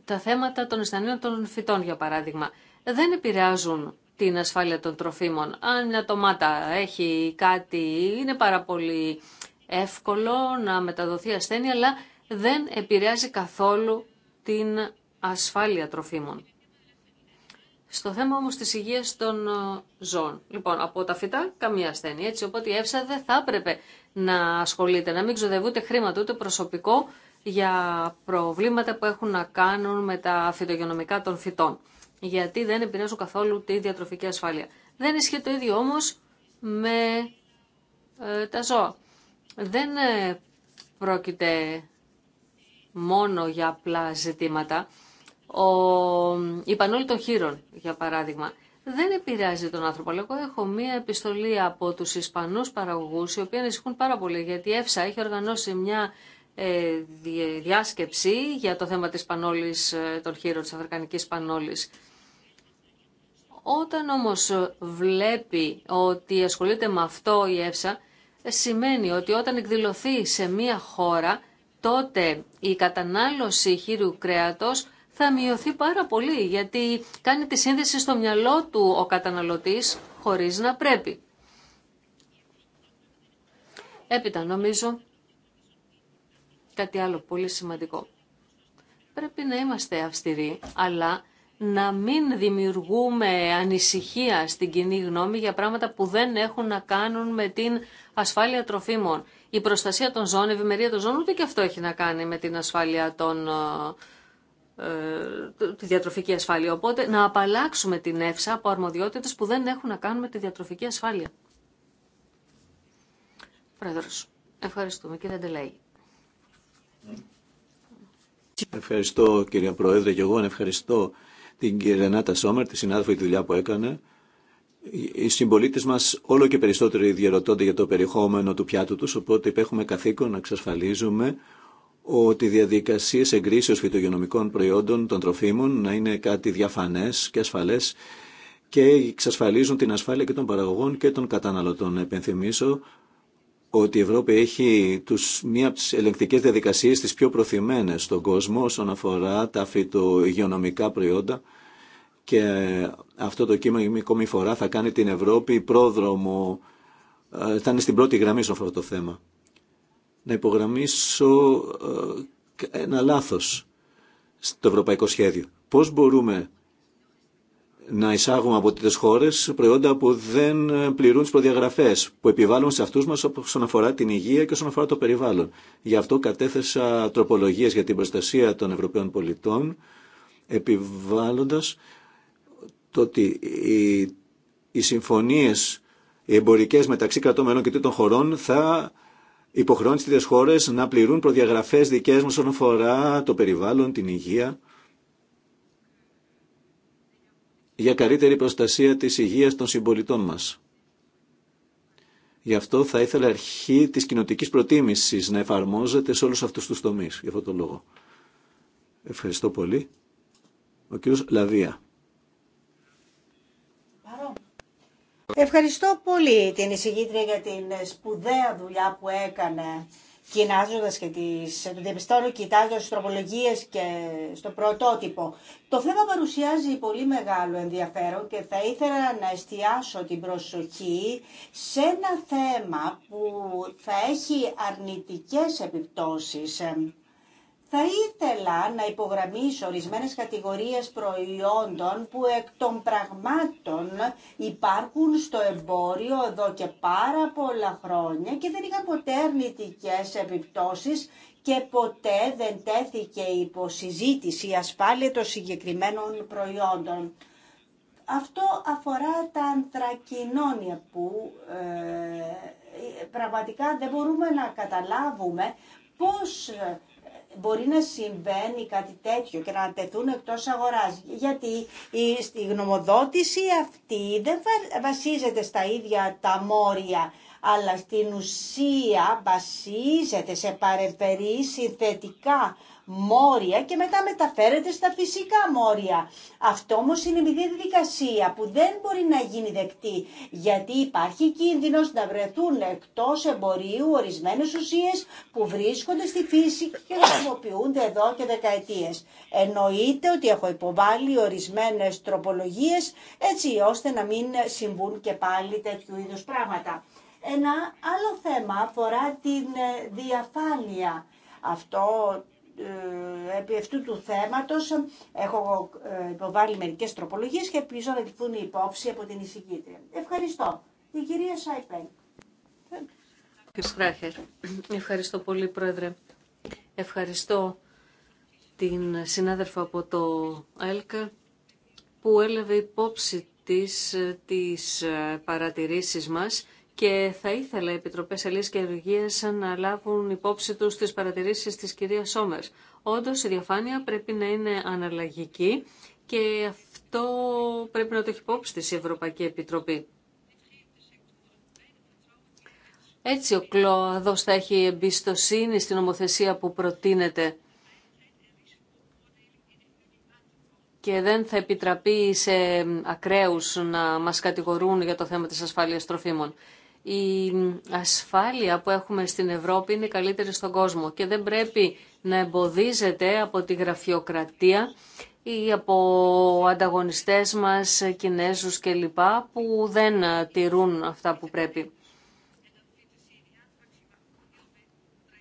τα θέματα των ιστανίων των φυτών, για παράδειγμα, δεν επηρεάζουν την ασφάλεια των τροφίμων. Αν μια τομάτα έχει κάτι, είναι πάρα πολύ εύκολο να μεταδοθεί ασθένεια, αλλά δεν επηρεάζει καθόλου την ασφάλεια τροφίμων. Στο θέμα όμως της υγείας των ε, ζώων. Λοιπόν, από τα φυτά καμία ασθένεια, έτσι, οπότε η δεν θα έπρεπε να ασχολείται, να μην ξοδεύει ούτε χρήματα, ούτε προσωπικό για προβλήματα που έχουν να κάνουν με τα φυτογενομικά των φυτών, γιατί δεν επηρεάζουν καθόλου τη διατροφική ασφάλεια. Δεν ισχύει το ίδιο όμως με ε, τα ζώα. Δεν ε, πρόκειται μόνο για απλά ζητήματα. Ο, η πανόλη των χείρων, για παράδειγμα, δεν επηρεάζει τον άνθρωπο. εγώ έχω μία επιστολή από τους Ισπανούς παραγωγούς, οι οποίοι ανησυχούν πάρα πολύ, γιατί η ΕΦΣΑ έχει οργανώσει μια ε, διάσκεψη για το θέμα της πανόλης ε, των χείρων της Αφρικανικής Πανόλης. Όταν όμως βλέπει ότι ασχολείται με αυτό η ΕΦΣΑ, σημαίνει ότι όταν εκδηλωθεί σε μία χώρα, τότε η κατανάλωση χείρου κρέατος θα μειωθεί πάρα πολύ, γιατί κάνει τη σύνδεση στο μυαλό του ο καταναλωτής χωρίς να πρέπει. Έπειτα νομίζω κάτι άλλο πολύ σημαντικό. Πρέπει να είμαστε αυστηροί, αλλά να μην δημιουργούμε ανησυχία στην κοινή γνώμη για πράγματα που δεν έχουν να κάνουν με την ασφάλεια τροφίμων. Η προστασία των ζώων, η ευημερία των ζώων, ούτε και αυτό έχει να κάνει με την ασφάλεια των, ε, ε, τη διατροφική ασφάλεια. Οπότε να απαλλάξουμε την ΕΦΣΑ από αρμοδιότητες που δεν έχουν να κάνουν με τη διατροφική ασφάλεια. Πρόεδρος, ευχαριστούμε κύριε Αντελέη. Ευχαριστώ κύριε Πρόεδρε και εγώ ευχαριστώ την κυρία Ρενάτα Σόμερ, τη συνάδελφο τη δουλειά που έκανε. Οι συμπολίτε μα όλο και περισσότερο διαρωτώνται για το περιεχόμενο του πιάτου του, οπότε υπέχουμε καθήκον να εξασφαλίζουμε ότι οι διαδικασίε εγκρίσεω φυτογενομικών προϊόντων των τροφίμων να είναι κάτι διαφανέ και ασφαλέ και εξασφαλίζουν την ασφάλεια και των παραγωγών και των καταναλωτών. επενθυμίσω ότι η Ευρώπη έχει τους, μία από τις ελεγκτικές διαδικασίες τις πιο προθυμένες στον κόσμο όσον αφορά τα φυτοϊγειονομικά προϊόντα και αυτό το κείμενο ακόμη φορά θα κάνει την Ευρώπη πρόδρομο, ε, θα είναι στην πρώτη γραμμή στον αυτό το θέμα. Να υπογραμμίσω ε, ένα λάθος στο ευρωπαϊκό σχέδιο. Πώς μπορούμε να εισάγουμε από τέτοιες χώρες προϊόντα που δεν πληρούν τις προδιαγραφές που επιβάλλουν σε αυτούς μα όσον αφορά την υγεία και όσον αφορά το περιβάλλον. Γι' αυτό κατέθεσα τροπολογίες για την προστασία των Ευρωπαίων πολιτών επιβάλλοντας το ότι οι, οι συμφωνίες εμπορικές μεταξύ κρατών και των χωρών θα υποχρεώνουν τι χώρε να πληρούν προδιαγραφέ δικέ μα όσον αφορά το περιβάλλον, την υγεία για καλύτερη προστασία της υγείας των συμπολιτών μας. Γι' αυτό θα ήθελα αρχή της κοινοτικής προτίμησης να εφαρμόζεται σε όλους αυτούς τους τομείς, για αυτό το λόγο. Ευχαριστώ πολύ. Ο κύριος Λαβία. Ευχαριστώ πολύ την εισηγήτρια για την σπουδαία δουλειά που έκανε Κοινάζοντα και τι το διαπιστώνω κοιτάζοντας τροπολογίες και στο πρωτότυπο. Το θέμα παρουσιάζει πολύ μεγάλο ενδιαφέρον και θα ήθελα να εστιάσω την προσοχή σε ένα θέμα που θα έχει αρνητικές επιπτώσεις ε, θα ήθελα να υπογραμμίσω ορισμένες κατηγορίες προϊόντων που εκ των πραγμάτων υπάρχουν στο εμπόριο εδώ και πάρα πολλά χρόνια και δεν είχαν ποτέ αρνητικέ επιπτώσεις και ποτέ δεν τέθηκε υπό συζήτηση η ασφάλεια των συγκεκριμένων προϊόντων. Αυτό αφορά τα ανθρακοινόνια που ε, πραγματικά δεν μπορούμε να καταλάβουμε πώς μπορεί να συμβαίνει κάτι τέτοιο και να τεθούν εκτός αγοράς. Γιατί η γνωμοδότηση αυτή δεν βασίζεται στα ίδια τα μόρια, αλλά στην ουσία βασίζεται σε παρεμφερή συνθετικά μόρια και μετά μεταφέρεται στα φυσικά μόρια. Αυτό όμω είναι μια διαδικασία που δεν μπορεί να γίνει δεκτή γιατί υπάρχει κίνδυνος να βρεθούν εκτός εμπορίου ορισμένες ουσίες που βρίσκονται στη φύση και χρησιμοποιούνται εδώ και δεκαετίες. Εννοείται ότι έχω υποβάλει ορισμένες τροπολογίες έτσι ώστε να μην συμβούν και πάλι τέτοιου είδους πράγματα. Ένα άλλο θέμα αφορά την ε, διαφάνεια. Αυτό ε, επί αυτού του θέματος ε, έχω ε, υποβάλει μερικές τροπολογίες και επίσης να οι υπόψη από την εισηγήτρια. Ευχαριστώ. Η κυρία Σάιπεν. Ευχαριστώ πολύ, Πρόεδρε. Ευχαριστώ την συνάδελφα από το ΕΛΚ που έλαβε υπόψη της, τις παρατηρήσεις μας και θα ήθελα οι επιτροπέ Ελής και να λάβουν υπόψη τους τις παρατηρήσεις της κυρία Σόμερ. Όντω η διαφάνεια πρέπει να είναι αναλλαγική και αυτό πρέπει να το έχει υπόψη της η Ευρωπαϊκή Επιτροπή. Έτσι ο κλώδος θα έχει εμπιστοσύνη στην ομοθεσία που προτείνεται και δεν θα επιτραπεί σε ακραίους να μας κατηγορούν για το θέμα της ασφάλειας τροφίμων η ασφάλεια που έχουμε στην Ευρώπη είναι καλύτερη στον κόσμο και δεν πρέπει να εμποδίζεται από τη γραφειοκρατία ή από ανταγωνιστές μας, Κινέζους κλπ. που δεν τηρούν αυτά που πρέπει.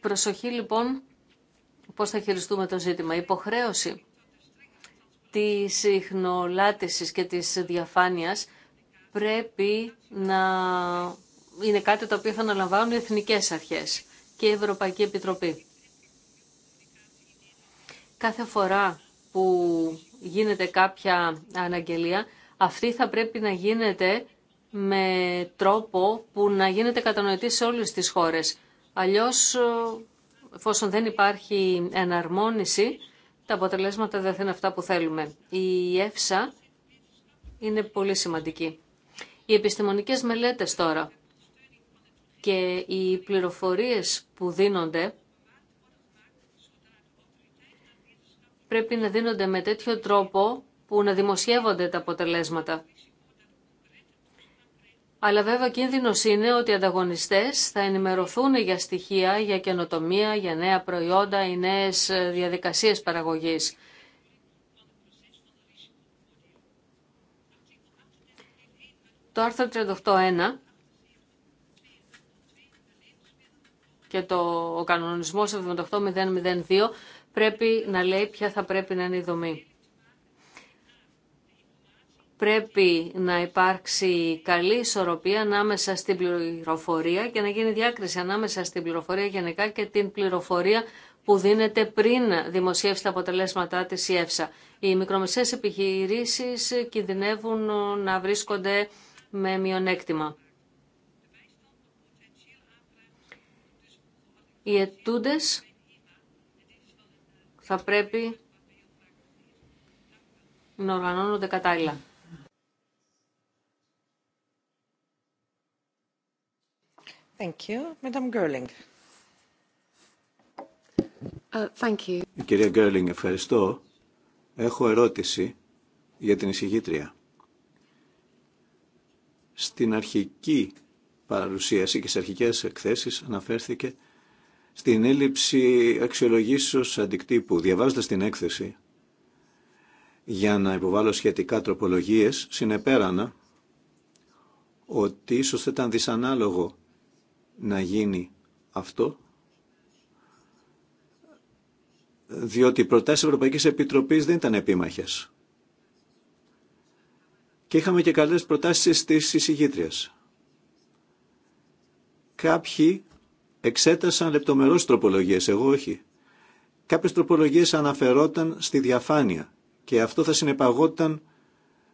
Προσοχή λοιπόν πώς θα χειριστούμε το ζήτημα. Υποχρέωση της ιχνολάτησης και της διαφάνειας πρέπει να είναι κάτι το οποίο θα αναλαμβάνουν οι εθνικές αρχές και η Ευρωπαϊκή Επιτροπή. Κάθε φορά που γίνεται κάποια αναγγελία, αυτή θα πρέπει να γίνεται με τρόπο που να γίνεται κατανοητή σε όλες τις χώρες. Αλλιώς, εφόσον δεν υπάρχει εναρμόνιση, τα αποτελέσματα δεν θα είναι αυτά που θέλουμε. Η ΕΦΣΑ είναι πολύ σημαντική. Οι επιστημονικές μελέτες τώρα και οι πληροφορίες που δίνονται πρέπει να δίνονται με τέτοιο τρόπο που να δημοσιεύονται τα αποτελέσματα. Αλλά βέβαια κίνδυνο είναι ότι οι ανταγωνιστές θα ενημερωθούν για στοιχεία, για καινοτομία, για νέα προϊόντα ή νέες ε, διαδικασίες παραγωγής. Το άρθρο 38.1 και το, ο κανονισμός 78002 πρέπει να λέει ποια θα πρέπει να είναι η δομή. Πρέπει να υπάρξει καλή ισορροπία ανάμεσα στην πληροφορία και να γίνει διάκριση ανάμεσα στην πληροφορία γενικά και την πληροφορία που δίνεται πριν δημοσιεύσει τα αποτελέσματά της η ΕΦΣΑ. Οι μικρομεσαίες επιχειρήσεις κινδυνεύουν να βρίσκονται με μειονέκτημα. οι ετούντες θα πρέπει να οργανώνονται κατάλληλα. Thank you. Madam Uh, Κυρία Γκέρλινγκ, ευχαριστώ. Έχω ερώτηση για την εισηγήτρια. Στην αρχική παρουσίαση και στις αρχικές εκθέσεις αναφέρθηκε στην έλλειψη αξιολογήσεως αντικτύπου, διαβάζοντας την έκθεση για να υποβάλω σχετικά τροπολογίες, συνεπέρανα ότι ίσως θα ήταν δυσανάλογο να γίνει αυτό, διότι οι προτάσεις Ευρωπαϊκής Επιτροπής δεν ήταν επίμαχες. Και είχαμε και καλές προτάσεις της εισηγήτριας. Κάποιοι εξέτασαν λεπτομερώς τροπολογίες, εγώ όχι. Κάποιες τροπολογίες αναφερόταν στη διαφάνεια και αυτό θα συνεπαγόταν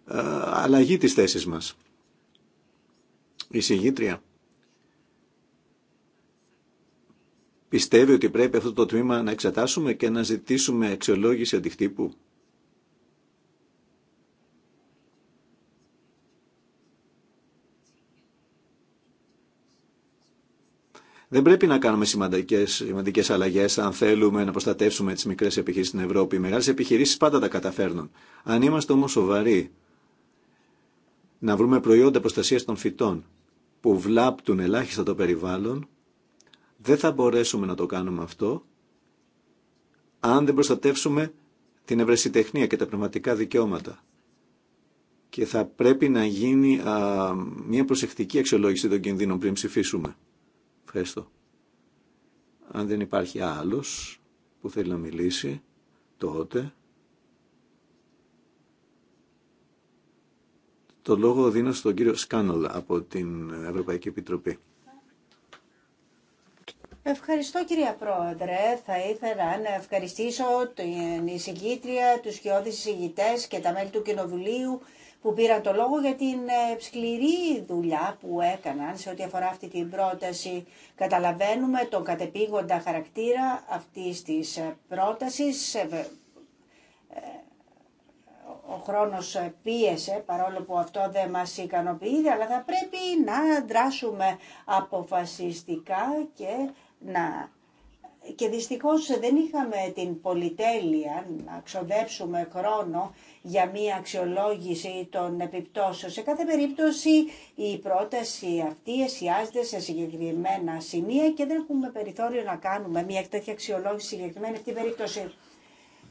ε, αλλαγή της θέσης μας. Η συγγήτρια πιστεύει ότι πρέπει αυτό το τμήμα να εξετάσουμε και να ζητήσουμε αξιολόγηση αντιχτύπου. Δεν πρέπει να κάνουμε σημαντικές, σημαντικές αλλαγές αν θέλουμε να προστατεύσουμε τις μικρές επιχειρήσεις στην Ευρώπη. Οι μεγάλες επιχειρήσεις πάντα τα καταφέρνουν. Αν είμαστε όμως σοβαροί να βρούμε προϊόντα προστασίας των φυτών που βλάπτουν ελάχιστα το περιβάλλον, δεν θα μπορέσουμε να το κάνουμε αυτό αν δεν προστατεύσουμε την ευρεσιτεχνία και τα πνευματικά δικαιώματα. Και θα πρέπει να γίνει μια προσεκτική αξιολόγηση των κινδύνων πριν ψηφίσουμε. Ευχαριστώ. Αν δεν υπάρχει άλλος που θέλει να μιλήσει, τότε το λόγο δίνω στον κύριο Σκάνολ από την Ευρωπαϊκή Επιτροπή. Ευχαριστώ κυρία Πρόεδρε. Θα ήθελα να ευχαριστήσω την εισηγήτρια, τους κοιόδης εισηγητές και τα μέλη του Κοινοβουλίου που πήραν το λόγο για την ε, σκληρή δουλειά που έκαναν σε ό,τι αφορά αυτή την πρόταση. Καταλαβαίνουμε τον κατεπήγοντα χαρακτήρα αυτής της ε, πρότασης. Ε, ο χρόνος πίεσε, παρόλο που αυτό δεν μας ικανοποιεί, αλλά θα πρέπει να δράσουμε αποφασιστικά και να και δυστυχώς δεν είχαμε την πολυτέλεια να ξοδέψουμε χρόνο για μία αξιολόγηση των επιπτώσεων. Σε κάθε περίπτωση η πρόταση αυτή εσιάζεται σε συγκεκριμένα σημεία και δεν έχουμε περιθώριο να κάνουμε μία τέτοια αξιολόγηση συγκεκριμένη αυτή περίπτωση.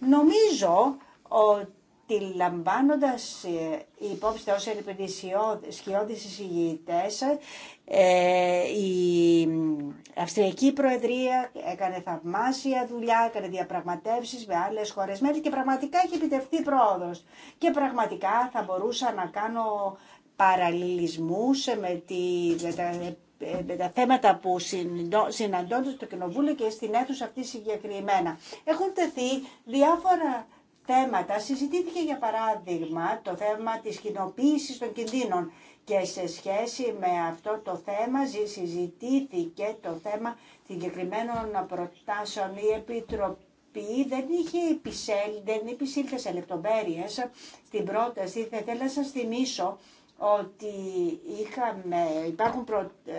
Νομίζω ότι τη λαμβάνοντας ε, υπόψη τα όσα εισηγητέ, ε, η Αυστριακή Προεδρία έκανε θαυμάσια δουλειά, έκανε διαπραγματεύσει με άλλε χώρε μέλη και πραγματικά έχει επιτευχθεί πρόοδο. Και πραγματικά θα μπορούσα να κάνω παραλληλισμού με, τη, με τα, με τα θέματα που συναντώνται στο Κοινοβούλιο και στην αίθουσα αυτή συγκεκριμένα. Έχουν τεθεί διάφορα θέματα. Συζητήθηκε για παράδειγμα το θέμα της κοινοποίηση των κινδύνων και σε σχέση με αυτό το θέμα συζητήθηκε το θέμα συγκεκριμένων προτάσεων η Επιτροπή δεν είχε επισέλθει δεν σε λεπτομέρειες στην πρόταση. Θα ήθελα να σας θυμίσω ότι είχαμε, υπάρχουν προ, ε,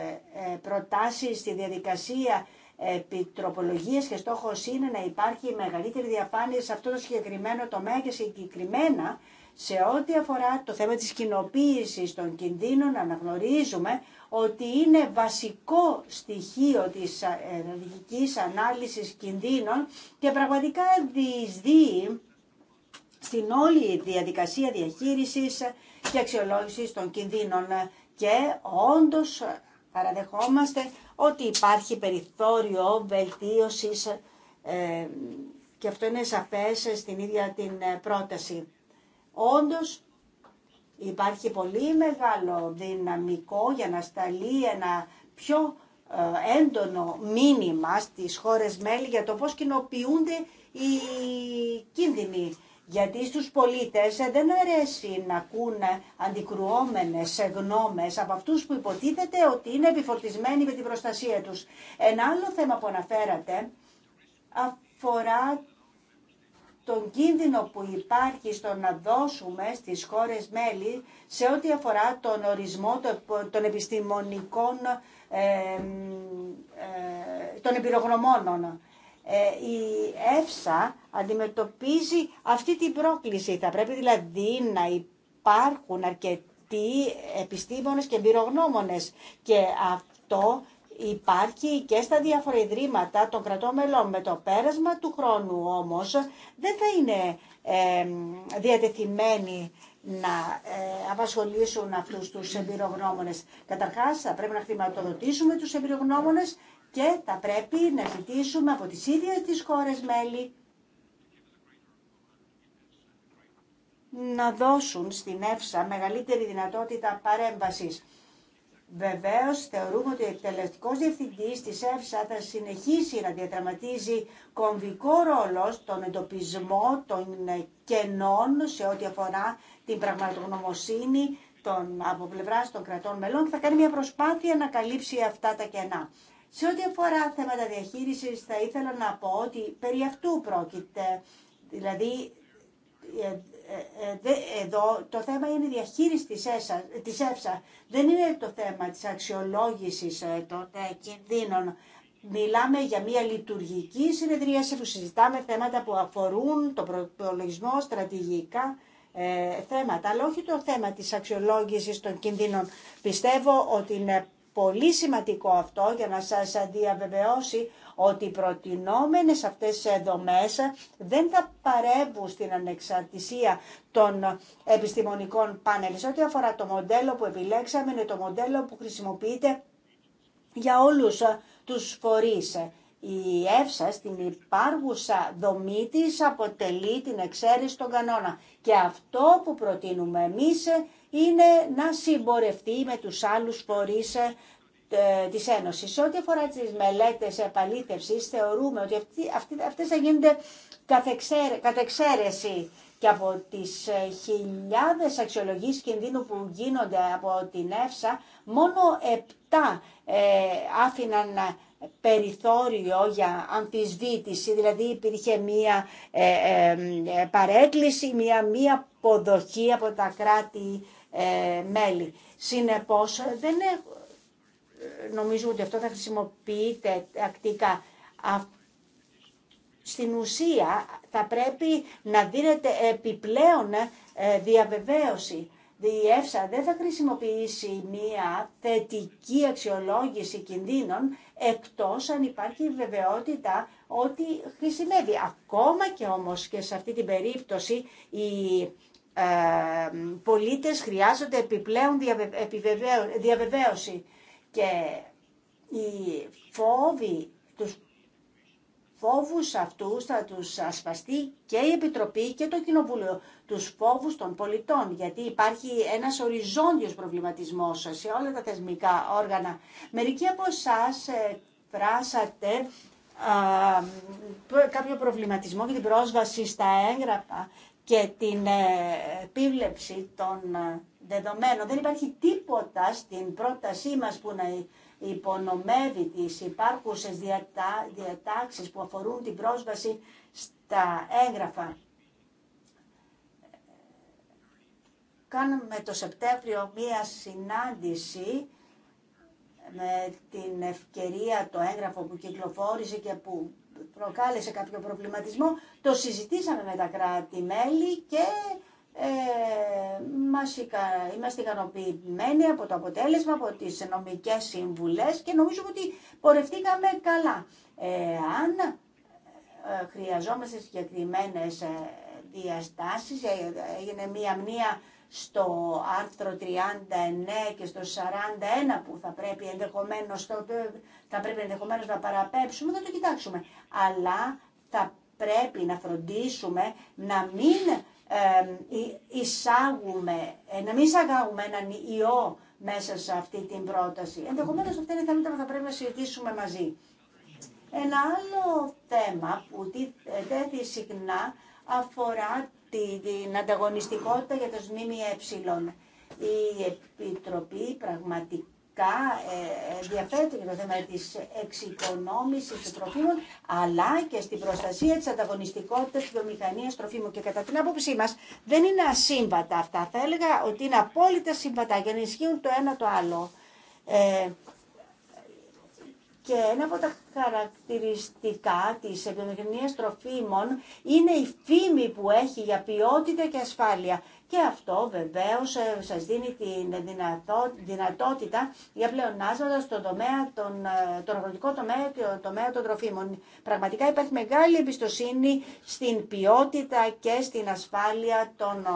ε, προτάσεις στη διαδικασία επιτροπολογίες και στόχος είναι να υπάρχει μεγαλύτερη διαφάνεια σε αυτό το συγκεκριμένο τομέα και συγκεκριμένα σε ό,τι αφορά το θέμα της κοινοποίηση των κινδύνων αναγνωρίζουμε ότι είναι βασικό στοιχείο της ενεργικής ανάλυσης κινδύνων και πραγματικά διεισδύει στην όλη διαδικασία διαχείρισης και αξιολόγησης των κινδύνων και όντως παραδεχόμαστε ότι υπάρχει περιθώριο βελτίωσης ε, και αυτό είναι σαφές ε, στην ίδια την ε, πρόταση. Όντως υπάρχει πολύ μεγάλο δυναμικό για να σταλεί ένα πιο έντονο μήνυμα στις χώρες μέλη για το πώς κοινοποιούνται οι κίνδυνοι γιατί στους πολίτες δεν αρέσει να ακούν αντικρουόμενες γνώμες από αυτούς που υποτίθεται ότι είναι επιφορτισμένοι με την προστασία τους. Ένα άλλο θέμα που αναφέρατε αφορά τον κίνδυνο που υπάρχει στο να δώσουμε στις χώρες μέλη σε ό,τι αφορά τον ορισμό των επιστημονικών, ε, ε των ε, η ΕΦΣΑ αντιμετωπίζει αυτή την πρόκληση. Θα πρέπει δηλαδή να υπάρχουν αρκετοί επιστήμονες και εμπειρογνώμονες και αυτό υπάρχει και στα διάφορα ιδρύματα των κρατών μελών. Με το πέρασμα του χρόνου όμως δεν θα είναι ε, διατεθειμένοι να ε, απασχολήσουν αυτούς τους εμπειρογνώμονες. Καταρχάς θα πρέπει να χρηματοδοτήσουμε τους εμπειρογνώμονες και θα πρέπει να ζητήσουμε από τις ίδιες τις χώρες μέλη να δώσουν στην ΕΦΣΑ μεγαλύτερη δυνατότητα παρέμβασης. Βεβαίω, θεωρούμε ότι ο εκτελεστικό διευθυντή τη ΕΦΣΑ θα συνεχίσει να διατραματίζει κομβικό ρόλο στον εντοπισμό των κενών σε ό,τι αφορά την πραγματογνωμοσύνη των, από πλευρά των κρατών μελών και θα κάνει μια προσπάθεια να καλύψει αυτά τα κενά. Σε ό,τι αφορά θέματα διαχείρισης θα ήθελα να πω ότι περί αυτού πρόκειται. Δηλαδή ε, ε, ε, εδώ το θέμα είναι η διαχείριση της, της ΕΦΣΑ. Δεν είναι το θέμα της αξιολόγησης των κινδύνων. Μιλάμε για μια λειτουργική συνεδρίαση που συζητάμε θέματα που αφορούν τον προπολογισμό, στρατηγικά θέματα, αλλά όχι το θέμα της αξιολόγησης των κινδύνων. Πιστεύω ότι είναι πολύ σημαντικό αυτό για να σας διαβεβαιώσει ότι οι προτινόμενες αυτές δομές δεν θα παρεύουν στην ανεξαρτησία των επιστημονικών πάνελ. ό,τι αφορά το μοντέλο που επιλέξαμε είναι το μοντέλο που χρησιμοποιείται για όλους τους φορείς. Η ΕΦΣΑ στην υπάρχουσα δομή της αποτελεί την εξαίρεση των κανόνα. Και αυτό που προτείνουμε εμείς είναι να συμπορευτεί με τους άλλους φορείς ε, της Ένωσης. Σε ό,τι αφορά τις μελέτες επαλήθευσης, θεωρούμε ότι αυτοί, αυτές θα γίνονται κατ' και από τις ε, χιλιάδες αξιολογήσεις κινδύνου που γίνονται από την ΕΦΣΑ, μόνο επτά ε, άφηναν περιθώριο για αμφισβήτηση, δηλαδή υπήρχε μία ε, ε, ε, παρέκκληση, μία μία αποδοχή από τα κράτη μέλη. Συνεπώς δεν νομίζω ότι αυτό θα χρησιμοποιείται ακτικά. Στην ουσία θα πρέπει να δίνεται επιπλέον διαβεβαίωση η ΕΦΣΑ δεν θα χρησιμοποιήσει μία θετική αξιολόγηση κινδύνων εκτός αν υπάρχει βεβαιότητα ότι χρησιμεύει. Ακόμα και όμως και σε αυτή την περίπτωση οι ε, πολίτες χρειάζονται επιπλέον διαβεβαίωση και οι φόβοι τους φόβους αυτούς θα τους ασπαστεί και η Επιτροπή και το Κοινοβούλιο, τους φόβους των πολιτών, γιατί υπάρχει ένας οριζόντιος προβληματισμός σε όλα τα θεσμικά όργανα. Μερικοί από εσά πράσατε ε, κάποιο προβληματισμό για την πρόσβαση στα έγγραφα και την ε, επίβλεψη των ε, δεδομένων. Δεν υπάρχει τίποτα στην πρότασή μας που να υπονομεύει τις υπάρχουσες διατάξεις που αφορούν την πρόσβαση στα έγγραφα. Κάνουμε το Σεπτέμβριο μία συνάντηση με την ευκαιρία το έγγραφο που κυκλοφόρησε και που προκάλεσε κάποιο προβληματισμό. Το συζητήσαμε με τα κράτη-μέλη και ε, μας είμαστε ικανοποιημένοι από το αποτέλεσμα, από τις νομικές συμβουλές και νομίζω ότι πορευτήκαμε καλά. Ε, αν ε, χρειαζόμαστε συγκεκριμένε ε, διαστάσεις, ε, έγινε μία μνήα στο άρθρο 39 και στο 41 που θα πρέπει ενδεχομένως, θα πρέπει ενδεχομένως να παραπέψουμε, θα το κοιτάξουμε. Αλλά θα πρέπει να φροντίσουμε να μην εισάγουμε, ε, να μην εισαγάγουμε έναν ιό μέσα σε αυτή την πρόταση. Ενδεχομένως αυτά είναι θέματα που θα πρέπει να συζητήσουμε μαζί. Ένα άλλο θέμα που ε, τέθη συχνά αφορά την ανταγωνιστικότητα για το Ε. Η Επιτροπή πραγματικά πραγματικά ε, ε, ενδιαφέρεται το θέμα της εξοικονόμησης των τροφίμων, αλλά και στην προστασία της ανταγωνιστικότητας της βιομηχανία τροφίμων. Και κατά την άποψή μας δεν είναι ασύμβατα αυτά. Θα έλεγα ότι είναι απόλυτα σύμβατα για να ισχύουν το ένα το άλλο. Ε, και ένα από τα χαρακτηριστικά της βιομηχανίας τροφίμων είναι η φήμη που έχει για ποιότητα και ασφάλεια και αυτό βεβαίως ε, σας δίνει τη δυνατότητα για πλεονάσματα στον τομέα, τον, ε, τον αγροτικό τομέα και τον τομέα των τροφίμων. Πραγματικά υπάρχει μεγάλη εμπιστοσύνη στην ποιότητα και στην ασφάλεια των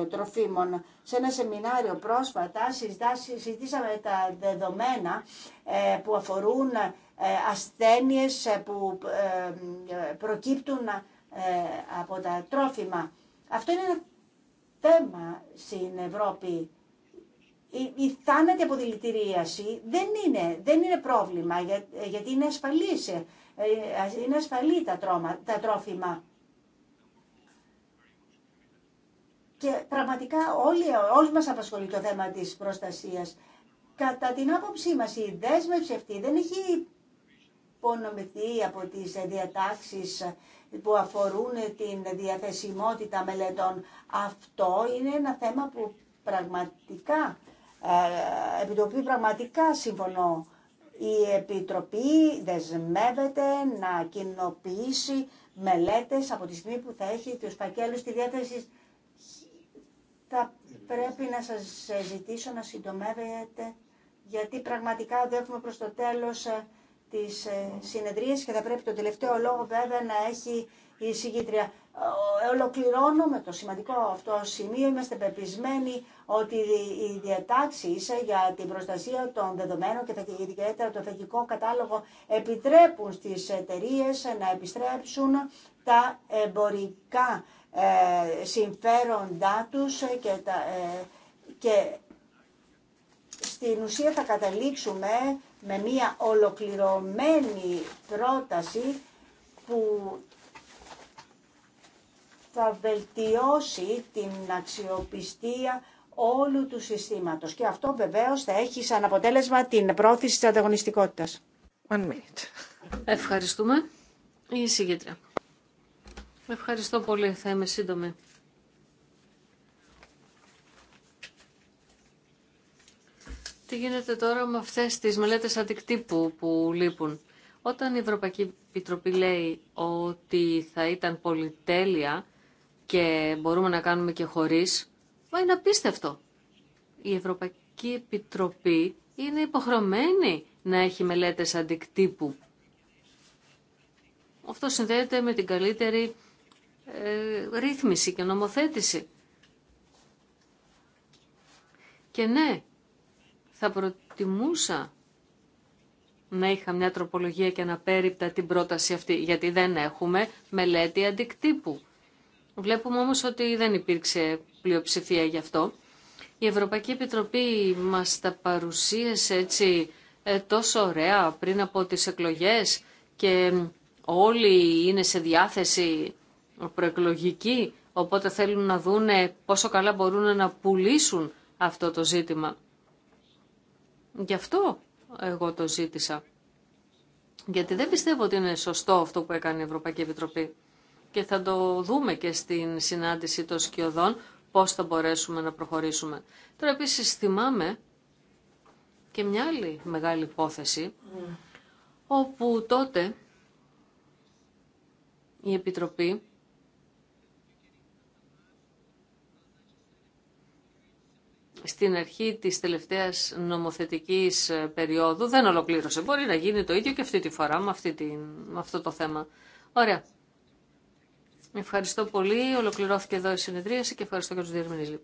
ε, τροφίμων. Σε ένα σεμινάριο πρόσφατα συζητήσαμε τα δεδομένα που αφορούν ε, που προκύπτουν από τα τρόφιμα. Αυτό είναι θέμα στην Ευρώπη. Η, η θάνατη αποδηλητηρίαση δεν είναι, δεν είναι πρόβλημα γιατί είναι ε, ε, είναι ασφαλή τα, τρόμα, τα τρόφιμα. Και πραγματικά όλοι, όλοι μας απασχολεί το θέμα της προστασίας. Κατά την άποψή μας η δέσμευση αυτή δεν έχει Λοιπόν από τις διατάξεις που αφορούν την διαθεσιμότητα μελετών. Αυτό είναι ένα θέμα που πραγματικά, ε, επί πραγματικά συμφωνώ. Η Επιτροπή δεσμεύεται να κοινοποιήσει μελέτες από τη στιγμή που θα έχει τους φακέλους τη διάθεση. Θα πρέπει να σας ζητήσω να συντομεύετε, γιατί πραγματικά έχουμε προς το τέλος ε, τις ε, συνεδρίες και θα πρέπει το τελευταίο λόγο βέβαια να έχει η συγκήτρια. Ε, με το σημαντικό αυτό σημείο. Είμαστε πεπισμένοι ότι οι διατάξει για την προστασία των δεδομένων και ιδιαίτερα το θετικό κατάλογο επιτρέπουν στις εταιρείε να επιστρέψουν τα εμπορικά ε, συμφέροντά τους και, και στην ουσία θα καταλήξουμε με μια ολοκληρωμένη πρόταση που θα βελτιώσει την αξιοπιστία όλου του συστήματος. Και αυτό βεβαίως θα έχει σαν αποτέλεσμα την πρόθεση της ανταγωνιστικότητας. One minute. Ευχαριστούμε. Η συγκέντρια. Ευχαριστώ πολύ. Θα είμαι σύντομη. τι γίνεται τώρα με αυτές τις μελέτες αντικτύπου που λείπουν. Όταν η Ευρωπαϊκή Επιτροπή λέει ότι θα ήταν πολυτέλεια και μπορούμε να κάνουμε και χωρίς, μα είναι απίστευτο. Η Ευρωπαϊκή Επιτροπή είναι υποχρεωμένη να έχει μελέτες αντικτύπου. Αυτό συνδέεται με την καλύτερη ε, ρύθμιση και νομοθέτηση. Και ναι, θα προτιμούσα να είχα μια τροπολογία και να πέριπτα την πρόταση αυτή, γιατί δεν έχουμε μελέτη αντικτύπου. Βλέπουμε όμως ότι δεν υπήρξε πλειοψηφία γι' αυτό. Η Ευρωπαϊκή Επιτροπή μας τα παρουσίασε έτσι ε, τόσο ωραία πριν από τις εκλογές και όλοι είναι σε διάθεση προεκλογική, οπότε θέλουν να δούνε πόσο καλά μπορούν να πουλήσουν αυτό το ζήτημα. Γι' αυτό εγώ το ζήτησα. Γιατί δεν πιστεύω ότι είναι σωστό αυτό που έκανε η Ευρωπαϊκή Επιτροπή. Και θα το δούμε και στην συνάντηση των σκιωδών πώς θα μπορέσουμε να προχωρήσουμε. Τώρα επίσης θυμάμαι και μια άλλη μεγάλη υπόθεση, όπου τότε η Επιτροπή στην αρχή της τελευταίας νομοθετικής ε, περίοδου δεν ολοκλήρωσε. Μπορεί να γίνει το ίδιο και αυτή τη φορά με, αυτή αυτό το θέμα. Ωραία. Ευχαριστώ πολύ. Ολοκληρώθηκε εδώ η συνεδρίαση και ευχαριστώ και τους διερμηνείς,